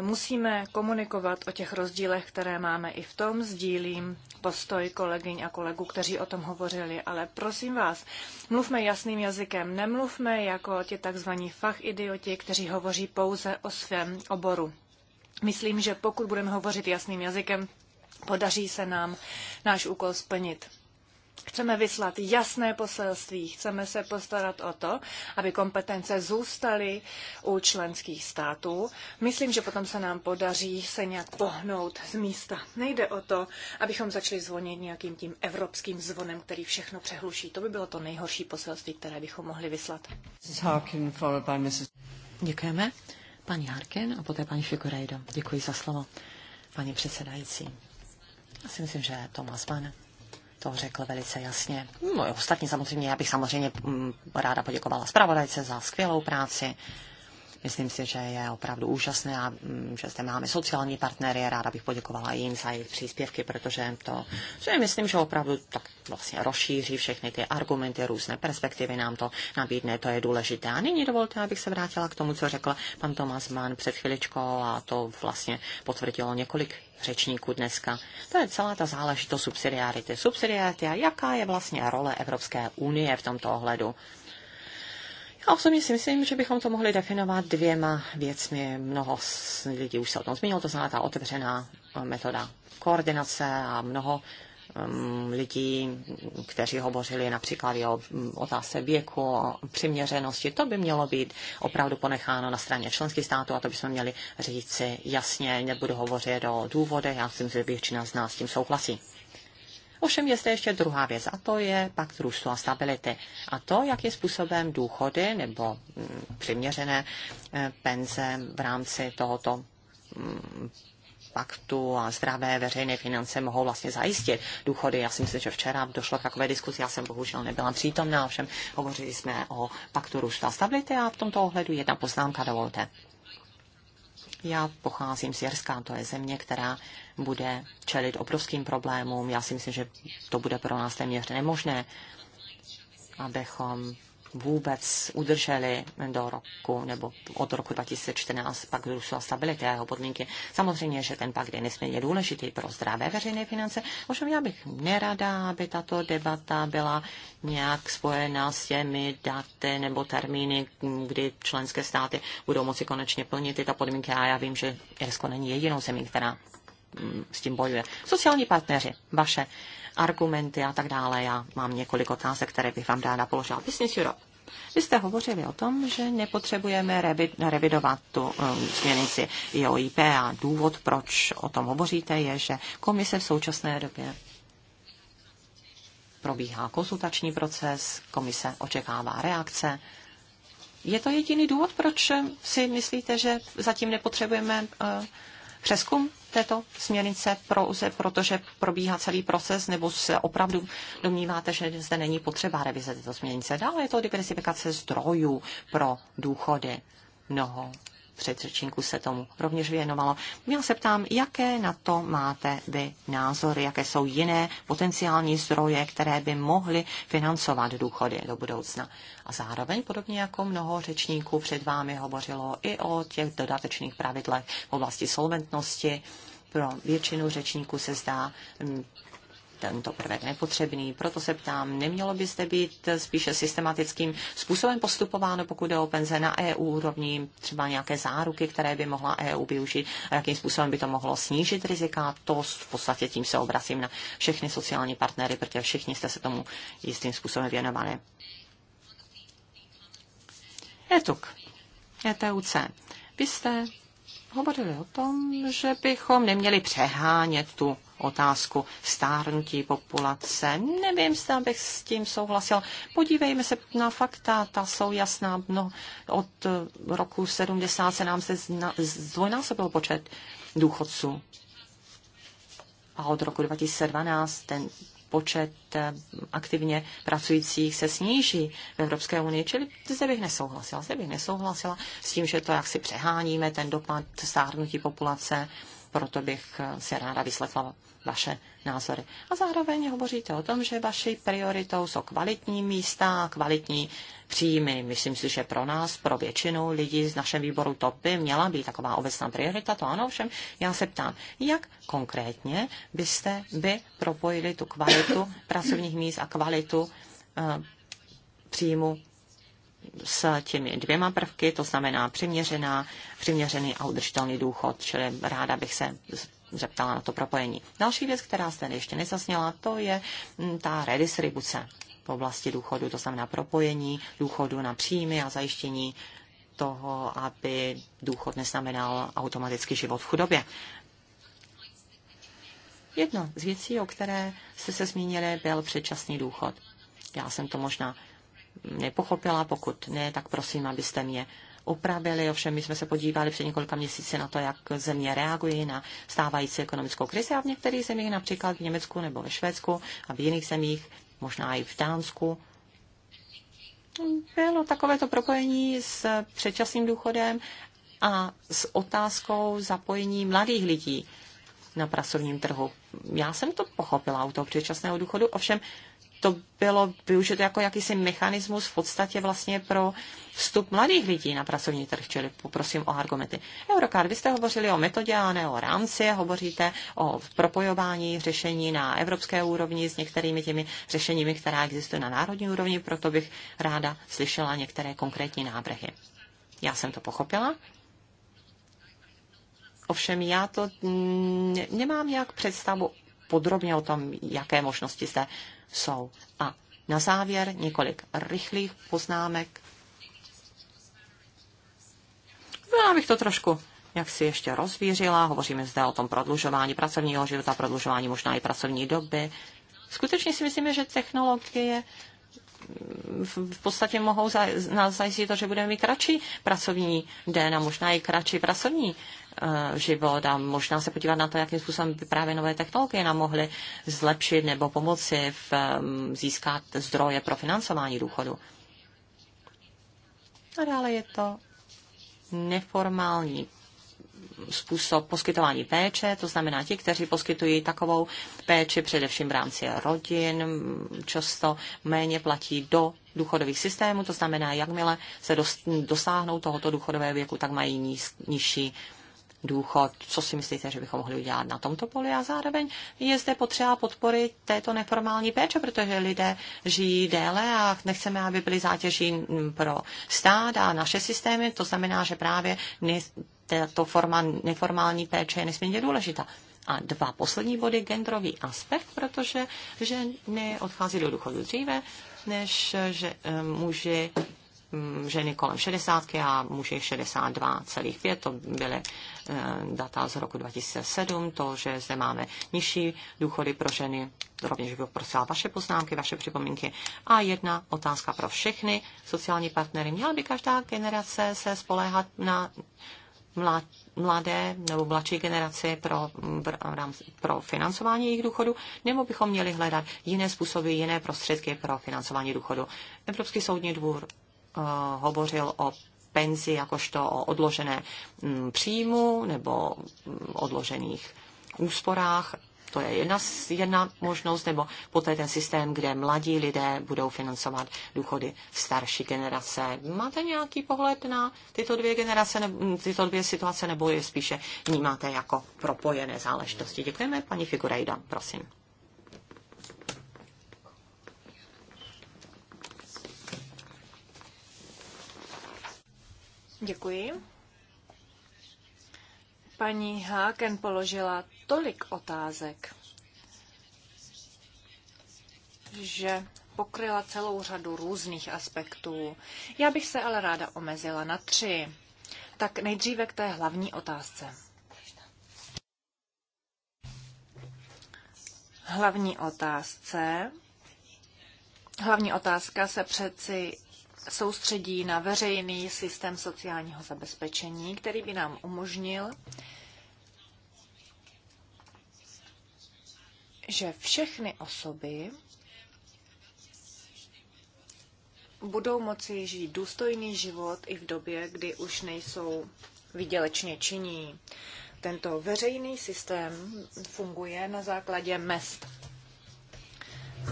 Musíme komunikovat o těch rozdílech, které máme i v tom. Sdílím postoj kolegyň a kolegů, kteří o tom hovořili, ale prosím vás, mluvme jasným jazykem. Nemluvme jako ti takzvaní fachidioti, kteří hovoří pouze o svém oboru. Myslím, že pokud budeme hovořit jasným jazykem, podaří se nám náš úkol splnit. Chceme vyslat jasné poselství, chceme se postarat o to, aby kompetence zůstaly u členských států. Myslím, že potom se nám podaří se nějak pohnout z místa. Nejde o to, abychom začali zvonit nějakým tím evropským zvonem, který všechno přehluší. To by bylo to nejhorší poselství, které bychom mohli vyslat. Děkujeme. Paní Harkin a poté paní Figurejdo. Děkuji za slovo, paní předsedající. Já si myslím, že Tomas Mann to řekl velice jasně. No, ostatně samozřejmě, já bych samozřejmě mm, ráda poděkovala zpravodajce za skvělou práci Myslím si, že je opravdu úžasné a mm, že zde máme sociální partnery. Ráda bych poděkovala jim za jejich příspěvky, protože to, že myslím, že opravdu tak vlastně rozšíří všechny ty argumenty, různé perspektivy nám to nabídne, to je důležité. A nyní dovolte, abych se vrátila k tomu, co řekl pan Tomas Mann před chviličkou a to vlastně potvrdilo několik řečníků dneska. To je celá ta záležitost subsidiarity. Subsidiarity a jaká je vlastně role Evropské unie v tomto ohledu. A osobně si myslím, že bychom to mohli definovat dvěma věcmi. Mnoho lidí už se o tom zmínilo, to znamená ta otevřená metoda koordinace a mnoho um, lidí, kteří hovořili například o um, otázce věku, o přiměřenosti, to by mělo být opravdu ponecháno na straně členských států a to bychom měli říci jasně, nebudu hovořit o důvodech, já myslím, že většina z nás s tím souhlasí. Ovšem je zde ještě druhá věc a to je pakt růstu a stability. A to, jakým způsobem důchody nebo mm, přiměřené eh, penze v rámci tohoto mm, paktu a zdravé veřejné finance mohou vlastně zajistit důchody. Já si myslím, že včera došlo k takové diskuzi. já jsem bohužel nebyla přítomná, ovšem hovořili jsme o paktu růstu a stability a v tomto ohledu jedna poznámka dovolte. Já pocházím z Jerska, to je země, která bude čelit obrovským problémům. Já si myslím, že to bude pro nás téměř nemožné, abychom vůbec udrželi do roku nebo od roku 2014 pak růstu a stability a jeho podmínky. Samozřejmě, že ten pakt je nesmírně důležitý pro zdravé veřejné finance. Ovšem já bych nerada, aby tato debata byla nějak spojená s těmi daty nebo termíny, kdy členské státy budou moci konečně plnit tyto podmínky. A já vím, že Irsko není jedinou zemí, která s tím bojuje. Sociální partneři, vaše argumenty a tak dále. Já mám několik otázek, které bych vám ráda položila. Business Europe. Vy jste hovořili o tom, že nepotřebujeme revidovat tu um, směrnici IOIP a důvod, proč o tom hovoříte, je, že komise v současné době probíhá konsultační proces, komise očekává reakce. Je to jediný důvod, proč si myslíte, že zatím nepotřebujeme uh, přeskum? této směrnice, pouze protože probíhá celý proces, nebo se opravdu domníváte, že zde není potřeba revize této směrnice? Dále je to diversifikace zdrojů pro důchody. Mnoho předřečníků se tomu rovněž věnovalo. Já se ptám, jaké na to máte vy názory, jaké jsou jiné potenciální zdroje, které by mohly financovat důchody do budoucna. A zároveň, podobně jako mnoho řečníků před vámi hovořilo i o těch dodatečných pravidlech v oblasti solventnosti, pro většinu řečníků se zdá tento prvek nepotřebný. Proto se ptám, nemělo byste být spíše systematickým způsobem postupováno, pokud je o penze na EU úrovni, třeba nějaké záruky, které by mohla EU využít, a jakým způsobem by to mohlo snížit rizika. To v podstatě tím se obracím na všechny sociální partnery, protože všichni jste se tomu jistým způsobem věnovali. ETUK, ETUC. Vy jste hovořili o tom, že bychom neměli přehánět tu otázku stárnutí populace. Nevím, zda bych s tím souhlasil. Podívejme se na fakta, ta jsou jasná. No, od eh, roku 70 se nám se zdvojnásobil počet důchodců. A od roku 2012 ten počet eh, aktivně pracujících se sníží v Evropské unii. Čili zde bych nesouhlasila. Zde bych nesouhlasila s tím, že to jaksi přeháníme, ten dopad stárnutí populace proto bych si ráda vyslechla vaše názory. A zároveň hovoříte o tom, že vaší prioritou jsou kvalitní místa a kvalitní příjmy. Myslím si, že pro nás, pro většinu lidí z našem výboru TOPY měla být taková obecná priorita, to ano, všem. Já se ptám, jak konkrétně byste by propojili tu kvalitu pracovních míst a kvalitu uh, příjmu s těmi dvěma prvky, to znamená přiměřená, přiměřený a udržitelný důchod, čili ráda bych se zeptala na to propojení. Další věc, která jste ještě nezasněla, to je mm, ta redistribuce v oblasti důchodu, to znamená propojení důchodu na příjmy a zajištění toho, aby důchod neznamenal automaticky život v chudobě. Jedno z věcí, o které jste se zmínili, byl předčasný důchod. Já jsem to možná nepochopila, pokud ne, tak prosím, abyste mě upravili. Ovšem, my jsme se podívali před několika měsíci na to, jak země reagují na stávající ekonomickou krizi a v některých zemích, například v Německu nebo ve Švédsku a v jiných zemích, možná i v Dánsku, bylo takovéto propojení s předčasným důchodem a s otázkou zapojení mladých lidí na pracovním trhu. Já jsem to pochopila u toho předčasného důchodu, ovšem to bylo využito jako jakýsi mechanismus v podstatě vlastně pro vstup mladých lidí na pracovní trh, čili poprosím o argumenty. Eurokár, vy jste hovořili o metodě a ne o rámci, hovoříte o propojování řešení na evropské úrovni s některými těmi řešeními, která existují na národní úrovni, proto bych ráda slyšela některé konkrétní návrhy. Já jsem to pochopila, Ovšem já to nemám nějak představu podrobně o tom, jaké možnosti zde jsou. A na závěr několik rychlých poznámek. No, abych to trošku jak si ještě rozvířila. Hovoříme zde o tom prodlužování pracovního života, prodlužování možná i pracovní doby. Skutečně si myslíme, že technologie v podstatě mohou nás zajistit to, že budeme mít kratší pracovní den a možná i kratší pracovní Eh, život a možná se podívat na to, jakým způsobem by právě nové technologie nám mohly zlepšit nebo pomoci v, získat zdroje pro financování důchodu. A dále je to neformální způsob poskytování péče, to znamená ti, kteří poskytují takovou péči především v rámci rodin, často méně platí do důchodových systémů, to znamená, jakmile se dosáhnou tohoto důchodového věku, tak mají níž, nižší důchod. Co si myslíte, že bychom mohli udělat na tomto poli? A zároveň je zde potřeba podpory této neformální péče, protože lidé žijí déle a nechceme, aby byly zátěží pro stát a naše systémy. To znamená, že právě tato forma neformální péče je nesmírně důležitá. A dva poslední body, genderový aspekt, protože ženy odchází do důchodu dříve, než že eh, muži hm, ženy kolem 60 a muži 62,5. To byly Eh, data z roku 2007, to, že zde máme nižší důchody pro ženy, rovněž bych prosila vaše poznámky, vaše připomínky. A jedna otázka pro všechny sociální partnery. Měla by každá generace se spoléhat na mladé nebo mladší generaci pro, pro financování jejich důchodu, nebo bychom měli hledat jiné způsoby, jiné prostředky pro financování důchodu. Evropský soudní dvůr uh, hovořil o penzi jakožto o odložené mm, příjmu nebo mm, odložených úsporách. To je jedna, jedna možnost, nebo poté ten systém, kde mladí lidé budou financovat důchody starší generace. Máte nějaký pohled na tyto dvě generace, nebo, mm, tyto dvě situace, nebo je spíše vnímáte jako propojené záležitosti? Děkujeme, paní Figurejda, prosím. Děkuji. Paní Háken položila tolik otázek, že pokryla celou řadu různých aspektů. Já bych se ale ráda omezila na tři. Tak nejdříve k té hlavní otázce. Hlavní otázce. Hlavní otázka se přeci soustředí na veřejný systém sociálního zabezpečení, který by nám umožnil, že všechny osoby budou moci žít důstojný život i v době, kdy už nejsou vydělečně činní. Tento veřejný systém funguje na základě mest.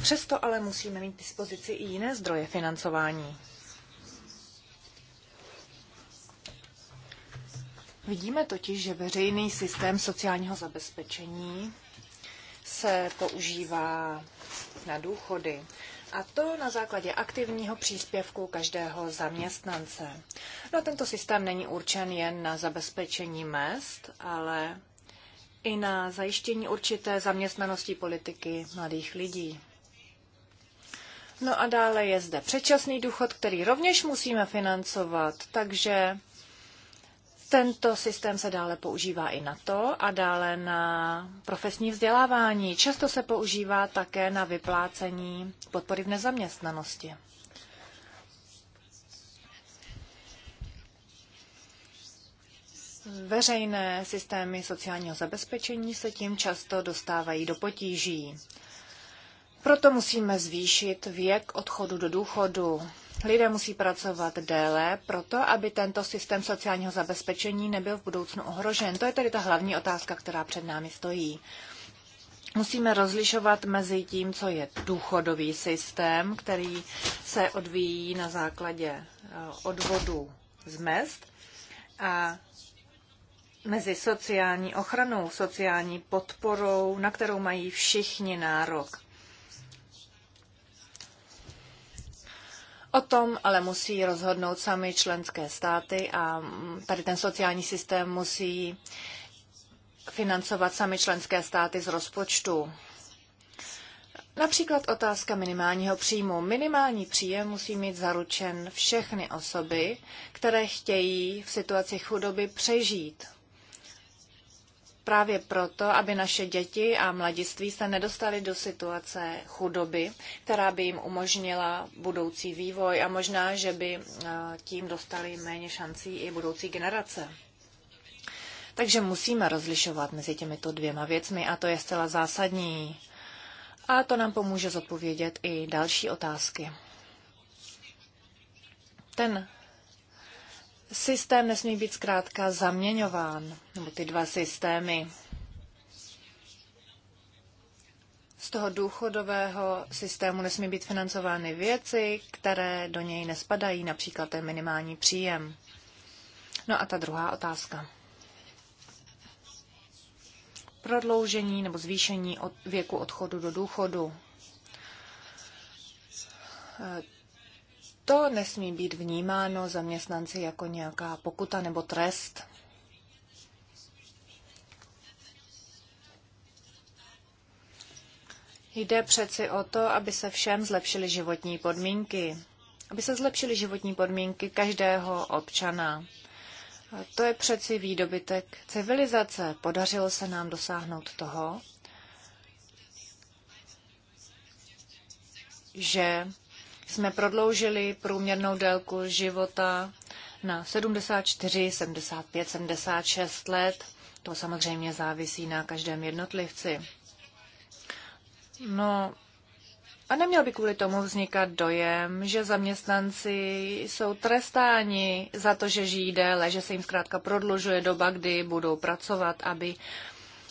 Přesto ale musíme mít k dispozici i jiné zdroje financování. Vidíme totiž, že veřejný systém sociálního zabezpečení se používá na důchody. A to na základě aktivního příspěvku každého zaměstnance. No tento systém není určen jen na zabezpečení mest, ale i na zajištění určité zaměstnanosti politiky mladých lidí. No a dále je zde předčasný důchod, který rovněž musíme financovat, takže tento systém se dále používá i na to a dále na profesní vzdělávání. Často se používá také na vyplácení podpory v nezaměstnanosti. Veřejné systémy sociálního zabezpečení se tím často dostávají do potíží. Proto musíme zvýšit věk odchodu do důchodu. Lidé musí pracovat déle proto, aby tento systém sociálního zabezpečení nebyl v budoucnu ohrožen. To je tedy ta hlavní otázka, která před námi stojí. Musíme rozlišovat mezi tím, co je důchodový systém, který se odvíjí na základě eh, odvodu z mest a mezi sociální ochranou, sociální podporou, na kterou mají všichni nárok. O tom ale musí rozhodnout sami členské státy a tady ten sociální systém musí financovat sami členské státy z rozpočtu. Například otázka minimálního příjmu. Minimální příjem musí mít zaručen všechny osoby, které chtějí v situaci chudoby přežít právě proto, aby naše děti a mladiství se nedostali do situace chudoby, která by jim umožnila budoucí vývoj a možná, že by eh, tím dostali méně šancí i budoucí generace. Takže musíme rozlišovat mezi těmito dvěma věcmi a to je zcela zásadní. A to nám pomůže zodpovědět i další otázky. Ten systém nesmí být zkrátka zaměňován, nebo ty dva systémy. Z toho důchodového systému nesmí být financovány věci, které do něj nespadají, například ten minimální příjem. No a ta druhá otázka. Prodloužení nebo zvýšení od věku odchodu do důchodu to nesmí být vnímáno zaměstnanci jako nějaká pokuta nebo trest. Jde přeci o to, aby se všem zlepšily životní podmínky. Aby se zlepšily životní podmínky každého občana. A to je přeci výdobytek civilizace. Podařilo se nám dosáhnout toho, že jsme prodloužili průměrnou délku života na 74, 75, 76 let. To samozřejmě závisí na každém jednotlivci. No, a neměl by kvůli tomu vznikat dojem, že zaměstnanci jsou trestáni za to, že žijí déle, že se jim zkrátka prodlužuje doba, kdy budou pracovat, aby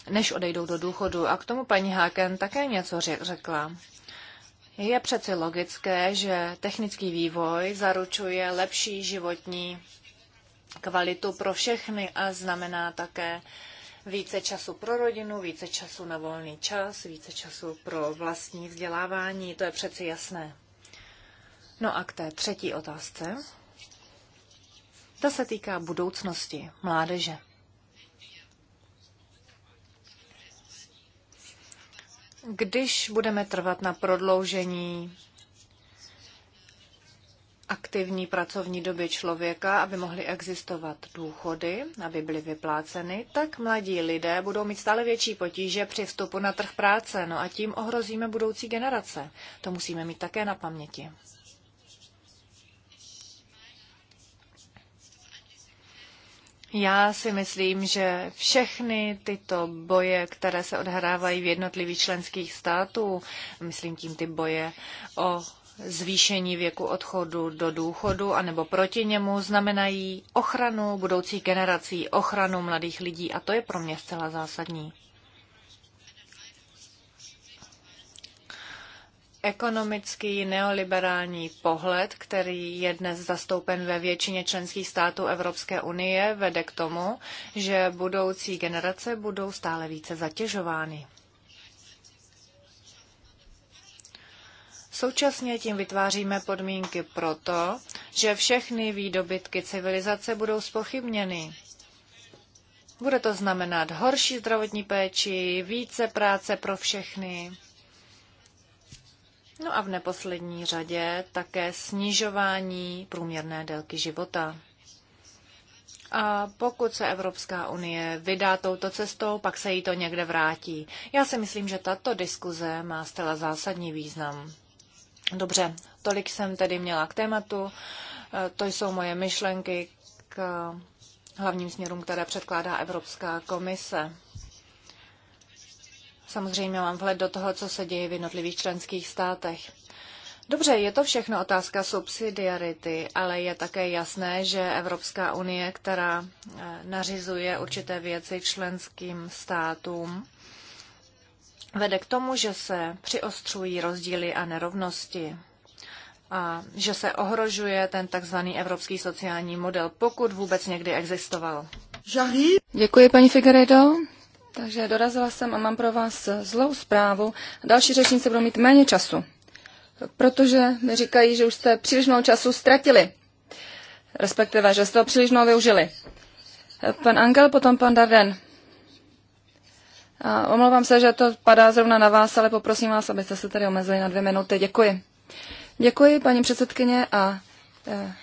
než odejdou do důchodu. A k tomu paní Háken také něco řekla. Je přeci logické, že technický vývoj zaručuje lepší životní kvalitu pro všechny a znamená také více času pro rodinu, více času na volný čas, více času pro vlastní vzdělávání, to je přeci jasné. No a k té třetí otázce. Ta se týká budoucnosti mládeže. Když budeme trvat na prodloužení aktivní pracovní doby člověka, aby mohly existovat důchody, aby byly vypláceny, tak mladí lidé budou mít stále větší potíže při vstupu na trh práce, no a tím ohrozíme budoucí generace. To musíme mít také na paměti. Já si myslím, že všechny tyto boje, které se odhrávají v jednotlivých členských států, myslím tím ty boje o zvýšení věku odchodu do důchodu anebo proti němu znamenají ochranu budoucích generací, ochranu mladých lidí a to je pro mě zcela zásadní. ekonomický neoliberální pohled, který je dnes zastoupen ve většině členských států Evropské unie, vede k tomu, že budoucí generace budou stále více zatěžovány. Současně tím vytváříme podmínky pro to, že všechny výdobytky civilizace budou spochybněny. Bude to znamenat horší zdravotní péči, více práce pro všechny No a v neposlední řadě také snižování průměrné délky života. A pokud se Evropská unie vydá touto cestou, pak se jí to někde vrátí. Já si myslím, že tato diskuze má zcela zásadní význam. Dobře, tolik jsem tedy měla k tématu. E, to jsou moje myšlenky k hlavním směrům, které předkládá Evropská komise samozřejmě mám vhled do toho, co se děje v jednotlivých členských státech. Dobře, je to všechno otázka subsidiarity, ale je také jasné, že Evropská unie, která eh, nařizuje určité věci členským státům, vede k tomu, že se přiostřují rozdíly a nerovnosti a že se ohrožuje ten takzvaný evropský sociální model, pokud vůbec někdy existoval. Děkuji, paní Figueredo. Takže dorazila jsem a mám pro vás zlou zprávu. Další řečníci budou mít méně času, protože mi říkají, že už jste příliš mnoho času ztratili, respektive, že jste ho příliš mnoho využili. Pan Angel, potom pan Darden. A omlouvám se, že to padá zrovna na vás, ale poprosím vás, abyste se tady omezili na dvě minuty. Děkuji. Děkuji, paní předsedkyně, a e,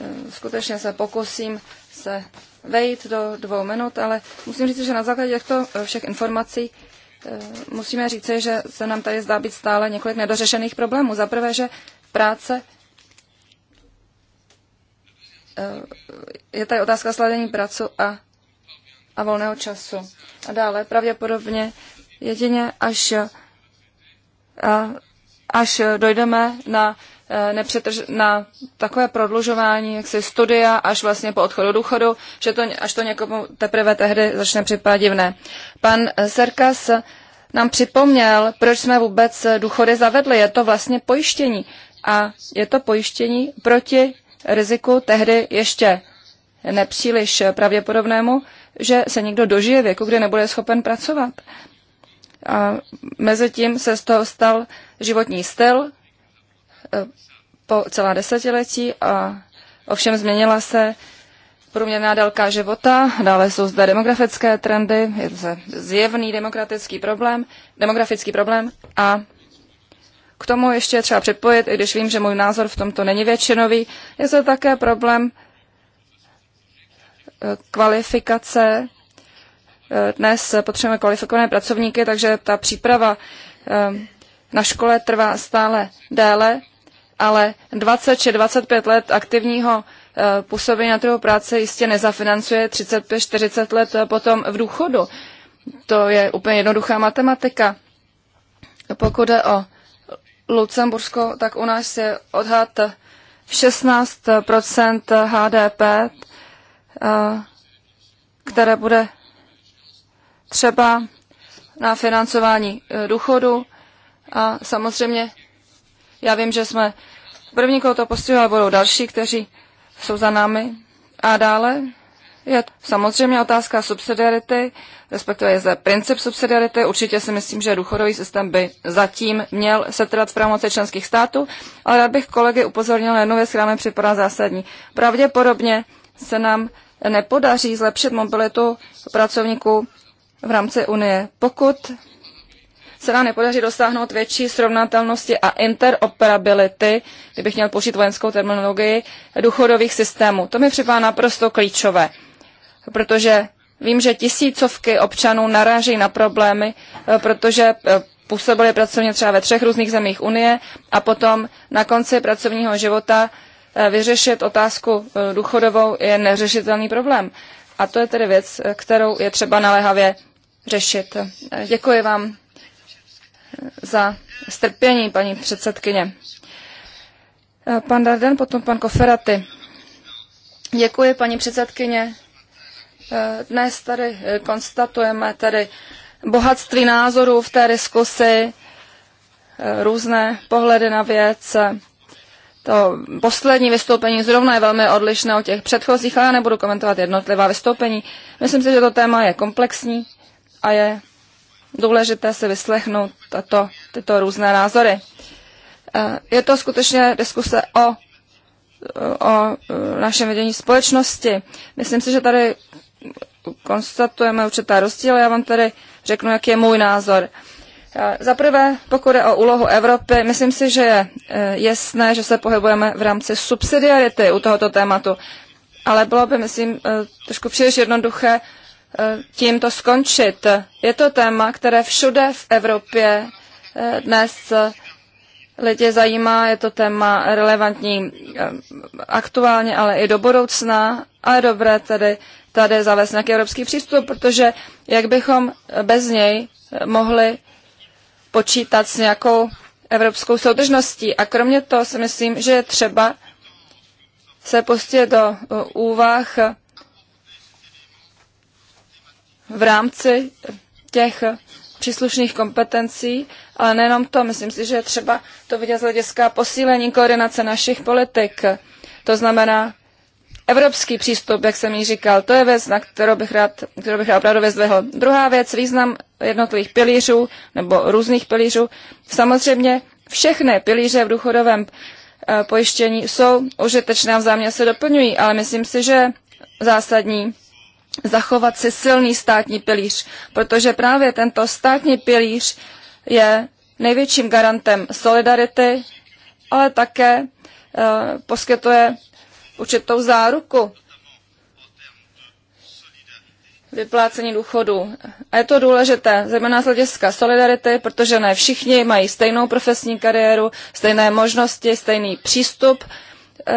e, skutečně se pokusím se vejít do dvou minut, ale musím říct, že na základě těchto eh, všech informací eh, musíme říci, že se nám tady zdá být stále několik nedořešených problémů. Za prvé, že práce eh, je tady otázka sladění pracu a, a volného času. A dále pravděpodobně jedině až, až dojdeme na Eh, nepřetrž, na takové prodlužování si studia až vlastně po odchodu důchodu, že to, až to někomu teprve tehdy začne připadat divné. Pan eh, Serkas nám připomněl, proč jsme vůbec eh, důchody zavedli. Je to vlastně pojištění. A je to pojištění proti riziku tehdy ještě nepříliš pravděpodobnému, že se někdo dožije věku, kde nebude schopen pracovat. A mezitím se z toho stal životní styl, E, po celá desetiletí a ovšem změnila se průměrná délka života, dále jsou zde demografické trendy, je to zjevný demokratický problém, demografický problém a k tomu ještě třeba připojit, i když vím, že můj názor v tomto není většinový, je to také problém e, kvalifikace. E, dnes potřebujeme kvalifikované pracovníky, takže ta příprava na škole trvá stále déle ale 20 či 25 let aktivního eh, působení na trhu práce jistě nezafinancuje 35-40 let eh, potom v důchodu. To je úplně jednoduchá matematika. Pokud je o Lucembursko, tak u nás je odhad 16 HDP, eh, které bude třeba na financování důchodu. A samozřejmě já vím, že jsme První, koho to postihlo, ale budou další, kteří jsou za námi. A dále je samozřejmě otázka subsidiarity, respektive je zde princip subsidiarity. Určitě si myslím, že důchodový systém by zatím měl setrat v pravomoci členských států, ale já bych kolegy upozornil na jednu věc, která mi připadá zásadní. Pravděpodobně se nám nepodaří zlepšit mobilitu pracovníků v rámci Unie, pokud se nám nepodaří dosáhnout větší srovnatelnosti a interoperability, kdybych měl použít vojenskou terminologii, důchodových systémů. To mi připadá naprosto klíčové, protože vím, že tisícovky občanů narážejí na problémy, eh, protože eh, působili pracovně třeba ve třech různých zemích Unie a potom na konci pracovního života eh, vyřešit otázku důchodovou je neřešitelný problém. A to je tedy věc, kterou je třeba naléhavě řešit. Děkuji vám za strpění, paní předsedkyně. Eh, pan Darden, potom pan Koferaty. Děkuji, paní předsedkyně. Eh, dnes tady eh, konstatujeme tady bohatství názorů v té diskusi, různé pohledy na věc. To poslední vystoupení zrovna je velmi odlišné od těch předchozích, ale já nebudu komentovat jednotlivá vystoupení. Myslím si, že to téma je komplexní a je důležité si vyslechnout tato, tyto různé názory. Eh, je to skutečně diskuse o, o eh, našem vidění společnosti. Myslím si, že tady konstatujeme určité rozdíly. Já vám tady řeknu, jaký je můj názor. Eh, za prvé, pokud je o úlohu Evropy, myslím si, že je jasné, že se pohybujeme v rámci subsidiarity u tohoto tématu. Ale bylo by, myslím, trošku příliš jednoduché Eh, tímto skončit. Je to téma, které všude v Evropě eh, dnes eh, lidi zajímá, je to téma relevantní aktuálně, ale i do budoucna a je dobré tedy tady zavést nějaký evropský přístup, protože jak bychom bez něj mohli počítat s nějakou evropskou soudržností. A kromě toho si myslím, že je třeba se pustit do úvah v rámci těch příslušných kompetencí, ale nejenom to, myslím si, že je třeba to vidět z hlediska posílení koordinace našich politik. To znamená evropský přístup, jak jsem ji říkal, to je věc, na kterou bych rád, kterou bych rád opravdu vyzdvihl. Druhá věc, význam jednotlivých pilířů nebo různých pilířů. Samozřejmě všechny pilíře v důchodovém eh, pojištění jsou užitečné a vzájemně se doplňují, ale myslím si, že zásadní zachovat si silný státní pilíř, protože právě tento státní pilíř je největším garantem solidarity, ale také e, poskytuje určitou záruku vyplácení důchodů. A je to důležité, zejména z hlediska solidarity, protože ne všichni mají stejnou profesní kariéru, stejné možnosti, stejný přístup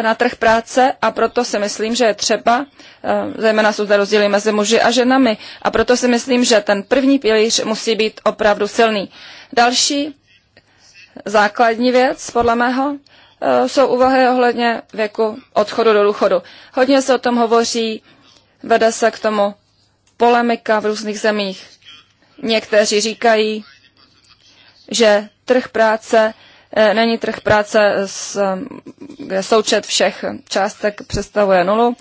na trh práce a proto si myslím, že je třeba, eh, zejména jsou zde rozdíly mezi muži a ženami, a proto si myslím, že ten první pilíř musí být opravdu silný. Další základní věc, podle mého, eh, jsou úvahy ohledně věku odchodu do důchodu. Hodně se o tom hovoří, vede se k tomu polemika v různých zemích. Někteří říkají, že trh práce Eh, není trh práce, s, eh, kde součet všech částek představuje nulu.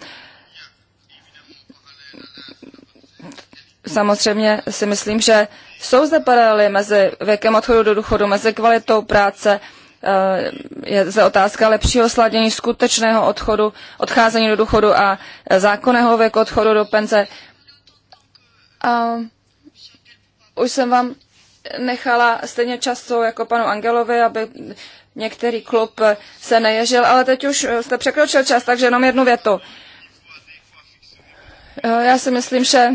Samozřejmě si myslím, že jsou zde paralely mezi věkem odchodu do důchodu, mezi kvalitou práce, eh, je zde otázka lepšího sladění skutečného odchodu, odcházení do důchodu a zákonného věku odchodu do penze. A už jsem vám nechala stejně času jako panu Angelovi, aby některý klub se neježil, ale teď už jste překročil čas, takže jenom jednu větu. Eh, já si myslím, že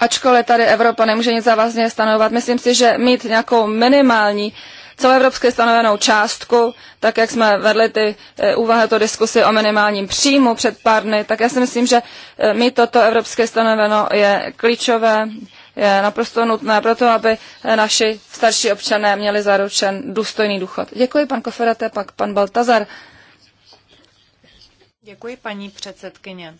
ačkoliv tady Evropa nemůže nic závazně stanovat, myslím si, že mít nějakou minimální celoevropské stanovenou částku, tak jak jsme vedli ty eh, úvahy, to diskusy o minimálním příjmu před pár dny, tak já si myslím, že eh, mít toto evropské stanoveno je klíčové naprosto nutné pro to, aby naši starší občané měli zaručen důstojný důchod. Děkuji, pan Koferate, pak pan Baltazar. Děkuji, paní předsedkyně.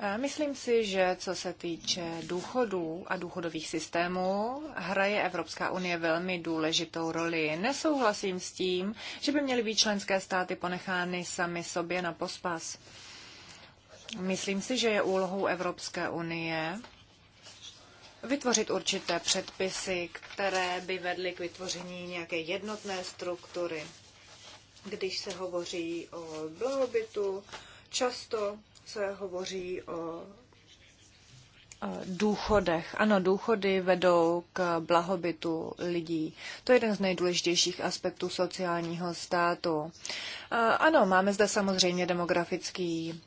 Eh, myslím si, že co se týče důchodů a důchodových systémů, hraje Evropská unie velmi důležitou roli. Nesouhlasím s tím, že by měly být členské státy ponechány sami sobě na pospas. Myslím si, že je úlohou Evropské unie vytvořit určité předpisy, které by vedly k vytvoření nějaké jednotné struktury. Když se hovoří o blahobytu, často se hovoří o důchodech. Ano, důchody vedou k blahobytu lidí. To je jeden z nejdůležitějších aspektů sociálního státu. Ano, máme zde samozřejmě demografický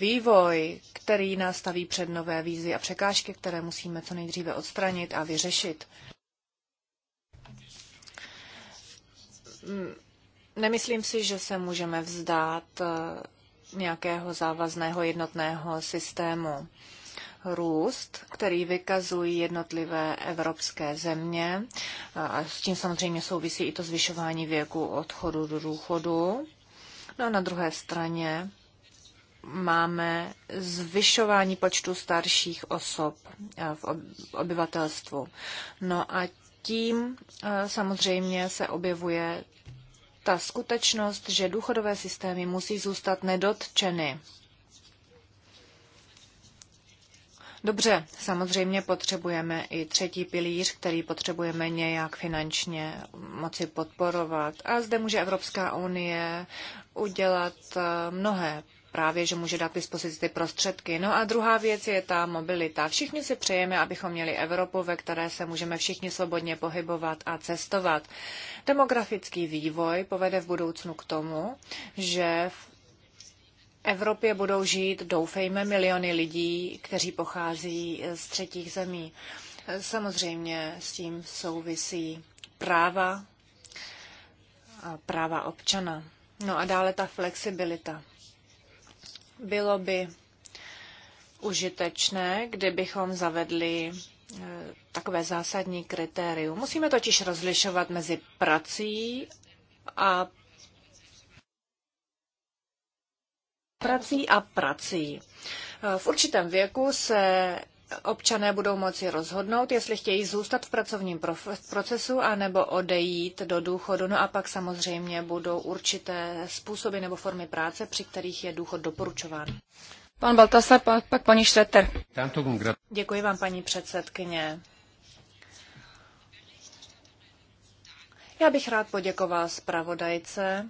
vývoj, který nás staví před nové výzvy a překážky, které musíme co nejdříve odstranit a vyřešit. Mm, nemyslím si, že se můžeme vzdát eh, nějakého závazného jednotného systému. Růst, který vykazují jednotlivé evropské země, a s tím samozřejmě souvisí i to zvyšování věku odchodu do důchodu. No a na druhé straně máme zvyšování počtu starších osob eh, v obyvatelstvu. No a tím eh, samozřejmě se objevuje ta skutečnost, že důchodové systémy musí zůstat nedotčeny. Dobře, samozřejmě potřebujeme i třetí pilíř, který potřebujeme nějak finančně moci podporovat. A zde může Evropská unie udělat eh, mnohé právě, že může dát k dispozici ty prostředky. No a druhá věc je ta mobilita. Všichni si přejeme, abychom měli Evropu, ve které se můžeme všichni svobodně pohybovat a cestovat. Demografický vývoj povede v budoucnu k tomu, že v Evropě budou žít, doufejme, miliony lidí, kteří pochází z třetích zemí. Samozřejmě s tím souvisí práva, práva občana. No a dále ta flexibilita. Bylo by užitečné, kdybychom zavedli eh, takové zásadní kritérium. Musíme totiž rozlišovat mezi prací a prací a prací. Eh, v určitém věku se občané budou moci rozhodnout, jestli chtějí zůstat v pracovním procesu anebo odejít do důchodu. No a pak samozřejmě budou určité způsoby nebo formy práce, při kterých je důchod doporučován. Pan Baltasar, pak, pak paní Šreter. Děkuji vám, paní předsedkyně. Já bych rád poděkoval zpravodajce.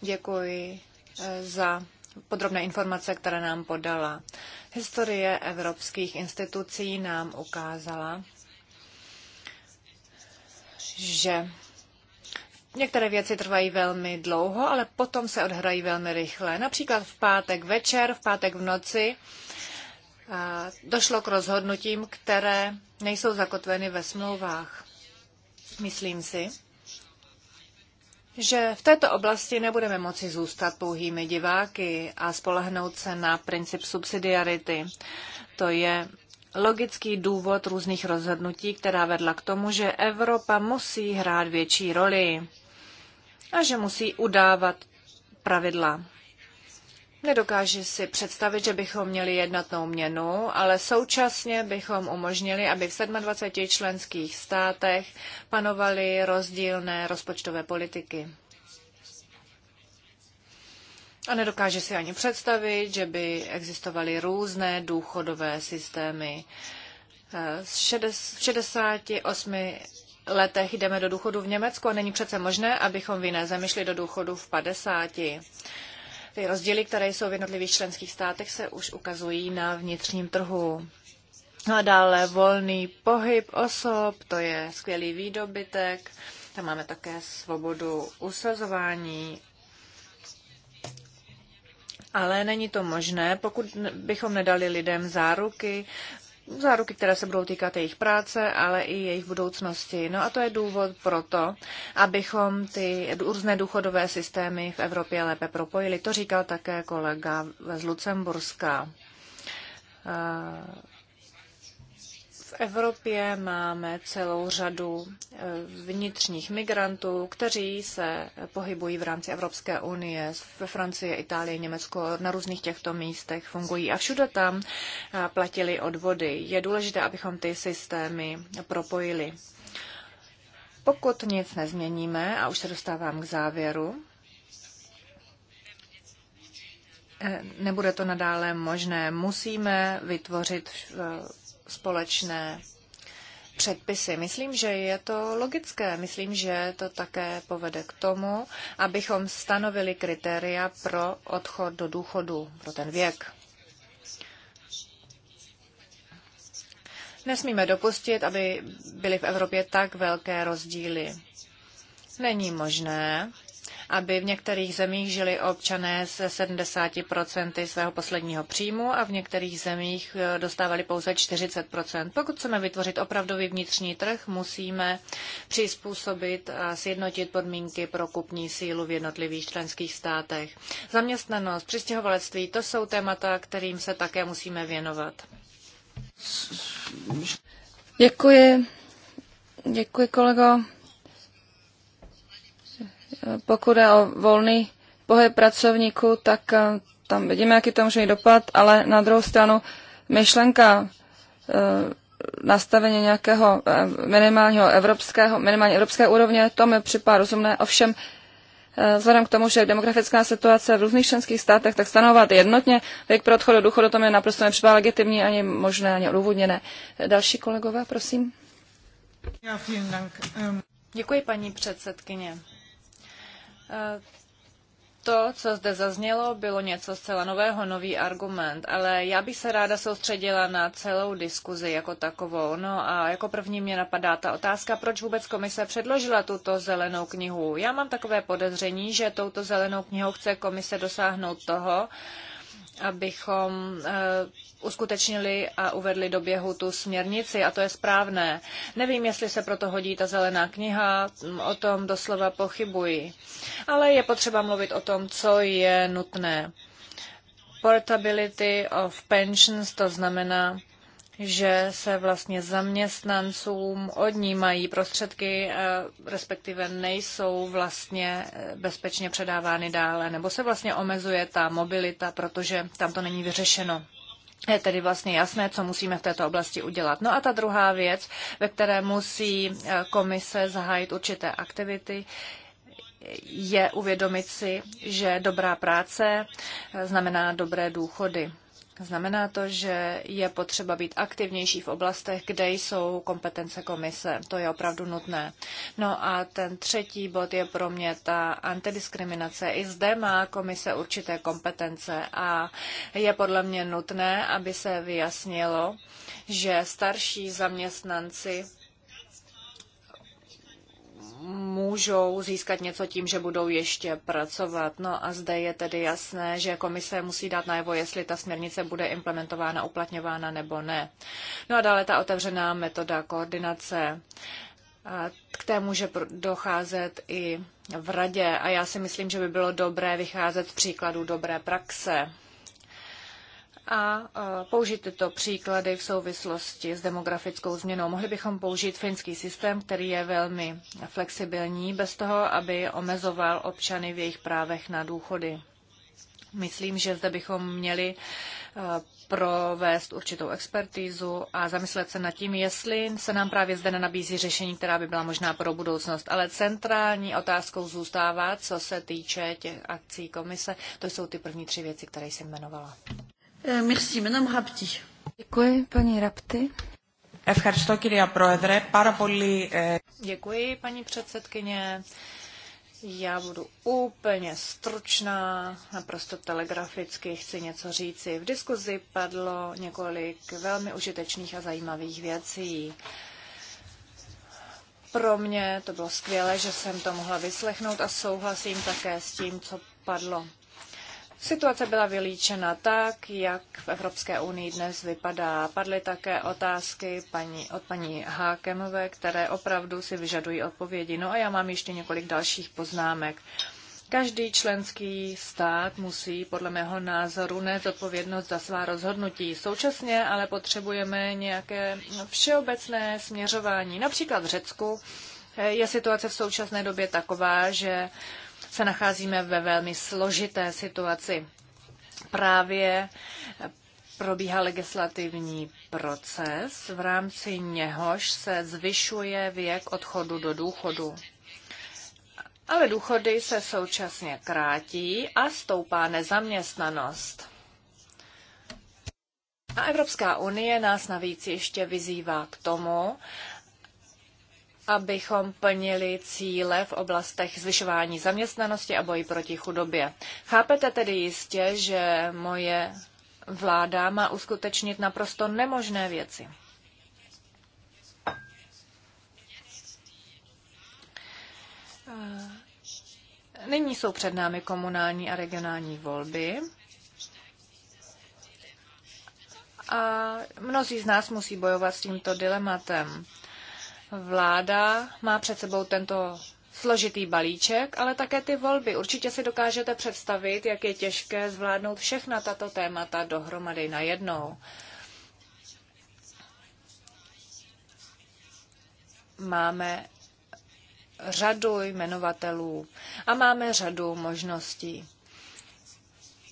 Děkuji eh, za podrobné informace, které nám podala. Historie evropských institucí nám ukázala, že Některé věci trvají velmi dlouho, ale potom se odhrají velmi rychle. Například v pátek večer, v pátek v noci došlo k rozhodnutím, které nejsou zakotveny ve smlouvách. Myslím si, že v této oblasti nebudeme moci zůstat pouhými diváky a spolehnout se na princip subsidiarity. To je logický důvod různých rozhodnutí, která vedla k tomu, že Evropa musí hrát větší roli a že musí udávat pravidla. Nedokážu si představit, že bychom měli jednotnou měnu, ale současně bychom umožnili, aby v 27 členských státech panovaly rozdílné rozpočtové politiky. A nedokáže si ani představit, že by existovaly různé důchodové systémy. V 68 letech jdeme do důchodu v Německu a není přece možné, abychom v jiné zemi šli do důchodu v 50. Ty rozdíly, které jsou v jednotlivých členských státech, se už ukazují na vnitřním trhu. A dále volný pohyb osob, to je skvělý výdobytek. Tam máme také svobodu usazování ale není to možné, pokud bychom nedali lidem záruky záruky, které se budou týkat jejich práce, ale i jejich budoucnosti. No a to je důvod pro to, abychom ty různé důchodové systémy v Evropě lépe propojili. To říkal také kolega z Lucemburska Evropě máme celou řadu eh, vnitřních migrantů, kteří se pohybují v rámci Evropské unie. Ve Francii, Itálii, Německo, na různých těchto místech fungují a všude tam eh, platili odvody. Je důležité, abychom ty systémy propojili. Pokud nic nezměníme, a už se dostávám k závěru, eh, nebude to nadále možné. Musíme vytvořit společné předpisy. Myslím, že je to logické. Myslím, že to také povede k tomu, abychom stanovili kritéria pro odchod do důchodu, pro ten věk. Nesmíme dopustit, aby byly v Evropě tak velké rozdíly. Není možné, aby v některých zemích žili občané se 70% svého posledního příjmu a v některých zemích eh, dostávali pouze 40%. Pokud chceme vytvořit opravdový vnitřní trh, musíme přizpůsobit a sjednotit podmínky pro kupní sílu v jednotlivých členských státech. Zaměstnanost, přistěhovalectví, to jsou témata, kterým se také musíme věnovat. Děkuji. Děkuji, kolego. Pokud je o volný pohyb pracovníků, tak eh, tam vidíme, jaký to může dopad, ale na druhou stranu myšlenka eh, nastavení nějakého eh, minimálního evropského, minimálně evropské úrovně, to mi připadá rozumné. Ovšem, vzhledem k tomu, že demografická situace v různých členských státech, tak stanovat jednotně věk pro odchod do důchodu, to mi naprosto nepřipadá legitimní, ani možné, ani odůvodněné. Další kolegové, prosím. Ehm. Děkuji, paní předsedkyně. To, co zde zaznělo, bylo něco zcela nového, nový argument, ale já bych se ráda soustředila na celou diskuzi jako takovou. No a jako první mě napadá ta otázka, proč vůbec komise předložila tuto zelenou knihu. Já mám takové podezření, že touto zelenou knihou chce komise dosáhnout toho, abychom eh, uskutečnili a uvedli do běhu tu směrnici a to je správné. Nevím, jestli se proto hodí ta zelená kniha, mm, o tom doslova pochybuji. Ale je potřeba mluvit o tom, co je nutné. Portability of pensions, to znamená že se vlastně zaměstnancům odnímají prostředky, eh, respektive nejsou vlastně eh, bezpečně předávány dále, nebo se vlastně omezuje ta mobilita, protože tam to není vyřešeno. Je tedy vlastně jasné, co musíme v této oblasti udělat. No a ta druhá věc, ve které musí eh, komise zahájit určité aktivity, je uvědomit si, že dobrá práce znamená dobré důchody. Znamená to, že je potřeba být aktivnější v oblastech, kde jsou kompetence komise. To je opravdu nutné. No a ten třetí bod je pro mě ta antidiskriminace. I zde má komise určité kompetence a je podle mě nutné, aby se vyjasnilo, že starší zaměstnanci můžou získat něco tím, že budou ještě pracovat. No a zde je tedy jasné, že komise musí dát najevo, jestli ta směrnice bude implementována, uplatňována nebo ne. No a dále ta otevřená metoda koordinace. K té může docházet i v radě a já si myslím, že by bylo dobré vycházet z příkladů dobré praxe a použít tyto příklady v souvislosti s demografickou změnou. Mohli bychom použít finský systém, který je velmi flexibilní, bez toho, aby omezoval občany v jejich právech na důchody. Myslím, že zde bychom měli provést určitou expertízu a zamyslet se nad tím, jestli se nám právě zde nenabízí řešení, která by byla možná pro budoucnost. Ale centrální otázkou zůstává, co se týče těch akcí komise. To jsou ty první tři věci, které jsem jmenovala. Euh, merci, Madame Rapti. Děkuji, paní Rapti. Ευχαριστώ, κυρία Πρόεδρε. Πάρα πολύ... Děkuji, paní předsedkyně. Já budu úplně stručná, naprosto telegraficky chci něco říci. V diskuzi padlo několik velmi užitečných a zajímavých věcí. Pro mě to bylo skvělé, že jsem to mohla vyslechnout a souhlasím také s tím, co padlo. Situace byla vylíčena tak, jak v Evropské unii dnes vypadá. Padly také otázky paní, od paní Hákemové, které opravdu si vyžadují odpovědi. No a já mám ještě několik dalších poznámek. Každý členský stát musí podle mého názoru nést odpovědnost za svá rozhodnutí. Současně ale potřebujeme nějaké všeobecné směřování. Například v Řecku je situace v současné době taková, že se nacházíme ve velmi složité situaci. Právě probíhá legislativní proces, v rámci něhož se zvyšuje věk odchodu do důchodu. Ale důchody se současně krátí a stoupá nezaměstnanost. A Evropská unie nás navíc ještě vyzývá k tomu, abychom plnili cíle v oblastech zvyšování zaměstnanosti a boji proti chudobě. Chápete tedy jistě, že moje vláda má uskutečnit naprosto nemožné věci. Nyní jsou před námi komunální a regionální volby. A mnozí z nás musí bojovat s tímto dilematem. Vláda má před sebou tento složitý balíček, ale také ty volby. Určitě si dokážete představit, jak je těžké zvládnout všechna tato témata dohromady najednou. Máme řadu jmenovatelů a máme řadu možností.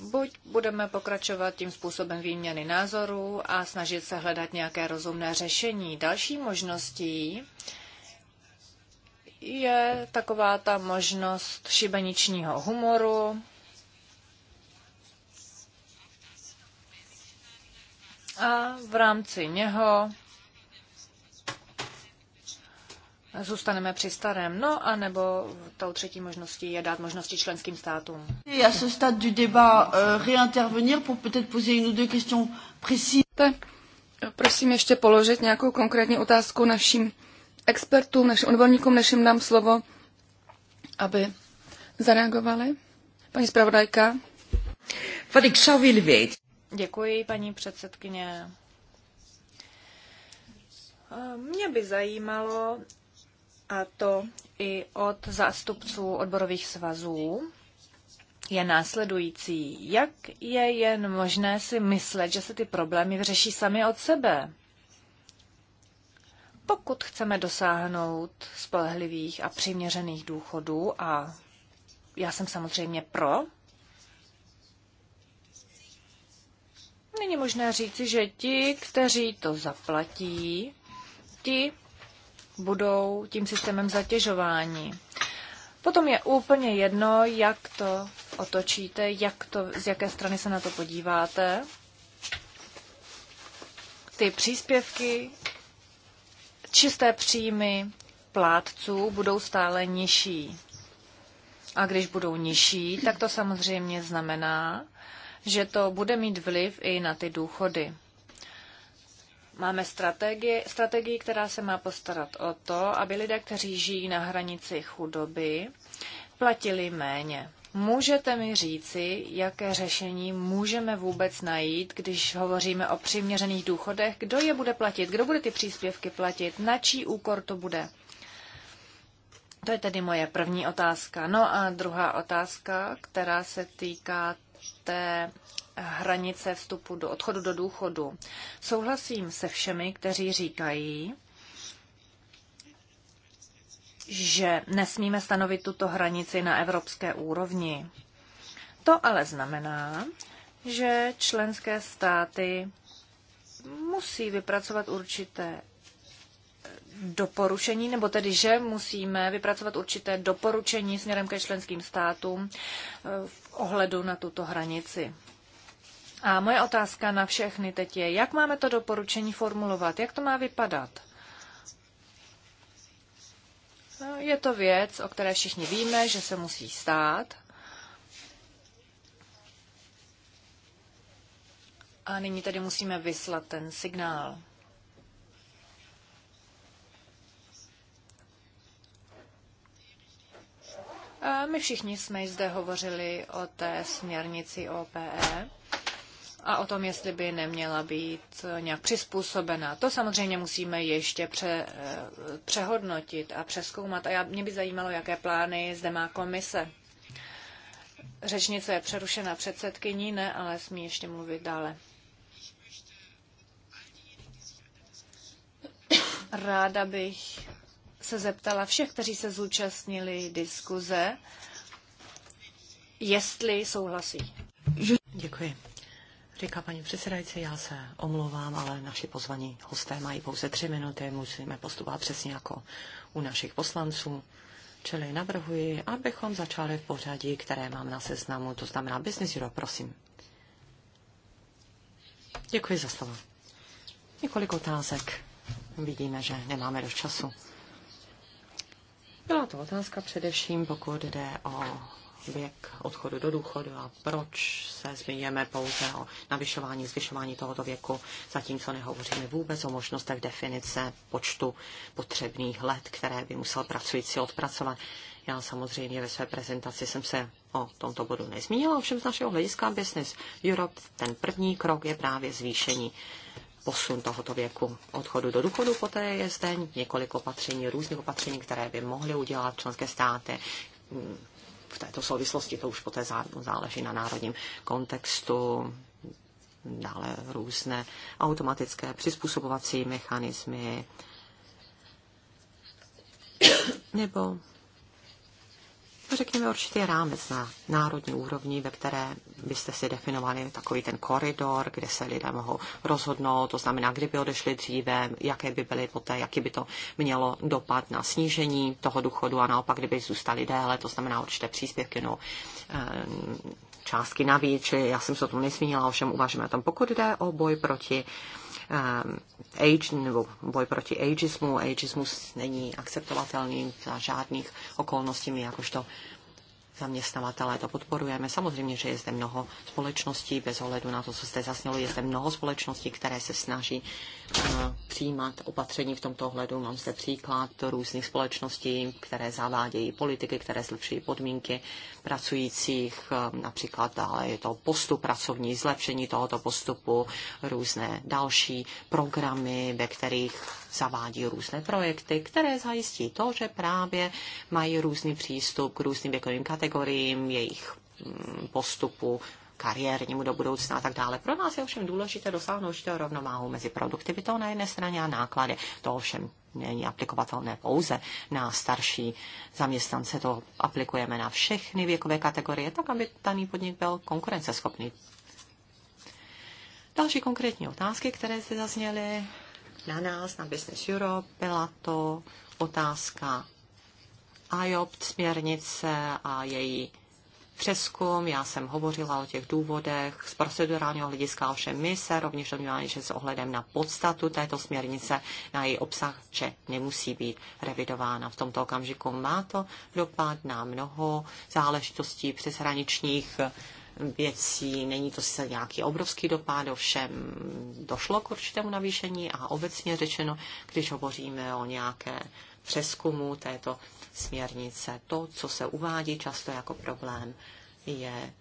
Buď budeme pokračovat tím způsobem výměny názorů a snažit se hledat nějaké rozumné řešení. Další možností je taková ta možnost šibeničního humoru, a v rámci něho zůstaneme při starém. No a nebo tou třetí možností je dát možnosti členským státům. À ce stade du débat euh, réintervenir pour peut-être poser une ou deux questions précises. Prosím ještě položit nějakou konkrétní otázku našim expertům, našim odborníkům, než jim dám slovo, aby zareagovali. Paní zpravodajka. Děkuji, paní předsedkyně. Mě by zajímalo, a to i od zástupců odborových svazů, je následující. Jak je jen možné si myslet, že se ty problémy vyřeší sami od sebe? Pokud chceme dosáhnout spolehlivých a přiměřených důchodů, a já jsem samozřejmě pro, není možné říci, že ti, kteří to zaplatí, ti budou tím systémem zatěžováni. Potom je úplně jedno, jak to otočíte, jak to, z jaké strany se na to podíváte. Ty příspěvky, čisté příjmy plátců budou stále nižší. A když budou nižší, tak to samozřejmě znamená, že to bude mít vliv i na ty důchody. Máme strategii, strategii, která se má postarat o to, aby lidé, kteří žijí na hranici chudoby, platili méně. Můžete mi říci, jaké řešení můžeme vůbec najít, když hovoříme o přiměřených důchodech? Kdo je bude platit? Kdo bude ty příspěvky platit? Na čí úkor to bude? To je tedy moje první otázka. No a druhá otázka, která se týká té hranice vstupu do odchodu do důchodu. Souhlasím se všemi, kteří říkají, že nesmíme stanovit tuto hranici na evropské úrovni. To ale znamená, že členské státy musí vypracovat určité doporučení, nebo tedy, že musíme vypracovat určité doporučení směrem ke členským státům eh, v ohledu na tuto hranici. A moje otázka na všechny teď je, jak máme to doporučení formulovat, jak to má vypadat? No, je to věc, o které všichni víme, že se musí stát. A nyní tedy musíme vyslat ten signál. A my všichni jsme zde hovořili o té směrnici OPE a o tom, jestli by neměla být nějak přizpůsobena. To samozřejmě musíme ještě pře, eh, přehodnotit a přeskoumat. A já, mě by zajímalo, jaké plány zde má komise. Řečnice je přerušena předsedkyní, ne, ale smí ještě mluvit dále. Ráda bych se zeptala všech, kteří se zúčastnili diskuze, jestli souhlasí. Děkuji. Říká paní předsedající, já se omlouvám, ale naši pozvaní hosté mají pouze tři minuty, musíme postupovat přesně jako u našich poslanců. Čili navrhuji, abychom začali v pořadí, které mám na seznamu, to znamená Business Europe, prosím. Děkuji za slovo. Několik otázek. Vidíme, že nemáme dost času. Byla to otázka především, pokud jde o věk odchodu do důchodu a proč se zmiňujeme pouze o navyšování, zvyšování tohoto věku, zatímco nehovoříme vůbec o možnostech definice počtu potřebných let, které by musel pracující odpracovat. Já samozřejmě ve své prezentaci jsem se o tomto bodu nezmínila, ovšem z našeho hlediska Business Europe ten první krok je právě zvýšení posun tohoto věku odchodu do důchodu. Poté je zde několik opatření, různých opatření, které by mohly udělat členské státy v této souvislosti to už poté záleží na národním kontextu, dále různé automatické přizpůsobovací mechanismy nebo No, řekněme, určitý rámec na národní úrovni, ve které byste si definovali takový ten koridor, kde se lidé mohou rozhodnout, to znamená, kdyby odešli dříve, jaké by byly poté, jaký by to mělo dopad na snížení toho důchodu a naopak, kdyby zůstali déle, to znamená určité příspěvky, no, částky navíc, čili já jsem se o tom nesmínila, ovšem uvažujeme tam, pokud jde o boj proti Um, age, nebo boj proti ageismu. Ageismus není akceptovatelný za žádných okolností, my jakožto zaměstnavatele to podporujeme. Samozřejmě, že je zde mnoho společností, bez ohledu na to, co jste zasnělo, je zde mnoho společností, které se snaží přijímat opatření v tomto ohledu. Mám zde příklad různých společností, které zavádějí politiky, které zlepšují podmínky pracujících, ehm, například dále je to postup pracovní, zlepšení tohoto postupu, různé další programy, ve kterých zavádí různé projekty, které zajistí to, že právě mají různý přístup k různým věkovým kategoriím, jejich mm, postupu kariérnímu do budoucna a tak dále. Pro nás je ovšem důležité dosáhnout určitého rovnováhu mezi produktivitou na jedné straně a náklady. To ovšem není aplikovatelné pouze na starší zaměstnance, to aplikujeme na všechny věkové kategorie, tak aby daný podnik byl konkurenceschopný. Další konkrétní otázky, které se zazněly na nás, na Business Europe, byla to otázka IOPT směrnice a její přeskum, já jsem hovořila o těch důvodech z procedurálního hlediska, ovšem my se rovněž domníváme, že s ohledem na podstatu této směrnice, na její obsah, že nemusí být revidována. V tomto okamžiku má to dopad na mnoho záležitostí přeshraničních věcí, není to sice nějaký obrovský dopad, ovšem došlo k určitému navýšení a obecně řečeno, když hovoříme o nějaké přeskumu této směrnice. To, co se uvádí často jako problém, je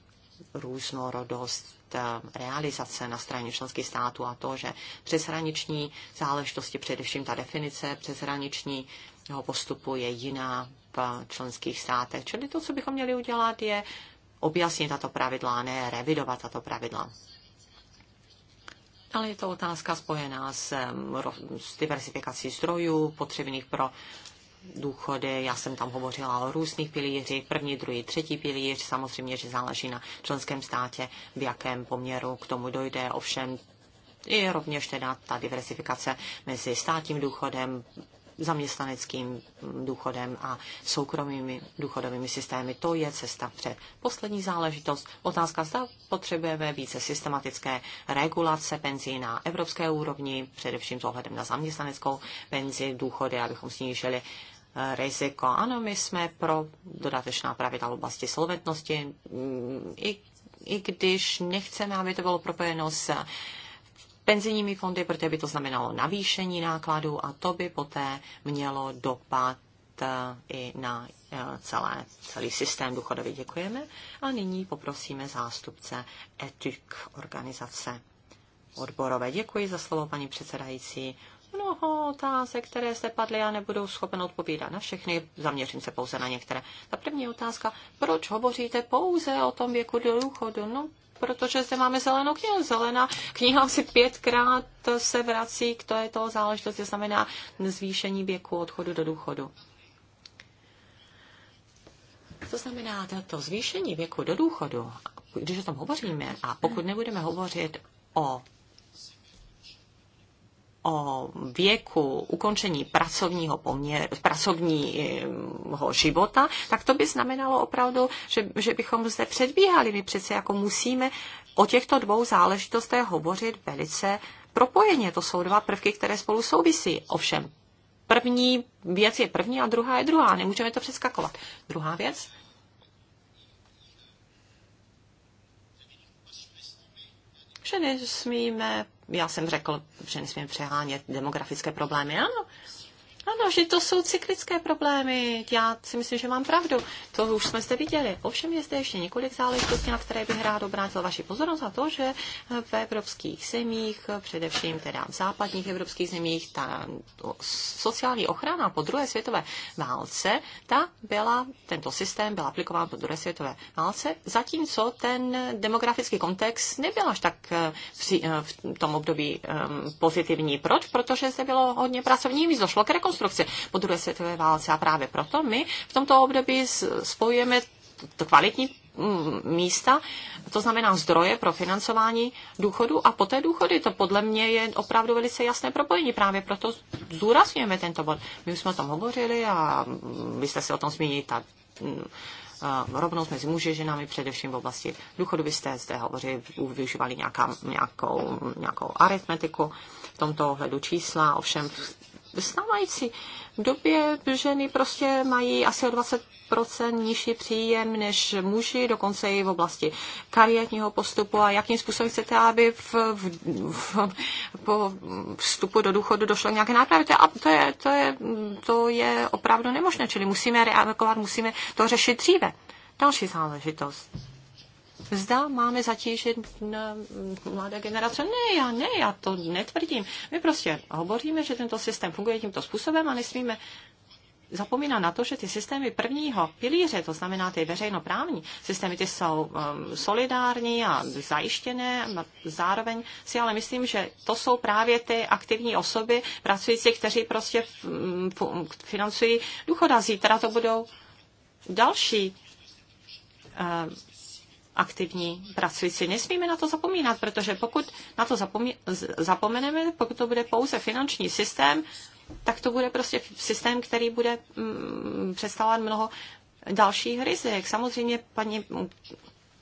různorodost eh, realizace na straně členských států a to, že přeshraniční záležitosti, především ta definice přeshraničního postupu je jiná v členských státech. Čili to, co bychom měli udělat, je objasnit tato pravidla, ne revidovat tato pravidla ale je to otázka spojená s, s diversifikací zdrojů potřebných pro důchody. Já jsem tam hovořila o různých pilířích, první, druhý, třetí pilíř. Samozřejmě, že záleží na členském státě, v jakém poměru k tomu dojde. Ovšem je rovněž teda ta diversifikace mezi státním důchodem, zaměstnaneckým důchodem a soukromými důchodovými systémy. To je cesta před. Poslední záležitost. Otázka, zda potřebujeme více systematické regulace penzí na evropské úrovni, především s ohledem na zaměstnaneckou penzi, důchody, abychom snížili eh, riziko. Ano, my jsme pro dodatečná pravidla v oblasti solventnosti, mm, i, i když nechceme, aby to bylo propojeno s penzijními fondy, protože by to znamenalo navýšení nákladů a to by poté mělo dopad eh, i na eh, celé, celý systém důchodový. Děkujeme. A nyní poprosíme zástupce ETIC organizace odborové. Děkuji za slovo, paní předsedající. Mnoho otázek, které se padly, já nebudu schopen odpovídat na všechny, zaměřím se pouze na některé. Ta první otázka, proč hovoříte pouze o tom věku do důchodu? No, protože zde máme zelenou knihu. Zelená kniha asi pětkrát se vrací k této záležitosti, znamená zvýšení věku odchodu do důchodu. To znamená, to zvýšení věku do důchodu, když o tom hovoříme a pokud nebudeme hovořit o o věku ukončení pracovního poměr, pracovního života, tak to by znamenalo opravdu, že, že bychom zde předbíhali. My přece jako musíme o těchto dvou záležitostech hovořit velice propojeně. To jsou dva prvky, které spolu souvisí. Ovšem, první věc je první a druhá je druhá. Nemůžeme to přeskakovat. Druhá věc, že nesmíme já jsem řekl, že nesmíme přehánět demografické problémy. Ano, ano, že to jsou cyklické problémy. Já si myslím, že mám pravdu. To už jsme zde viděli. Ovšem je zde ještě několik záležitostí, na které bych rád obrátil vaši pozornost a to, že v evropských zemích, především teda v západních evropských zemích, ta sociální ochrana po druhé světové válce, ta byla, tento systém byl aplikován po druhé světové válce, zatímco ten demografický kontext nebyl až tak eh, eh, v tom období eh, pozitivní. Proč? Protože se bylo hodně pracovní došlo k rekonstrukci rekonstrukce po druhé světové válce. A právě proto my v tomto období spojujeme to kvalitní mm, místa, to znamená zdroje pro financování důchodu a poté důchody. To podle mě je opravdu velice jasné propojení. Právě proto zúraznujeme tento bod. My už jsme o tom hovořili a mm, vy jste se o tom zmínili ta mm, rovnost mezi muži a ženami, především v oblasti důchodu. Vy jste zde hovořili, využívali nějaká, nějakou, nějakou aritmetiku v tomto ohledu čísla, ovšem stávající době ženy prostě mají asi o 20 procent nižší příjem než muži, dokonce i v oblasti kariérního postupu a jakým způsobem chcete, aby v, v, v, po vstupu do důchodu došlo nějaké nápravy. nápravě. je, to je, to, je, to je opravdu nemožné, čili musíme reagovat, musíme to řešit dříve. Další záležitost zda máme zatížit mm, mm, mladé generace. Ne, já ne, já to netvrdím. My prostě hovoříme, že tento systém funguje tímto způsobem a nesmíme zapomíná na to, že ty systémy prvního pilíře, to znamená ty veřejnoprávní systémy, ty jsou um, solidární a zajištěné, a zároveň si ale myslím, že to jsou právě ty aktivní osoby pracující, kteří prostě um, financují důchoda. Zítra to budou další um, aktivní pracující. Nesmíme na to zapomínat, protože pokud na to zapomeneme, pokud to bude pouze finanční systém, tak to bude prostě systém, který bude mm, představovat mnoho dalších rizik. Samozřejmě paní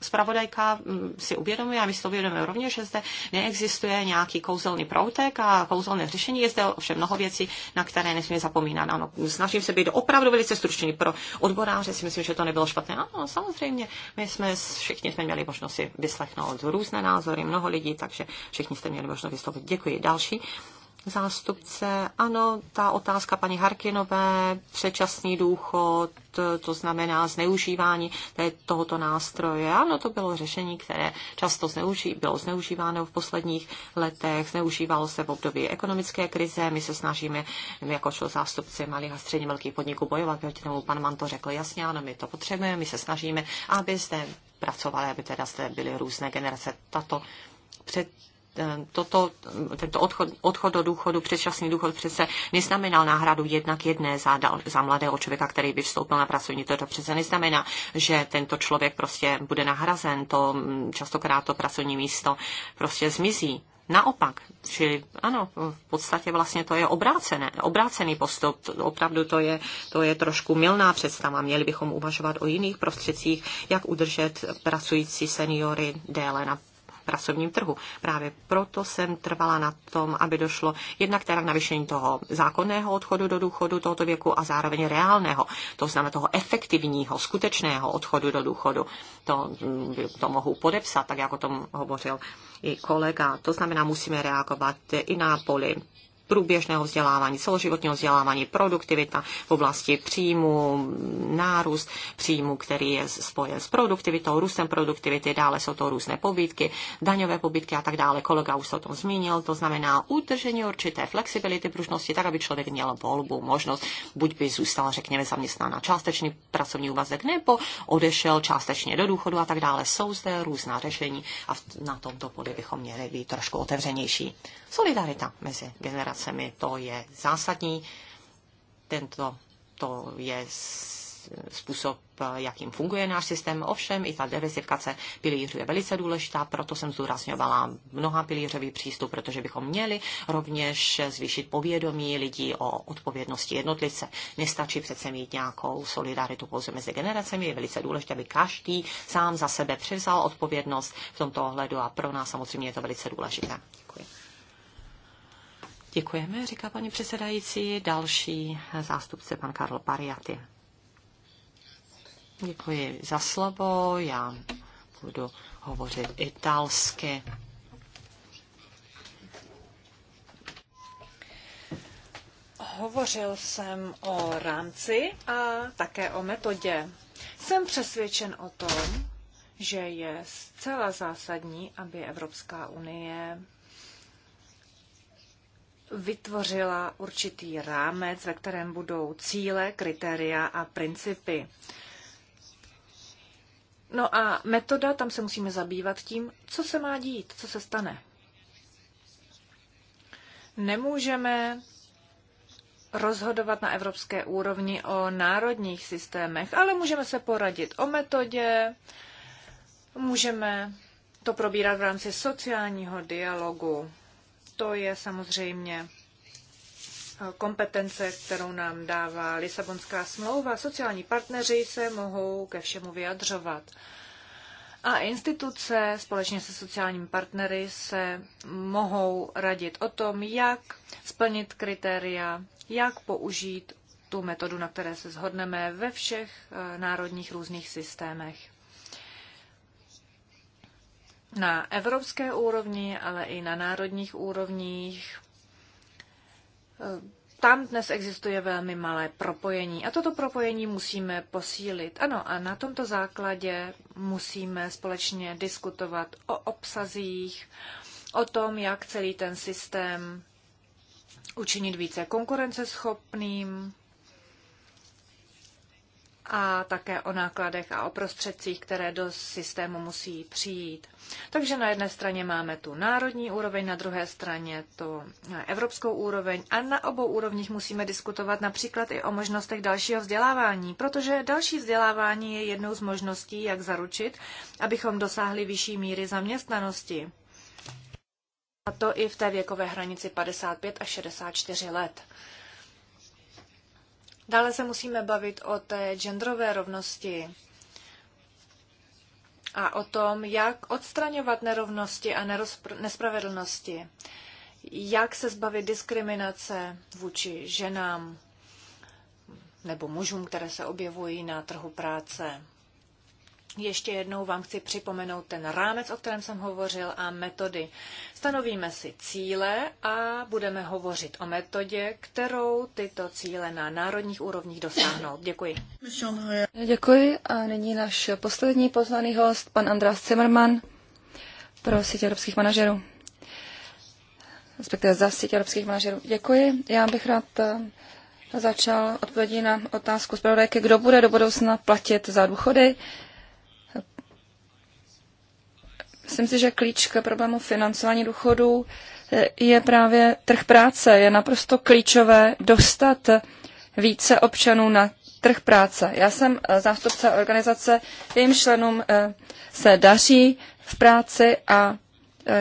Spravodajka mm, si uvědomuje, a my si to uvědomujeme rovněž, že zde neexistuje nějaký kouzelný proutek a kouzelné řešení. Je zde ovšem mnoho věcí, na které nesmíme zapomínat. Ano, snažím se být opravdu velice stručný pro odboráře, si myslím, že to nebylo špatné. Ano, samozřejmě, my jsme všichni jsme měli možnost si vyslechnout různé názory, mnoho lidí, takže všichni jste měli možnost vystoupit. Děkuji. Další zástupce. Ano, ta otázka paní Harkinové, předčasný důchod, to znamená zneužívání tohoto nástroje. Ano, to bylo řešení, které často zneuží, bylo zneužíváno v posledních letech, zneužívalo se v období ekonomické krize. My se snažíme, jakožto zástupci malých a středně velkých podniků, bojovat proti tomu. Pan Manto řekl jasně, ano, my to potřebujeme, my se snažíme, aby zde pracovali, aby teda zde byly různé generace. Tato před toto, tento odchod, odchod do důchodu, předčasný důchod přece neznamenal náhradu jednak jedné za, dal, za mladého člověka, který by vstoupil na pracovní trh. To přece neznamená, že tento člověk prostě bude nahrazen. To častokrát to pracovní místo prostě zmizí. Naopak, čili ano, v podstatě vlastně to je obrácené, obrácený postup. Opravdu to je, to je trošku milná představa. Měli bychom uvažovat o jiných prostředcích, jak udržet pracující seniory déle na pracovním trhu. Právě proto jsem trvala na tom, aby došlo jednak teda k navýšení toho zákonného odchodu do důchodu tohoto věku a zároveň reálného, to znamená toho efektivního, skutečného odchodu do důchodu. To, mm, to mohu podepsat, tak jako o tom hovořil i kolega. To znamená, musíme reagovat i na poli průběžného vzdělávání, celoživotního vzdělávání, produktivita v oblasti příjmu, nárůst příjmu, který je spojen s produktivitou, růstem produktivity, dále jsou to různé pobídky, daňové pobídky a tak dále. Kolega už se o tom zmínil, to znamená udržení určité flexibility, pružnosti, tak, aby člověk měl volbu, možnost, buď by zůstal, řekněme, zaměstnán na částečný pracovní úvazek, nebo odešel částečně do důchodu a tak dále. Jsou zde různá řešení a na tomto poli bychom měli být trošku otevřenější. Solidarita mezi generacemi organizacemi. To je zásadní. Tento to je způsob, jakým funguje náš systém. Ovšem i ta diversifikace pilířů je velice důležitá, proto jsem zdůrazňovala mnoha pilířový přístup, protože bychom měli rovněž zvýšit povědomí lidí o odpovědnosti jednotlivce. Nestačí přece mít nějakou solidaritu pouze mezi generacemi, je velice důležité, aby každý sám za sebe převzal odpovědnost v tomto ohledu a pro nás samozřejmě je to velice důležité. Děkujeme, říká paní předsedající. Další zástupce, pan Karl Pariaty. Děkuji za slovo. Já budu hovořit italsky. Hovořil jsem o rámci a také o metodě. Jsem přesvědčen o tom, že je zcela zásadní, aby Evropská unie vytvořila určitý rámec, ve kterém budou cíle, kritéria a principy. No a metoda, tam se musíme zabývat tím, co se má dít, co se stane. Nemůžeme rozhodovat na evropské úrovni o národních systémech, ale můžeme se poradit o metodě, můžeme to probírat v rámci sociálního dialogu. To je samozřejmě eh, kompetence, kterou nám dává Lisabonská smlouva. Sociální partneři se mohou ke všemu vyjadřovat. A instituce společně se sociálními partnery se mohou radit o tom, jak splnit kritéria, jak použít tu metodu, na které se shodneme ve všech eh, národních různých systémech na evropské úrovni, ale i na národních úrovních. Eh, tam dnes existuje velmi malé propojení a toto propojení musíme posílit. Ano, a na tomto základě musíme společně diskutovat o obsazích, o tom, jak celý ten systém učinit více konkurenceschopným, a také o nákladech a o prostředcích, které do systému musí přijít. Takže na jedné straně máme tu národní úroveň, na druhé straně tu evropskou úroveň a na obou úrovních musíme diskutovat například i o možnostech dalšího vzdělávání, protože další vzdělávání je jednou z možností, jak zaručit, abychom dosáhli vyšší míry zaměstnanosti. A to i v té věkové hranici 55 až 64 let. Dále se musíme bavit o té genderové rovnosti a o tom, jak odstraňovat nerovnosti a nespravedlnosti, jak se zbavit diskriminace vůči ženám nebo mužům, které se objevují na trhu práce. Ještě jednou vám chci připomenout ten rámec, o kterém jsem hovořil, a metody. Stanovíme si cíle a budeme hovořit o metodě, kterou tyto cíle na národních úrovních dosáhnou. Děkuji. Děkuji a nyní náš poslední pozvaný host, pan András Zimmermann pro sítě evropských manažerů. Respektive za sítě evropských manažerů. Děkuji. Já bych rád eh, začal odpovědí na otázku zpravodajky, kdo bude do budoucna platit za důchody. Myslím si, že klíč k problému financování důchodů eh, je právě trh práce. Je naprosto klíčové dostat více občanů na trh práce. Já jsem eh, zástupce organizace, jejím členům eh, se daří v práci a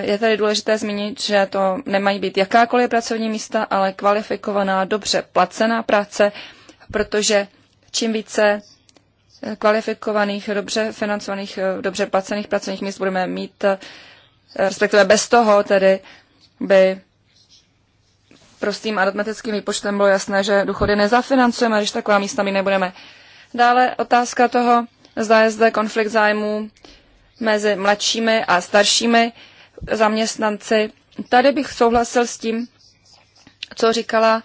je tady důležité zmínit, že to nemají být jakákoliv pracovní místa, ale kvalifikovaná, dobře placená práce, protože čím více kvalifikovaných, dobře financovaných, dobře placených pracovních míst budeme mít, eh, respektive bez toho tedy by prostým aritmetickým výpočtem bylo jasné, že důchody nezafinancujeme, když taková místa my nebudeme. Dále otázka toho, zda je zde konflikt zájmů mezi mladšími a staršími zaměstnanci. Tady bych souhlasil s tím, co říkala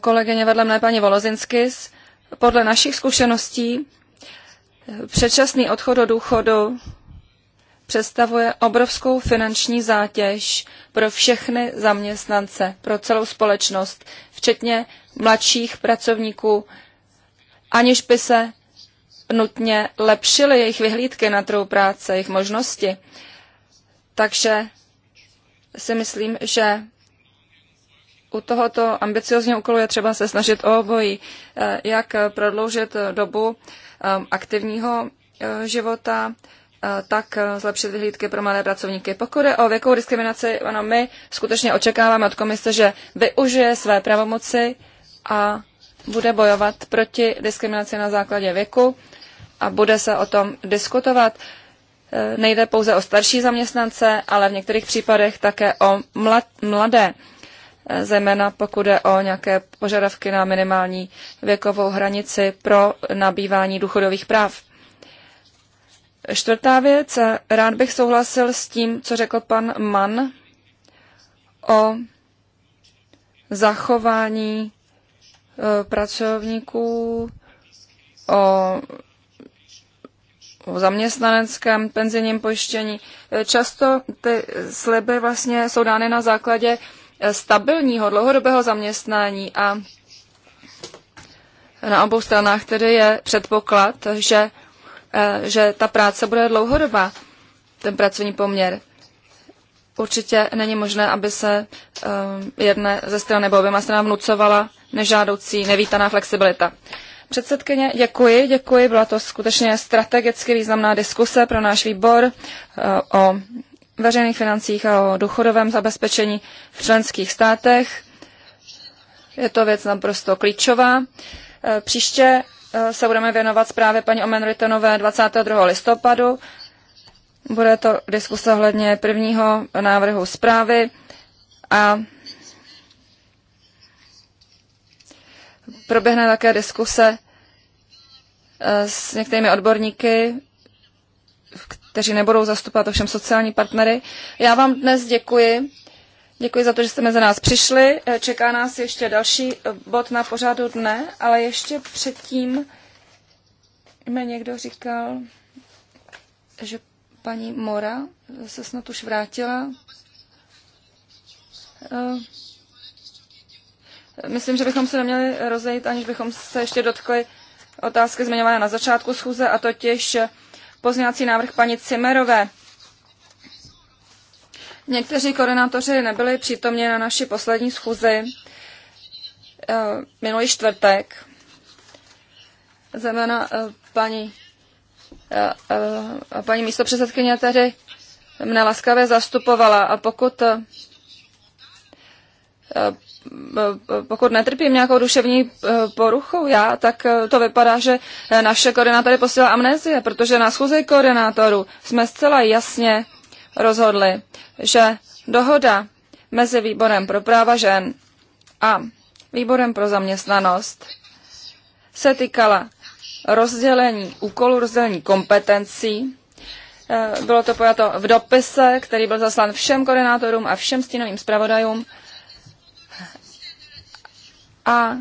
kolegyně vedle mne paní Volozinskis, podle našich zkušeností předčasný odchod do důchodu představuje obrovskou finanční zátěž pro všechny zaměstnance, pro celou společnost, včetně mladších pracovníků, aniž by se nutně lepšily jejich vyhlídky na trhu práce, jejich možnosti. Takže si myslím, že u tohoto ambiciozního úkolu je třeba se snažit o obojí, eh, jak prodloužit dobu eh, aktivního eh, života, tak zlepšit vyhlídky pro malé pracovníky. Pokud je o věkovou diskriminaci, ano, my skutečně očekáváme od komise, že využije své pravomoci a bude bojovat proti diskriminaci na základě věku a bude se o tom diskutovat. Nejde pouze o starší zaměstnance, ale v některých případech také o mladé. Eh, zejména pokud jde o nějaké požadavky na minimální věkovou hranici pro nabývání důchodových práv. Čtvrtá věc, eh, rád bych souhlasil s tím, co řekl pan Mann o zachování eh, pracovníků, o o zaměstnaneckém penzijním pojištění. Často ty sliby vlastně jsou dány na základě stabilního dlouhodobého zaměstnání a na obou stranách tedy je předpoklad, že, eh, že ta práce bude dlouhodobá, ten pracovní poměr. Určitě není možné, aby se eh, jedné ze stran nebo oběma stranám vnucovala nežádoucí, nevítaná flexibilita. Předsedkyně, děkuji, děkuji. Byla to skutečně strategicky významná diskuse pro náš výbor eh, o veřejných financích a o důchodovém zabezpečení v členských státech. Je to věc naprosto klíčová. E, příště e, se budeme věnovat zprávě paní Omenritonové 22. listopadu. Bude to diskuse hledně prvního návrhu zprávy a proběhne také diskuse e, s některými odborníky kteří nebudou zastupovat ovšem sociální partnery. Já vám dnes děkuji. Děkuji za to, že jste mezi nás přišli. Eh, čeká nás ještě další eh, bod na pořádu dne, ale ještě předtím mi někdo říkal, že paní Mora se snad už vrátila. Eh, myslím, že bychom se neměli rozejít, aniž bychom se ještě dotkli otázky zmiňované na začátku schůze, a totiž pozměňovací návrh paní Cimerové. Někteří koordinátoři nebyli přítomni na naší poslední schůzi eh, minulý čtvrtek, zejména eh, paní, eh, paní místopředsedkyně tady mne laskavě zastupovala a pokud Eh, pokud netrpím nějakou duševní eh, poruchou já, tak eh, to vypadá, že naše koordinátory posílá amnézie, protože na schůzi koordinátorů jsme zcela jasně rozhodli, že dohoda mezi výborem pro práva žen a výborem pro zaměstnanost se týkala rozdělení úkolů, rozdělení kompetencí. Bylo to pojato v dopise, který byl zaslán všem koordinátorům a všem stínovým zpravodajům a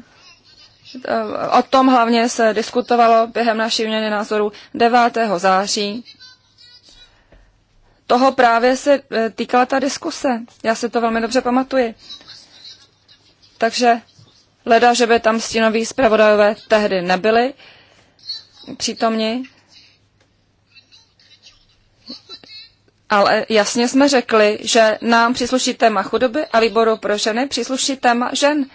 e, o tom hlavně se diskutovalo během naší měny názoru 9. září. Toho právě se e, týkala ta diskuse. Já si to velmi dobře pamatuji. Takže leda, že by tam stínoví zpravodajové tehdy nebyli přítomni, Ale jasně jsme řekli, že nám přísluší téma chudoby a výboru pro ženy přísluší téma žen.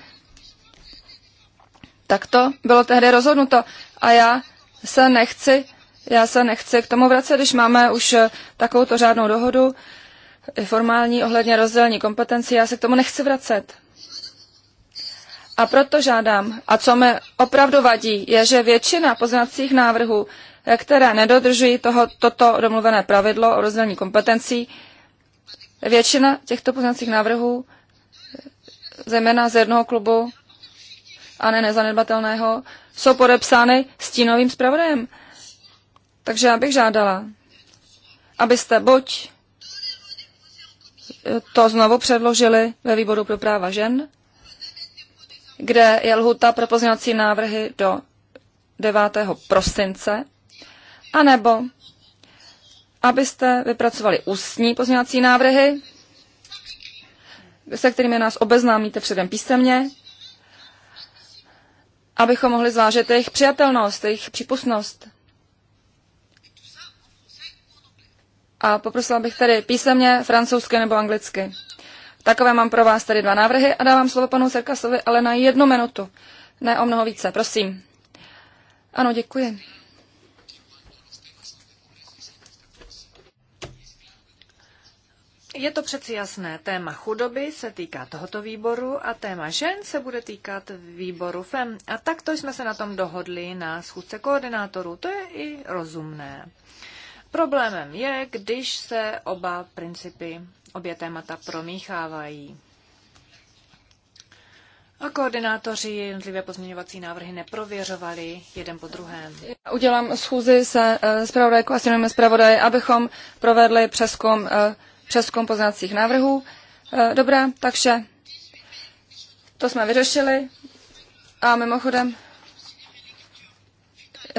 Tak to bylo tehdy rozhodnuto. A já se nechci, já se nechci k tomu vracet, když máme už eh, takovouto řádnou dohodu eh, formální ohledně rozdělení kompetencí, já se k tomu nechci vracet. A proto žádám, a co mi opravdu vadí, je, že většina poznacích návrhů, eh, které nedodržují toho, toto domluvené pravidlo o rozdělení kompetencí, většina těchto poznacích návrhů, zejména z jednoho klubu, a ne nezanedbatelného, jsou podepsány stínovým zpravodajem. Takže já bych žádala, abyste buď eh, to znovu předložili ve výboru pro práva žen, kde je lhuta pro pozměňovací návrhy do 9. prosince, anebo abyste vypracovali ústní pozměňovací návrhy, se kterými nás obeznámíte předem písemně abychom mohli zvážit jejich přijatelnost, jejich přípustnost. A poprosila bych tady písemně francouzsky nebo anglicky. Takové mám pro vás tady dva návrhy a dávám slovo panu Serkasovi, ale na jednu minutu. Ne o mnoho více, prosím. Ano, děkuji. Je to přeci jasné. Téma chudoby se týká tohoto výboru a téma žen se bude týkat výboru FEM. A takto jsme se na tom dohodli na schůzce koordinátorů. To je i rozumné. Problémem je, když se oba principy, obě témata promíchávají. A koordinátoři jednotlivé pozměňovací návrhy neprověřovali jeden po druhém. Udělám schůzi se eh, zpravodajkou a s zpravodaji, abychom provedli přeskum eh, přeskum poznacích návrhů. E, dobrá, takže to jsme vyřešili. A mimochodem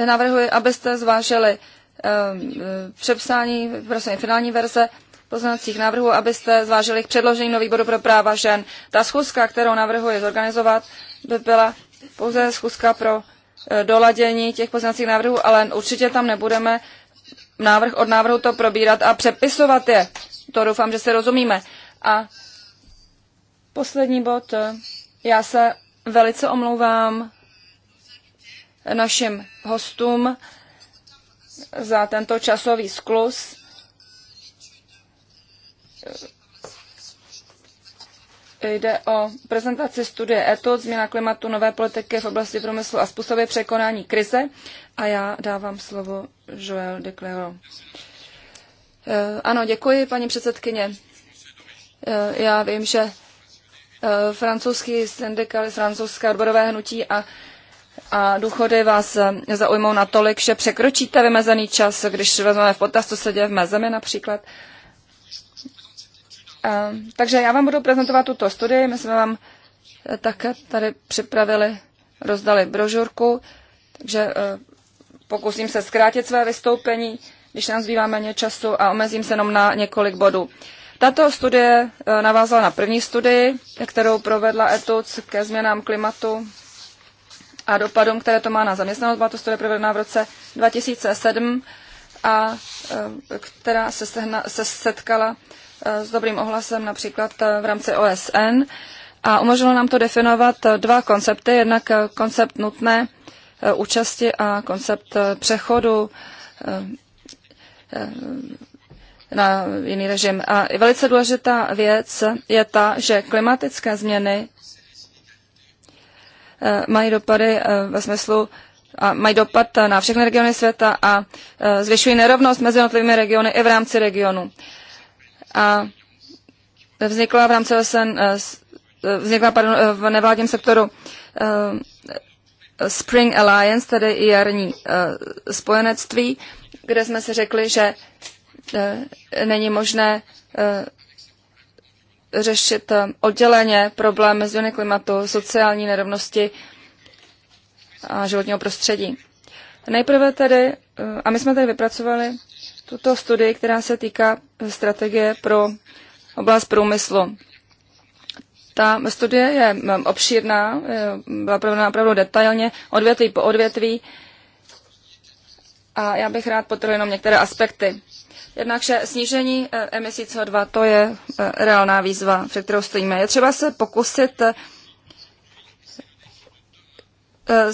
navrhuji, abyste zvážili e, e, přepsání, prosím, finální verze poznacích návrhů, abyste zvážili k předložení nový bodu pro práva žen. Ta schůzka, kterou navrhuji zorganizovat, by byla pouze schůzka pro doladění těch poznacích návrhů, ale určitě tam nebudeme návrh od návrhu to probírat a přepisovat je to doufám, že se rozumíme. A poslední bod. Já se velice omlouvám našim hostům za tento časový sklus. Jde o prezentaci studie ETO, změna klimatu, nové politiky v oblasti průmyslu a způsoby překonání krize. A já dávám slovo Joël de Clairot. Eh, ano, děkuji, paní předsedkyně. Eh, já vím, že eh, francouzský syndikal, francouzské odborové hnutí a, a důchody vás zaujmou natolik, že překročíte vymezený čas, když vezmeme v potaz, co se děje v mé zemi například. takže já vám budu prezentovat tuto studii. My jsme vám také tady připravili, rozdali brožurku, takže pokusím se zkrátit své vystoupení když nám zbývá méně času a omezím se jenom na několik bodů. Tato studie eh, navázala na první studii, kterou provedla ETUC ke změnám klimatu a dopadům, které to má na zaměstnanost. Byla to studie provedená v roce 2007 a eh, která se, sehna, se setkala eh, s dobrým ohlasem například v rámci OSN a umožnilo nám to definovat dva koncepty. Jednak koncept nutné účasti a koncept přechodu Eh, na jiný režim. A velice důležitá věc je ta, že klimatické změny eh, mají dopady eh, ve smyslu a mají dopad na všechny regiony světa a zvyšují nerovnost mezi jednotlivými regiony i v rámci regionu. A vznikla v rámci OSN, vznikla pardon, v nevládním sektoru Spring Alliance, tedy jarní spojenectví, kde jsme si řekli, že e, není možné e, řešit e, odděleně problémy změny klimatu, sociální nerovnosti a životního prostředí. Nejprve tedy, a my jsme tady vypracovali tuto studii, která se týká strategie pro oblast průmyslu. Ta studie je obšírná, byla provedena opravdu detailně, odvětví po odvětví, a já bych rád potrhl jenom některé aspekty. Jednakže snížení eh, emisí CO2 to je eh, reálná výzva, před kterou stojíme. Je třeba se pokusit eh,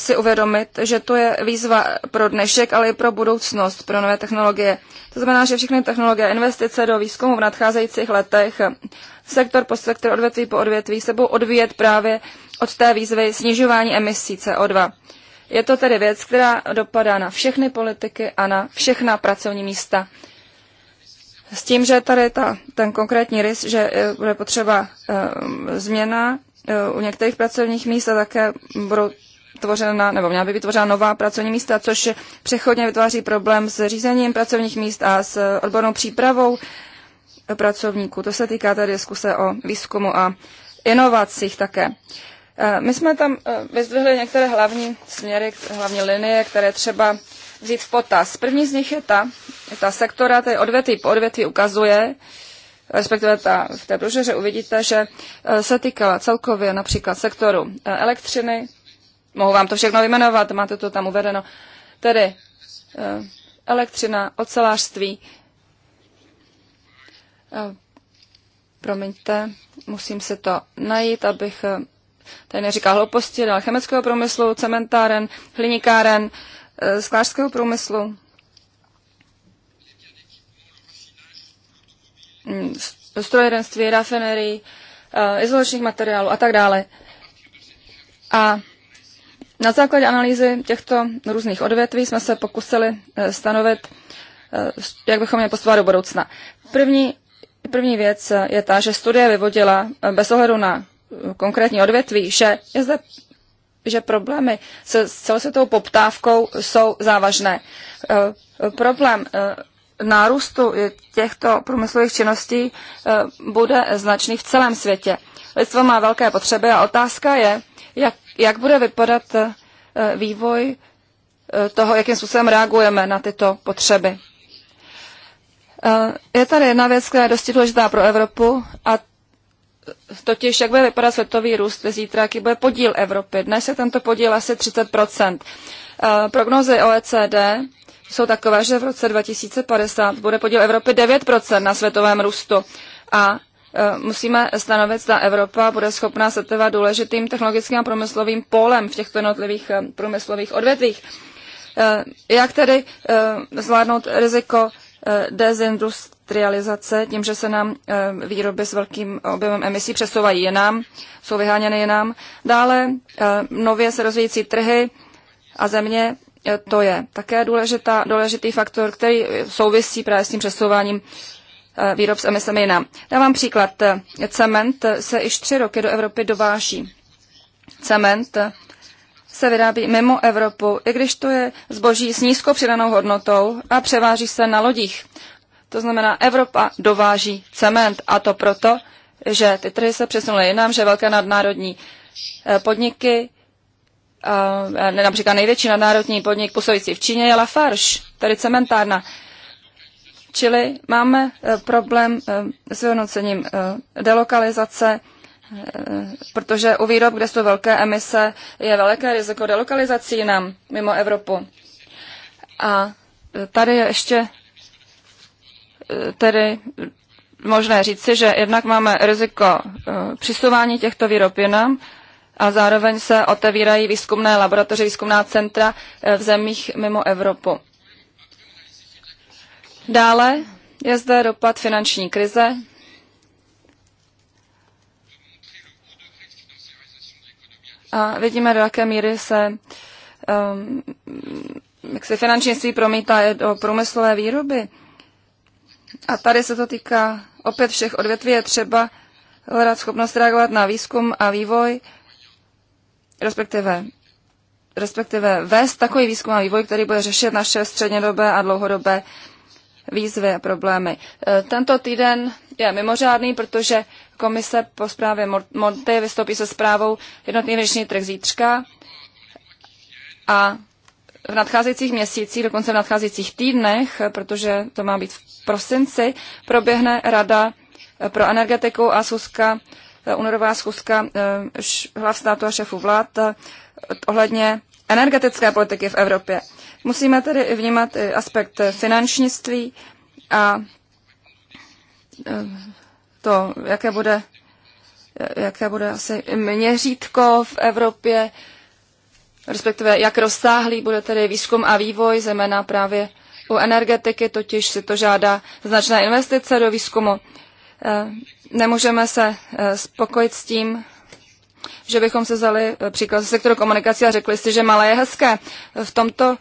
si uvědomit, že to je výzva pro dnešek, ale i pro budoucnost, pro nové technologie. To znamená, že všechny technologie, investice do výzkumu v nadcházejících letech, sektor po sektor, odvětví po odvětví, se budou odvíjet právě od té výzvy snižování emisí CO2. Je to tedy věc, která dopadá na všechny politiky a na všechna pracovní místa. S tím, že tady ta, ten konkrétní rys, že eh, bude potřeba e, změna e, u některých pracovních míst a také budou tvořena, nebo měla by být tvořena nová pracovní místa, což přechodně vytváří problém s řízením pracovních míst a s odbornou přípravou pracovníků. To se týká tady diskuse o výzkumu a inovacích také. Eh, my jsme tam eh, vyzdvihli některé hlavní směry, hlavní linie, které třeba vzít v potaz. První z nich je ta, je ta sektora, tedy odvětví po odvětví ukazuje, respektive ta, v té brožuře uvidíte, že eh, se týkala celkově například sektoru elektřiny, mohu vám to všechno vyjmenovat, máte to tam uvedeno, tedy elektřina, ocelářství, promiňte, musím se to najít, abych tady neříká hlouposti, ale chemického průmyslu, cementáren, hliníkáren, eh, sklářského průmyslu. Mm, strojírenství, rafinerii, eh, izolačních materiálů a tak dále. A na základě analýzy těchto různých odvětví jsme se pokusili eh, stanovit, jak bychom měli postupovat do budoucna. První, první věc je ta, že studie vyvodila bez ohledu na konkrétní odvětví, že je zde že problémy s celosvětovou poptávkou jsou závažné. E, problém e, nárůstu těchto průmyslových činností e, bude značný v celém světě. Lidstvo má velké potřeby a otázka je, jak, jak bude vypadat vývoj toho, jakým způsobem reagujeme na tyto potřeby. Je tady jedna věc, která je dosti důležitá pro Evropu a totiž, jak bude vypadat světový růst zítra, jaký bude podíl Evropy. Dnes je tento podíl asi 30 eh, Prognozy OECD jsou takové, že v roce 2050 bude podíl Evropy 9 na světovém růstu. A eh, musíme stanovit, zda Evropa bude schopná se trvat důležitým technologickým a průmyslovým polem v těchto jednotlivých eh, průmyslových odvětvích. Jak tedy zvládnout riziko Eh, dezindustrializace, tím, že se nám eh, výroby s velkým objemem emisí přesouvají jinam, jsou vyháněny jinam. Dále eh, nově se rozvíjící trhy a země, to je také důležitá, důležitý faktor, který souvisí právě s tím přesouváním výrob s emisemi jinam. Dávám příklad. Cement se již tři roky do Evropy dováží. Cement se vyrábí mimo Evropu, i když to je zboží s nízkou přidanou hodnotou a převáží se na lodích. To znamená, Evropa dováží cement a to proto, že ty trhy se přesunuly jinam, že velké nadnárodní eh, podniky, eh, například největší nadnárodní podnik působící v Číně je Lafarge, tedy cementárna. Čili máme eh, problém s vyhodnocením delokalizace, protože u výrob, kde jsou velké emise, je veliké riziko delokalizací nám mimo Evropu. A tady je ještě eh, tedy možné říci, že jednak máme riziko eh, přisouvání těchto výrob jinam a zároveň se otevírají výzkumné laboratoře, výzkumná centra eh, v zemích mimo Evropu. Dále je zde dopad finanční krize a vidíme, do jaké míry se um, jak se finančnictví promítá do průmyslové výroby. A tady se to týká opět všech odvětví. Je třeba hledat schopnost reagovat na výzkum a vývoj, respektive, respektive vést takový výzkum a vývoj, který bude řešit naše střednědobé a dlouhodobé výzvy a problémy. E, tento týden je mimořádný, protože Komise po zprávě Monte vystoupí se zprávou jednotný vnitřní trh zítřka a v nadcházejících měsících, dokonce v nadcházejících týdnech, protože to má být v prosinci, proběhne Rada eh, pro energetiku a schůzka, eh, únorová schůzka eh, hlav státu a šefu vlád ohledně energetické politiky v Evropě. Musíme tedy vnímat aspekt finančnictví a to, jaké bude, jaké bude asi měřítko v Evropě, respektive jak rozsáhlý bude tedy výzkum a vývoj, zejména právě u energetiky, totiž si to žádá značné investice do výzkumu. Eh, nemůžeme se eh, spokojit s tím, že bychom se vzali eh, příklad ze sektoru komunikace a řekli si, že malé je hezké. V tomto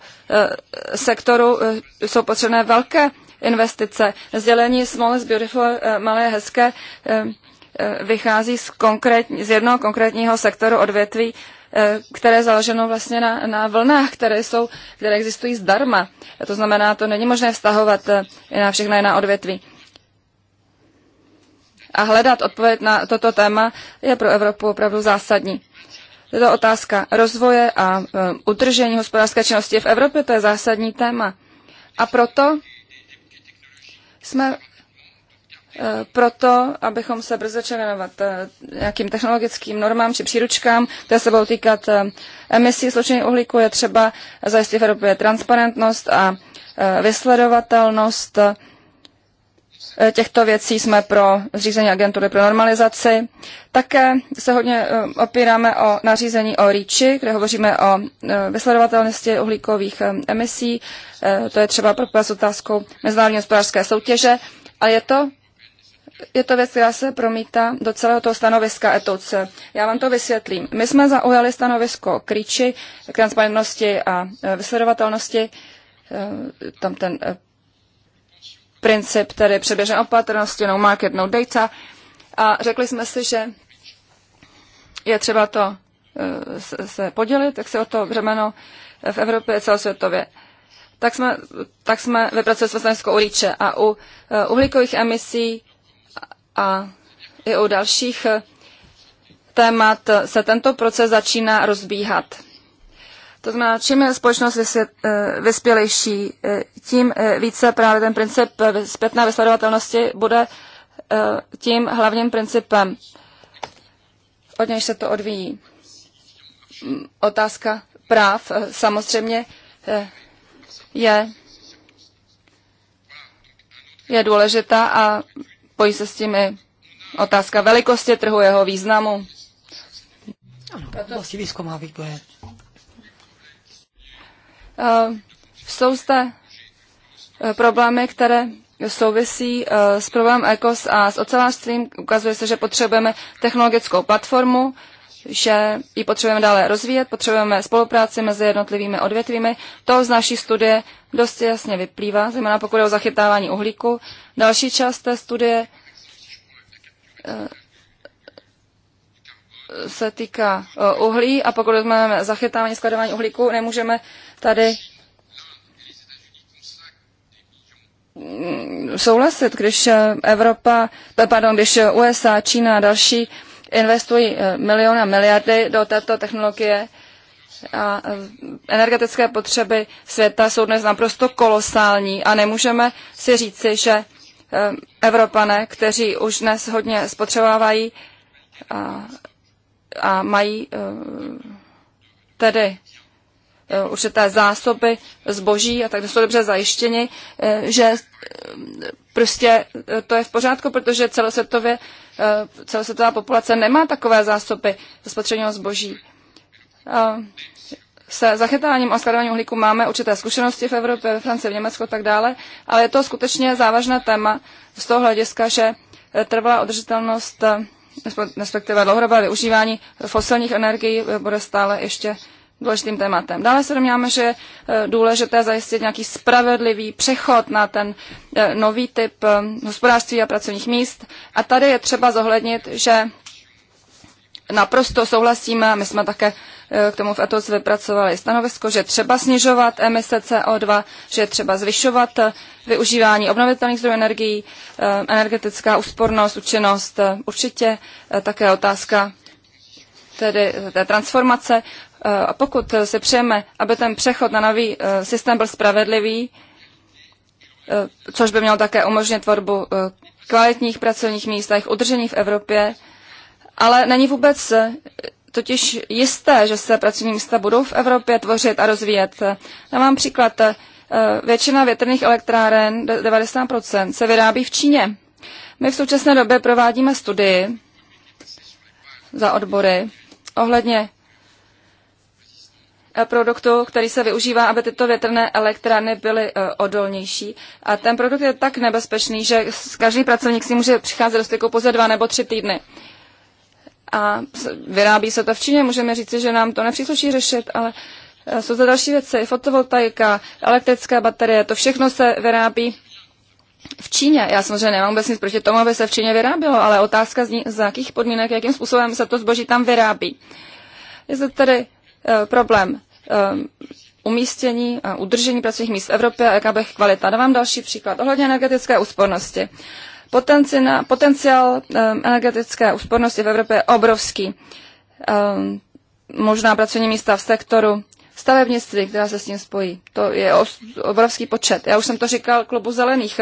sektoru jsou potřebné velké investice. Sdělení Small is Beautiful, eh, malé je hezké, eh, eh, vychází z, konkrétní, z jednoho konkrétního sektoru odvětví, které je založeno vlastně na, na vlnách, které, jsou, které existují zdarma. To znamená, to není možné vztahovat na všechna jiná odvětví. A hledat odpověď na toto téma je pro Evropu opravdu zásadní. Je to otázka rozvoje a udržení hospodářské činnosti v Evropě, to je zásadní téma. A proto jsme eh, proto, abychom se brzy začali věnovat eh, nějakým technologickým normám či příručkám, které se budou týkat eh, emisí sloučení uhlíku, je třeba zajistit v Evropě transparentnost a vysledovatelnost Eh, těchto věcí jsme pro zřízení agentury pro normalizaci. Také se hodně eh, opíráme o nařízení o REACHi, kde hovoříme o eh, vysledovatelnosti uhlíkových emisí. To je třeba propojit s otázkou mezinárodní hospodářské soutěže. A je to je to věc, která se promítá do celého toho stanoviska etouce. Já vám to vysvětlím. My jsme zaujali stanovisko k REACHi, k transparentnosti a vysledovatelnosti tam ten princip tedy přeběžné opatrnosti, no market, no data. A řekli jsme si, že je třeba to eh, se podělit, tak se o to břemeno v Evropě celosvětově. Tak jsme, tak jsme vypracovali jsme stanovisko u líče a u eh, uhlíkových emisí a i u dalších eh, témat se tento proces začíná rozbíhat. To znamená, čím je společnost eh, vyspělejší, eh, tím eh, více právě ten princip zpětné vysledovatelnosti bude tím hlavním principem, od něj se to odvíjí. Mm, otázka práv samozřejmě je, je důležitá a pojí se s tím i otázka velikosti trhu, jeho významu. Ano, proto... vlastní výzkum má výboje. Eh, jsou zde eh, problémy, které souvisí eh, s problémem ECOS a s ocelářstvím. Ukazuje se, že potřebujeme technologickou platformu, že ji potřebujeme dále rozvíjet, potřebujeme spolupráci mezi jednotlivými odvětvími. To z naší studie dost jasně vyplývá, zejména pokud je o zachytávání uhlíku. Další část té studie se týká e, uhlí a pokud máme zachytávání, skladování uhlíku, nemůžeme tady mm, souhlasit, když e, Evropa, e, pardon, když USA, Čína a další investují miliony a miliardy do této technologie a energetické potřeby světa jsou dnes naprosto kolosální a nemůžeme si říci, že Evropané, kteří už dnes hodně spotřebovávají a mají eh, tedy eh, určité zásoby zboží a tak jsou dobře zajištěni, eh, že prostě to je v pořádku, protože celosvětově, celosvětová populace nemá takové zásoby spotřebního zboží. Se zachytáním a skladováním uhlíku máme určité zkušenosti v Evropě, ve Francii, v Německu a tak dále, ale je to skutečně závažné téma z toho hlediska, že trvalá udržitelnost respektive dlouhodobé využívání fosilních energií eh, bude stále ještě důležitým tématem. Dále se domníváme, že je eh, důležité zajistit nějaký spravedlivý přechod na ten eh, nový typ hospodářství a pracovních míst. A tady je třeba zohlednit, že naprosto souhlasíme, my jsme také eh, k tomu v ETOS vypracovali stanovisko, že třeba snižovat emise CO2, že třeba zvyšovat eh, využívání obnovitelných zdrojů energií, eh, energetická úspornost, účinnost, určitě také otázka tedy té transformace. A pokud si přejeme, aby ten přechod na nový systém byl spravedlivý, což by mělo také umožnit tvorbu kvalitních pracovních míst a jejich udržení v Evropě, ale není vůbec eh, totiž jisté, že se pracovní místa budou v Evropě tvořit a rozvíjet. Já mám příklad. Eh, většina větrných elektráren, 90%, se vyrábí v Číně. My v současné době provádíme studii za odbory ohledně eh, produktu, který se využívá, aby tyto větrné elektrárny byly odolnější. A ten produkt je tak nebezpečný, že každý pracovník si může přicházet do styku pouze dva nebo tři týdny a vyrábí se to v Číně. Můžeme říct, že nám to nepřísluší řešit, ale e, jsou to další věci, fotovoltaika, elektrická baterie, to všechno se vyrábí v Číně. Já samozřejmě nemám vůbec nic proti tomu, aby se v Číně vyrábělo, ale otázka zní, za jakých podmínek, jakým způsobem se to zboží tam vyrábí. Je to tedy uh, problém um, umístění a udržení pracovních míst v Evropě a jaká bych kvalita. Dávám další příklad ohledně energetické úspornosti potenciál, ehm, energetické úspornosti v Evropě je obrovský. Ehm, možná pracovní místa v sektoru stavebnictví, která se s tím spojí. To je obrovský počet. Já už jsem to říkal klubu zelených.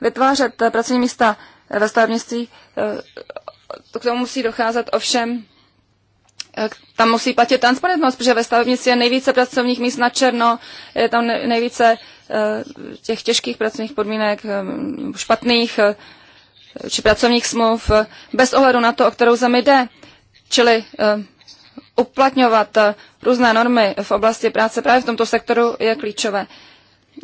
Vytvářet eh, pracovní místa eh, ve stavebnictví, eh, k tomu musí docházet ovšem tam musí platit transparentnost, protože ve stavebnictví je nejvíce pracovních míst na černo, je tam nejvíce těch těžkých pracovních podmínek, ehm, špatných, či pracovních smluv bez ohledu na to, o kterou zemi jde, čili eh, uplatňovat eh, různé normy v oblasti práce právě v tomto sektoru je klíčové.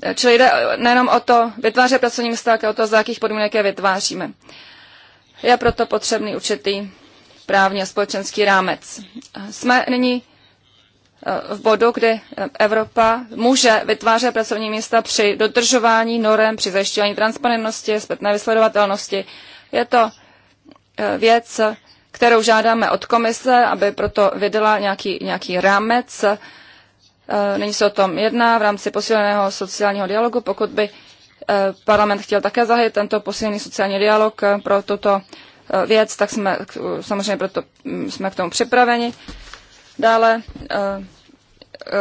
Eh, čili jde nejenom o to vytvářet pracovní místa, ale o to, za jakých podmínek je vytváříme. Je proto potřebný určitý právní a společenský rámec. Jsme nyní v bodu, kdy Evropa může vytvářet pracovní místa při dodržování norem, při zajišťování transparentnosti, zpětné vysledovatelnosti. Je to eh, věc, kterou žádáme od komise, aby proto vydala nějaký, nějaký rámec. Eh, nyní se o tom jedná v rámci posíleného sociálního dialogu. Pokud by eh, parlament chtěl také zahájit tento posílený sociální dialog pro tuto věc, tak jsme samozřejmě proto mm, jsme k tomu připraveni. Dále eh, eh,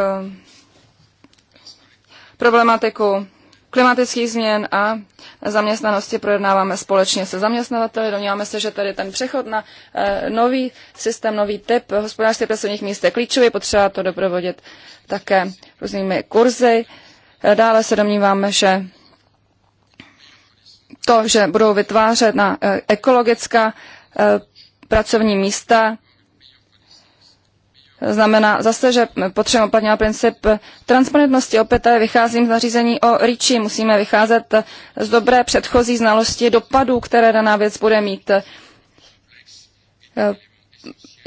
problematiku klimatických změn a zaměstnanosti projednáváme společně se zaměstnavateli. Domníváme se, že tady ten přechod na eh, nový systém, nový typ hospodářství pracovních míst je klíčový, potřeba to doprovodit také různými kurzy. Dále se domníváme, že to, že budou vytvářet na ekologická pracovní místa, znamená zase, že potřebujeme uplatňovat princip transparentnosti. Opět tady vycházím z nařízení o REACHi. Musíme vycházet z dobré předchozí znalosti dopadů, které daná věc bude mít.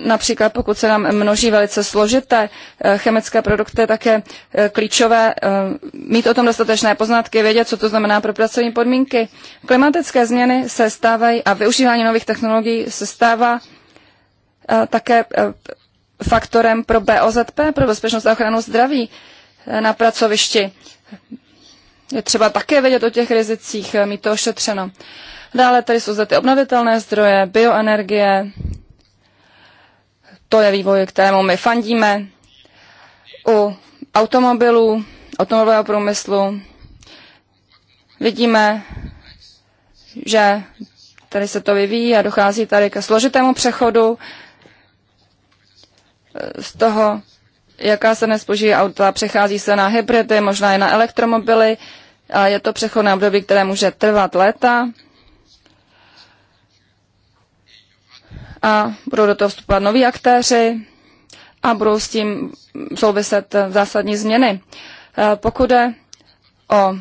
Například pokud se nám množí velice složité eh, chemické produkty, tak je eh, klíčové eh, mít o tom dostatečné poznatky, vědět, co to znamená pro pracovní podmínky. Klimatické změny se stávají a využívání nových technologií se stává také faktorem pro BOZP, pro bezpečnost a ochranu zdraví eh, na pracovišti. Je třeba také vědět o těch rizicích, eh, mít to ošetřeno. Dále tady jsou zde ty obnovitelné zdroje, bioenergie. To je vývoj, kterému my fandíme. U automobilů, automobilového průmyslu vidíme, že tady se to vyvíjí a dochází tady ke složitému přechodu z toho, jaká se dnes auta, přechází se na hybridy, možná i na elektromobily. A je to přechodné období, které může trvat léta. A budou do toho vstupovat noví aktéři a budou s tím souviset zásadní změny. Eh, pokud je o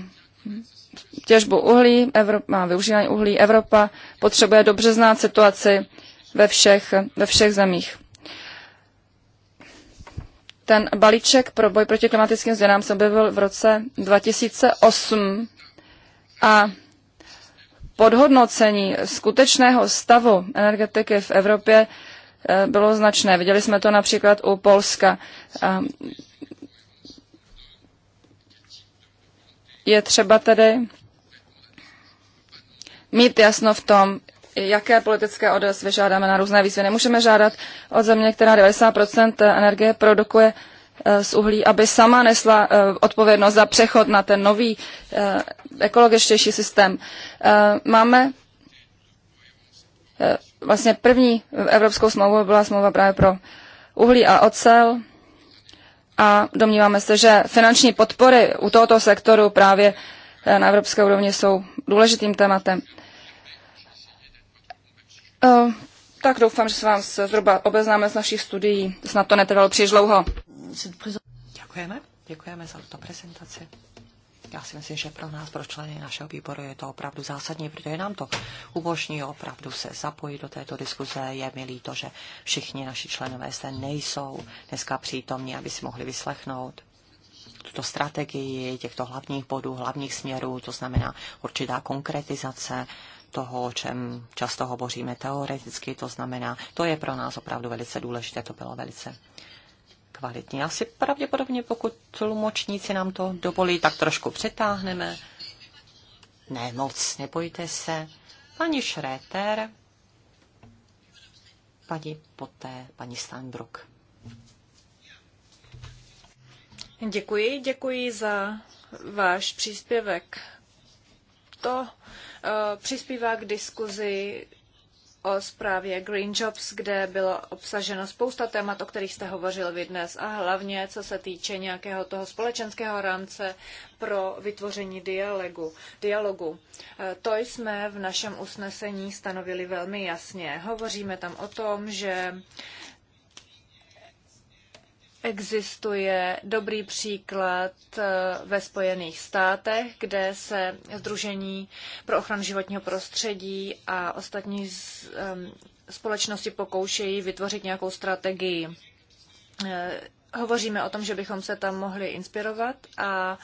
těžbu uhlí, Evropa, využívání uhlí, Evropa potřebuje dobře znát situaci ve všech, ve všech zemích. Ten balíček pro boj proti klimatickým změnám se objevil v roce 2008 a podhodnocení skutečného stavu energetiky v Evropě eh, bylo značné. Viděli jsme to například u Polska. Je třeba tedy mít jasno v tom, jaké politické ODS vyžádáme na různé výzvy. Nemůžeme žádat od země, která 90% energie produkuje eh, z uhlí, aby sama nesla eh, odpovědnost za přechod na ten nový eh, ekologičtější systém. Máme vlastně první evropskou smlouvu byla smlouva právě pro uhlí a ocel a domníváme se, že finanční podpory u tohoto sektoru právě na evropské úrovni jsou důležitým tématem. Eh, tak doufám, že se vám zhruba obeznáme z naší studií. Snad to netrvalo příliš dlouho. Děkujeme. Děkujeme za tuto prezentaci. Já si myslím, že pro nás, pro členy našeho výboru je to opravdu zásadní, protože nám to umožní opravdu se zapojit do této diskuze. Je mi líto, že všichni naši členové se nejsou dneska přítomní, aby si mohli vyslechnout tuto strategii těchto hlavních bodů, hlavních směrů, to znamená určitá konkretizace toho, o čem často hovoříme teoreticky, to znamená, to je pro nás opravdu velice důležité, to bylo velice kvalitní. Asi pravděpodobně, pokud tlumočníci nám to dovolí, tak trošku přetáhneme. Ne moc, nebojte se. Paní Šréter, paní poté, paní Steinbrück. Děkuji, děkuji za váš příspěvek. To, Eh, přispívá k diskuzi o zprávě Green Jobs, kde bylo obsaženo spousta témat, o kterých jste hovořil vy dnes a hlavně co se týče nějakého toho společenského rámce pro vytvoření dialogu. dialogu. Eh, to jsme v našem usnesení stanovili velmi jasně. Hovoříme tam o tom, že Existuje dobrý příklad eh, ve Spojených státech, kde se Združení pro ochranu životního prostředí a ostatní společnosti pokoušejí vytvořit nějakou strategii eh, Hovoříme o tom, že bychom se tam mohli inspirovat a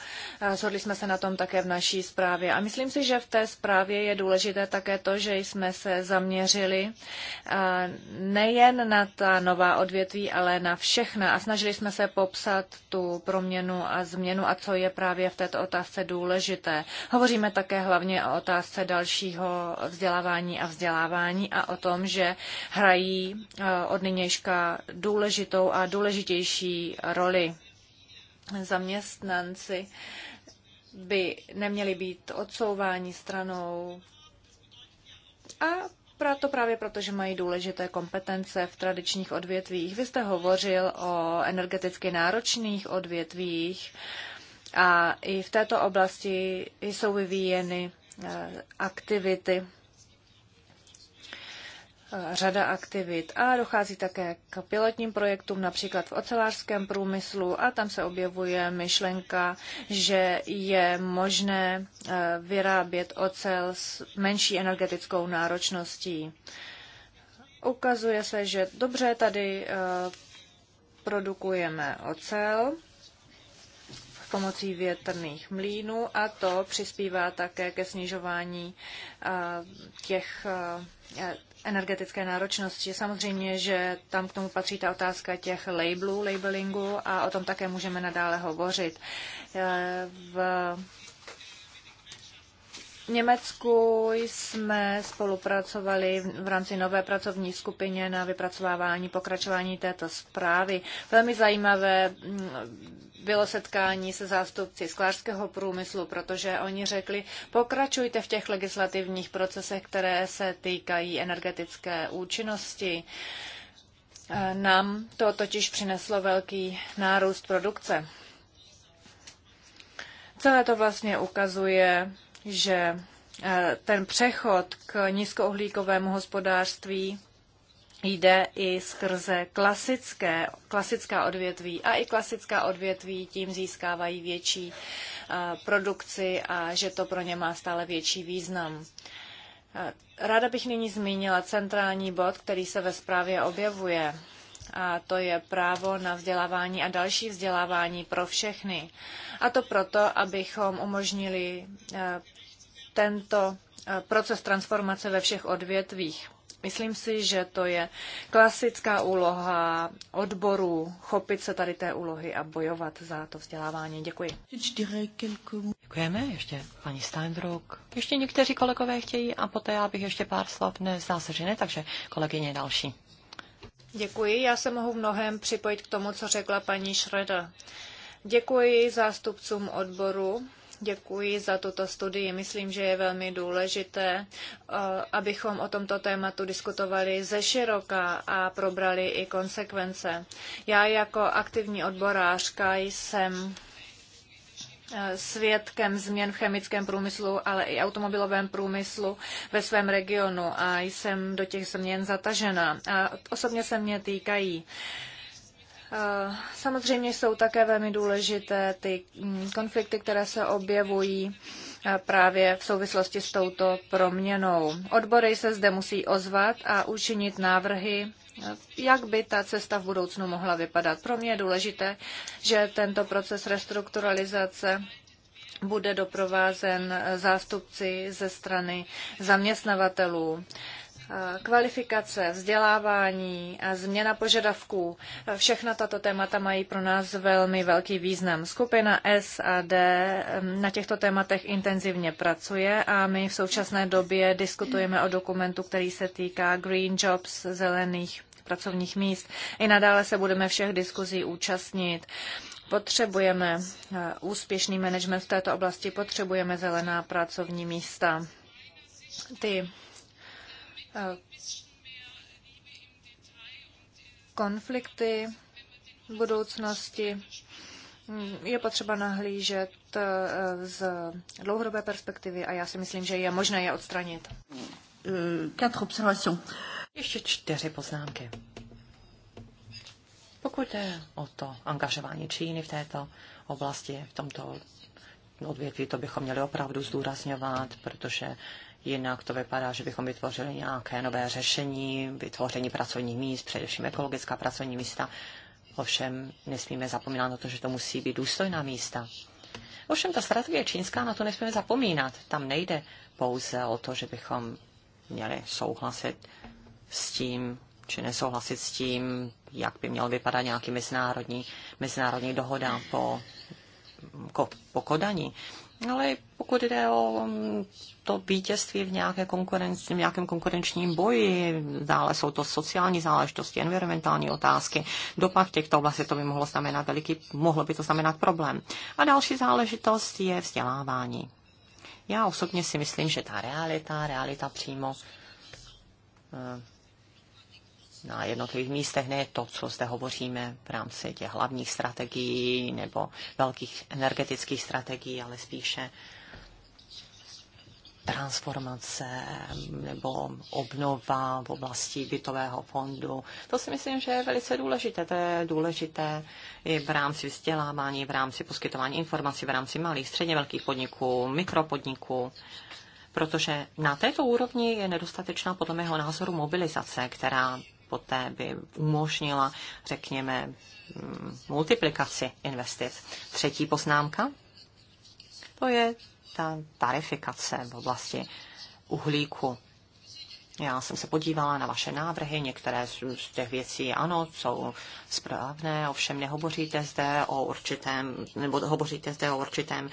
shodli jsme se na tom také v naší zprávě. A myslím si, že v té zprávě je důležité také to, že jsme se zaměřili nejen na ta nová odvětví, ale na všechna a snažili jsme se popsat tu proměnu a změnu a co je právě v této otázce důležité. Hovoříme také hlavně o otázce dalšího vzdělávání a vzdělávání a o tom, že hrají od nynějška důležitou a důležitější roli. Zaměstnanci by neměli být odsouváni stranou a to právě proto, že mají důležité kompetence v tradičních odvětvích. Vy jste hovořil o energeticky náročných odvětvích a i v této oblasti jsou vyvíjeny eh, aktivity řada aktivit a dochází také k pilotním projektům, například v ocelářském průmyslu a tam se objevuje myšlenka, že je možné eh, vyrábět ocel s menší energetickou náročností. Ukazuje se, že dobře tady eh, produkujeme ocel, pomocí větrných mlínů a to přispívá také ke snižování eh, těch energetické náročnosti. Samozřejmě, že tam k tomu patří ta otázka těch labelů, labelingu a o tom také můžeme nadále hovořit. Eh, v Německu jsme spolupracovali v rámci nové pracovní skupině na vypracovávání pokračování této zprávy. Velmi zajímavé mm, bylo setkání se zástupci sklářského průmyslu, protože oni řekli, pokračujte v těch legislativních procesech, které se týkají energetické účinnosti. E, Nám to totiž přineslo velký nárůst produkce. Celé to vlastně ukazuje, že e, ten přechod k nízkouhlíkovému hospodářství jde i skrze klasické, klasická odvětví a i klasická odvětví tím získávají větší eh, produkci a že to pro ně má stále větší význam. Eh, ráda bych nyní zmínila centrální bod, který se ve zprávě objevuje. A to je právo na vzdělávání a další vzdělávání pro všechny. A to proto, abychom umožnili eh, tento proces transformace ve všech odvětvích. Myslím si, že to je klasická úloha odborů, chopit se tady té úlohy a bojovat za to vzdělávání. Děkuji. Děkujeme ještě paní Steinbrook. Ještě někteří kolegové chtějí a poté já bych ještě pár slov nezdá se, že ne, takže kolegyně další. Děkuji, já se mohu v mnohem připojit k tomu, co řekla paní Šreda. Děkuji zástupcům odboru Děkuji za tuto studii. Myslím, že je velmi důležité, eh, abychom o tomto tématu diskutovali ze široka a probrali i konsekvence. Já jako aktivní odborářka jsem eh, svědkem změn v chemickém průmyslu, ale i automobilovém průmyslu ve svém regionu a jsem do těch změn zatažena. A osobně se mě týkají. Eh, samozřejmě jsou také velmi důležité ty mm, konflikty, které se objevují eh, právě v souvislosti s touto proměnou. Odbory se zde musí ozvat a učinit návrhy, eh, jak by ta cesta v budoucnu mohla vypadat. Pro mě je důležité, že tento proces restrukturalizace bude doprovázen zástupci ze strany zaměstnavatelů. Eh, kvalifikace, vzdělávání a změna požadavků. Všechna tato témata mají pro nás velmi velký význam. Skupina S a D na těchto tématech intenzivně pracuje a my v současné době diskutujeme o dokumentu, který se týká Green Jobs, zelených pracovních míst. I nadále se budeme všech diskuzí účastnit. Potřebujeme eh, úspěšný management v této oblasti, potřebujeme zelená pracovní místa. Ty Eh, konflikty v budoucnosti mm, je potřeba nahlížet eh, z dlouhodobé perspektivy a já si myslím, že je možné je odstranit. Eh, Ještě čtyři poznámky. Pokud jde o to angažování Číny v této oblasti, v tomto odvětví, to bychom měli opravdu zdůrazňovat, protože Jinak to vypadá, že bychom vytvořili nějaké nové řešení, vytvoření pracovních míst, především ekologická pracovní místa. Ovšem nesmíme zapomínat na to, že to musí být důstojná místa. Ovšem ta strategie čínská, na to nesmíme zapomínat. Tam nejde pouze o to, že bychom měli souhlasit s tím, či nesouhlasit s tím, jak by měl vypadat nějaký mezinárodní, mezinárodní dohoda po, ko, po kodaní. Ale pokud jde o mm, to vítězství v, nějaké konkurenci, v nějakém konkurenčním boji, dále jsou to sociální záležitosti, environmentální otázky, dopad v těchto oblastech to by mohlo znamenat veliký, mohlo by to znamenat problém. A další záležitost je vzdělávání. Já osobně si myslím, že ta realita, realita přímo eh, na jednotlivých místech, ne to, co zde hovoříme v rámci těch hlavních strategií nebo velkých energetických strategií, ale spíše transformace nebo obnova v oblasti bytového fondu. To si myslím, že je velice důležité. To je důležité i v rámci vzdělávání, v rámci poskytování informací, v rámci malých, středně velkých podniků, mikropodniků protože na této úrovni je nedostatečná podle mého názoru mobilizace, která poté by umožnila, řekněme, mm, multiplikaci investic. Třetí poznámka, to je ta tarifikace v oblasti uhlíku. Já jsem se podívala na vaše návrhy, některé z těch věcí ano, jsou správné, ovšem nehovoříte zde o určitém, nebo hovoříte zde o určitém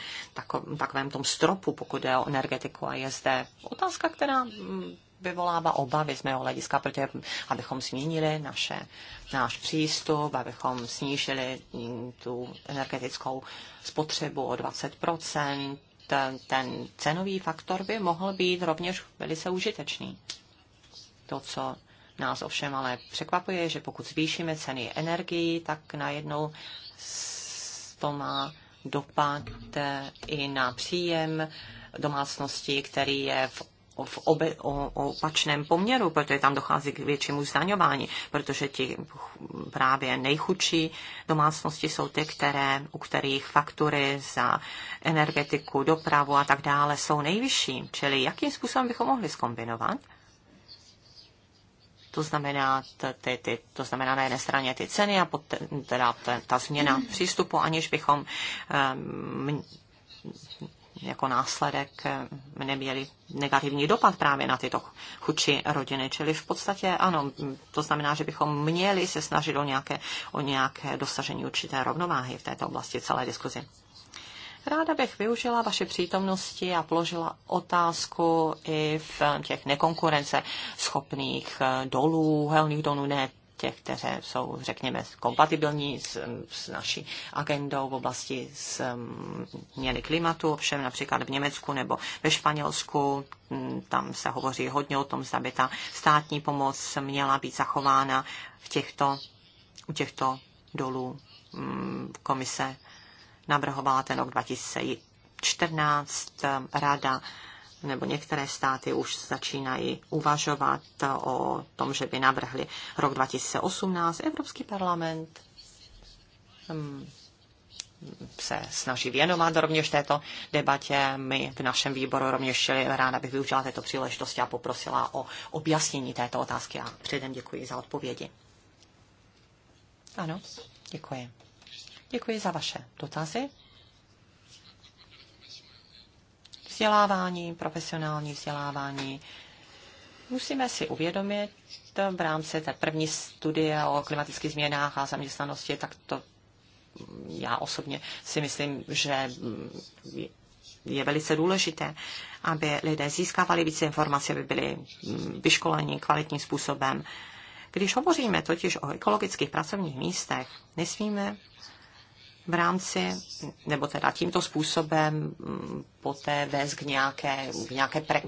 takovém, tom stropu, pokud je o energetiku a je zde otázka, která mm, vyvolává obavy z mého hlediska, protože abychom změnili naše, náš přístup, abychom snížili mm, tu energetickou spotřebu o 20 ten, ten cenový faktor by mohl být rovněž velice užitečný. To, co nás ovšem ale překvapuje, že pokud zvýšíme ceny energii, tak najednou to má dopad eh, i na příjem domácnosti, který je v v obe, o, o opačném poměru, protože tam dochází k většímu zdaňování, protože ti právě nejchudší domácnosti jsou ty, které, u kterých faktury za energetiku, dopravu a tak dále jsou nejvyšší. Čili jakým způsobem bychom mohli zkombinovat? To znamená, ty, ty, to znamená na jedné straně ty ceny a poté, teda ta, ta změna přístupu, aniž bychom um, jako následek eh, neměly negativní dopad právě na tyto chuči rodiny. Čili v podstatě ano, to znamená, že bychom měli se snažit o nějaké, o nějaké dosažení určité rovnováhy v této oblasti celé diskuzi. Ráda bych využila vaše přítomnosti a položila otázku i v těch nekonkurence schopných eh, dolů, helných dolů, ne těch, které jsou, řekněme, kompatibilní s, s naší agendou v oblasti změny klimatu, ovšem například v Německu nebo ve Španělsku, mm, tam se hovoří hodně o tom, zda by ta státní pomoc měla být zachována v těchto, u těchto dolů mm, komise navrhovala ten rok 2014, rada nebo některé státy už začínají uvažovat o tom, že by navrhli rok 2018. Evropský parlament mm, se snaží věnovat rovněž této debatě. My v našem výboru rovněž čili ráda bych využila této příležitosti a poprosila o objasnění této otázky a předem děkuji za odpovědi. Ano, děkuji. Děkuji za vaše dotazy. vzdělávání, profesionální vzdělávání. Musíme si uvědomit v rámci té první studie o klimatických změnách a zaměstnanosti, tak to já osobně si myslím, že je velice důležité, aby lidé získávali více informací, aby byli vyškoleni kvalitním způsobem. Když hovoříme totiž o ekologických pracovních místech, nesmíme v rámci, nebo teda tímto způsobem mm, poté vést k nějaké, k nějaké pre,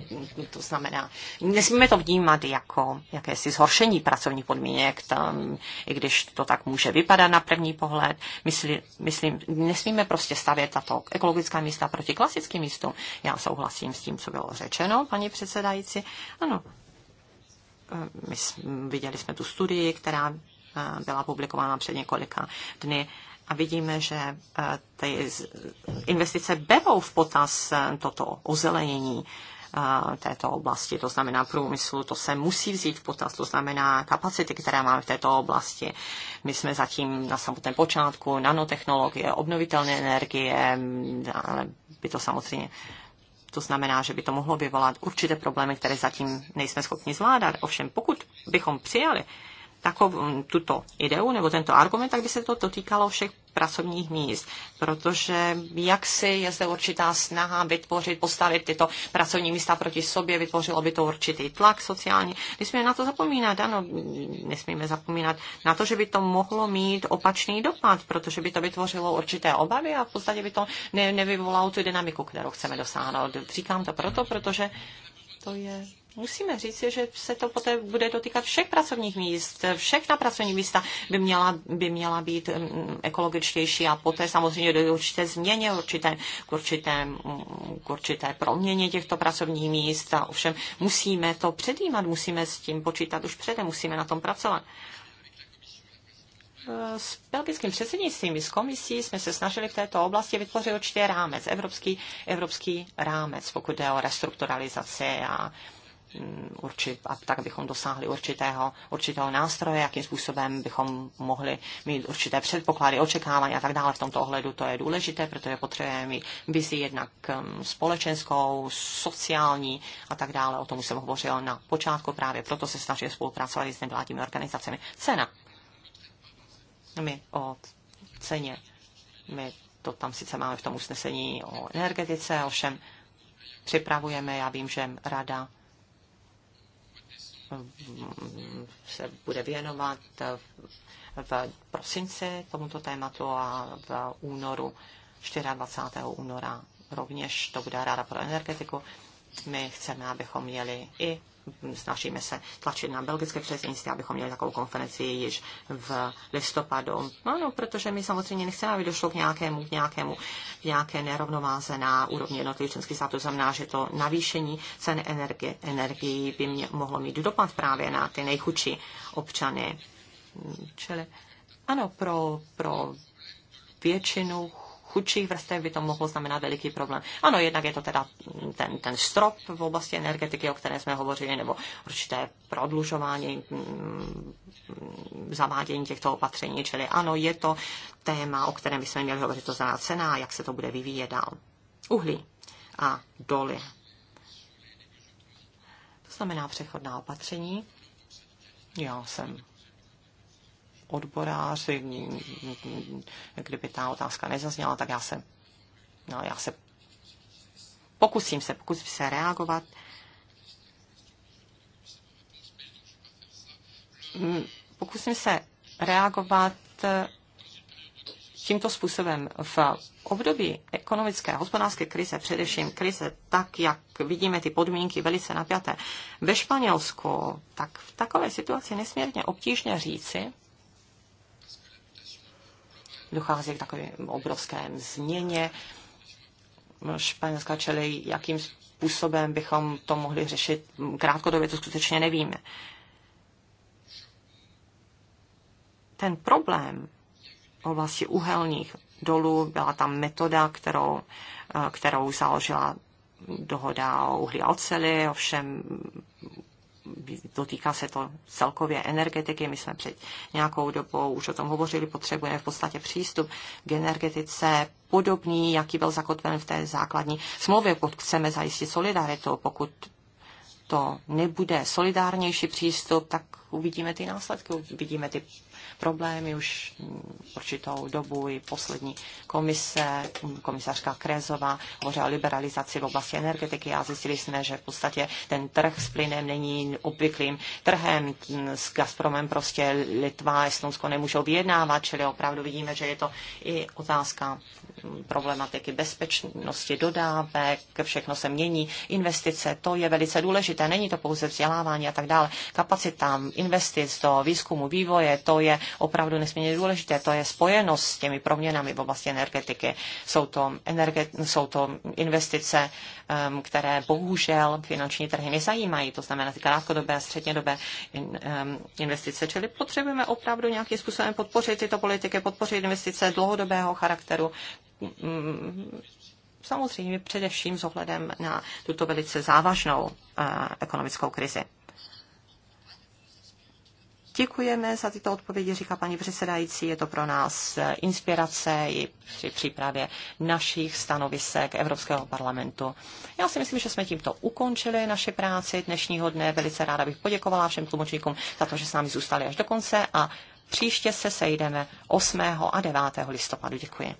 to znamená, nesmíme to vnímat jako jakési zhoršení pracovních podmínek, tam, i když to tak může vypadat na první pohled. Myslí, myslím, nesmíme prostě stavět tato ekologická místa proti klasickým místům. Já souhlasím s tím, co bylo řečeno, paní předsedající. Ano, my jsme, viděli jsme tu studii, která eh, byla publikována před několika dny a vidíme, že eh, ty investice berou v potaz eh, toto ozelenění eh, této oblasti, to znamená průmyslu, to se musí vzít v potaz, to znamená kapacity, které máme v této oblasti. My jsme zatím na samotném počátku nanotechnologie, obnovitelné energie, mm, ale by to samozřejmě to znamená, že by to mohlo vyvolat určité problémy, které zatím nejsme schopni zvládat. Ovšem, pokud bychom přijali takovou mm, tuto ideu nebo tento argument, tak by se to dotýkalo všech pracovních míst, protože jak si je zde určitá snaha vytvořit, postavit tyto pracovní místa proti sobě, vytvořilo by to určitý tlak sociální. Nesmíme na to zapomínat, ano, nesmíme zapomínat na to, že by to mohlo mít opačný dopad, protože by to vytvořilo určité obavy a v podstatě by to ne, nevyvolalo tu dynamiku, kterou chceme dosáhnout. Říkám to proto, protože to je musíme říct, že se to poté bude dotýkat všech pracovních míst. Všechna pracovní místa by měla, by měla být mm, ekologičtější a poté samozřejmě do určité změně, určité, k, určité, mm, k určité proměně těchto pracovních míst. A ovšem musíme to předjímat, musíme s tím počítat už předem, musíme na tom pracovat. S belgickým předsednictvím i s komisí jsme se snažili v této oblasti vytvořit určitě rámec, evropský, evropský rámec, pokud jde o restrukturalizaci a uh, Mm, určit, a tak bychom dosáhli určitého, určitého nástroje, jakým způsobem bychom mohli mít určité předpoklady, očekávání a tak dále. V tomto ohledu to je důležité, protože potřebujeme mít vizi jednak mm, společenskou, sociální a tak dále. O tom už jsem hovořil na počátku, právě proto se snaží spolupracovat s nevládními organizacemi. Cena. My o ceně, my to tam sice máme v tom usnesení o energetice, ovšem připravujeme, já vím, že rada se bude věnovat v prosinci tomuto tématu a v únoru 24. února rovněž to bude Rada pro energetiku. My chceme, abychom měli i snažíme se tlačit na belgické předsednictví, abychom měli takovou konferenci již v listopadu. No, protože my samozřejmě nechceme, aby došlo k nějakému, k nějakému, k nějaké nerovnováze na úrovni jednotlivých členských států. Znamená, že to navýšení cen energie, energií by mě, mohlo mít dopad právě na ty nejchudší občany. Čili ano, pro, pro většinu chudších vrstev by to mohlo znamenat veliký problém. Ano, jednak je to teda ten, ten strop v oblasti energetiky, o které jsme hovořili, nebo určité prodlužování, mm, zavádění těchto opatření, čili ano, je to téma, o kterém bychom měli hovořit, to znamená cena, jak se to bude vyvíjet dál. Uhlí a doly. To znamená přechodná opatření. Já jsem odboráři, kdyby ta otázka nezazněla, tak já se, no, já se pokusím se, pokusím se reagovat. Pokusím se reagovat e, tímto způsobem. V období ekonomické a hospodářské krize, především krize, tak jak vidíme ty podmínky velice napjaté ve Španělsku, tak v takové situaci nesmírně obtížně říci, dochází k takové obrovské změně. Španělská čeli, jakým způsobem bychom to mohli řešit krátkodobě, to skutečně nevíme. Ten problém oblasti uhelných dolů byla tam metoda, kterou, kterou založila dohoda o uhlí a oceli, ovšem dotýká se to celkově energetiky. My jsme před nějakou dobou už o tom hovořili, potřebujeme v podstatě přístup k energetice podobný, jaký byl zakotven v té základní smlouvě, pokud chceme zajistit solidaritu, pokud to nebude solidárnější přístup, tak uvidíme ty následky, uvidíme ty problémy už určitou dobu. I poslední komise, komisařka Krezová, hovořila o liberalizaci v oblasti energetiky a zjistili jsme, že v podstatě ten trh s plynem není obvyklým trhem. S Gazpromem prostě Litva a Estonsko nemůžou vyjednávat, čili opravdu vidíme, že je to i otázka problematiky bezpečnosti dodávek, všechno se mění, investice, to je velice důležité, není to pouze vzdělávání a tak dále. Kapacita investic do výzkumu, vývoje, to je je opravdu nesmírně důležité. To je spojeno s těmi proměnami v oblasti energetiky. Jsou to, energe- jsou to investice, um, které bohužel finanční trhy nezajímají, to znamená ty krátkodobé a střednědobé in, um, investice. Čili potřebujeme opravdu nějakým způsobem podpořit tyto politiky, podpořit investice dlouhodobého charakteru. Um, samozřejmě především s ohledem na tuto velice závažnou uh, ekonomickou krizi. Děkujeme za tyto odpovědi, říká paní předsedající. Je to pro nás eh, inspirace i při přípravě našich stanovisek Evropského parlamentu. Já si myslím, že jsme tímto ukončili naše práci dnešního dne. Velice ráda bych poděkovala všem tlumočníkům za to, že s námi zůstali až do konce a příště se sejdeme 8. a 9. listopadu. Děkuji.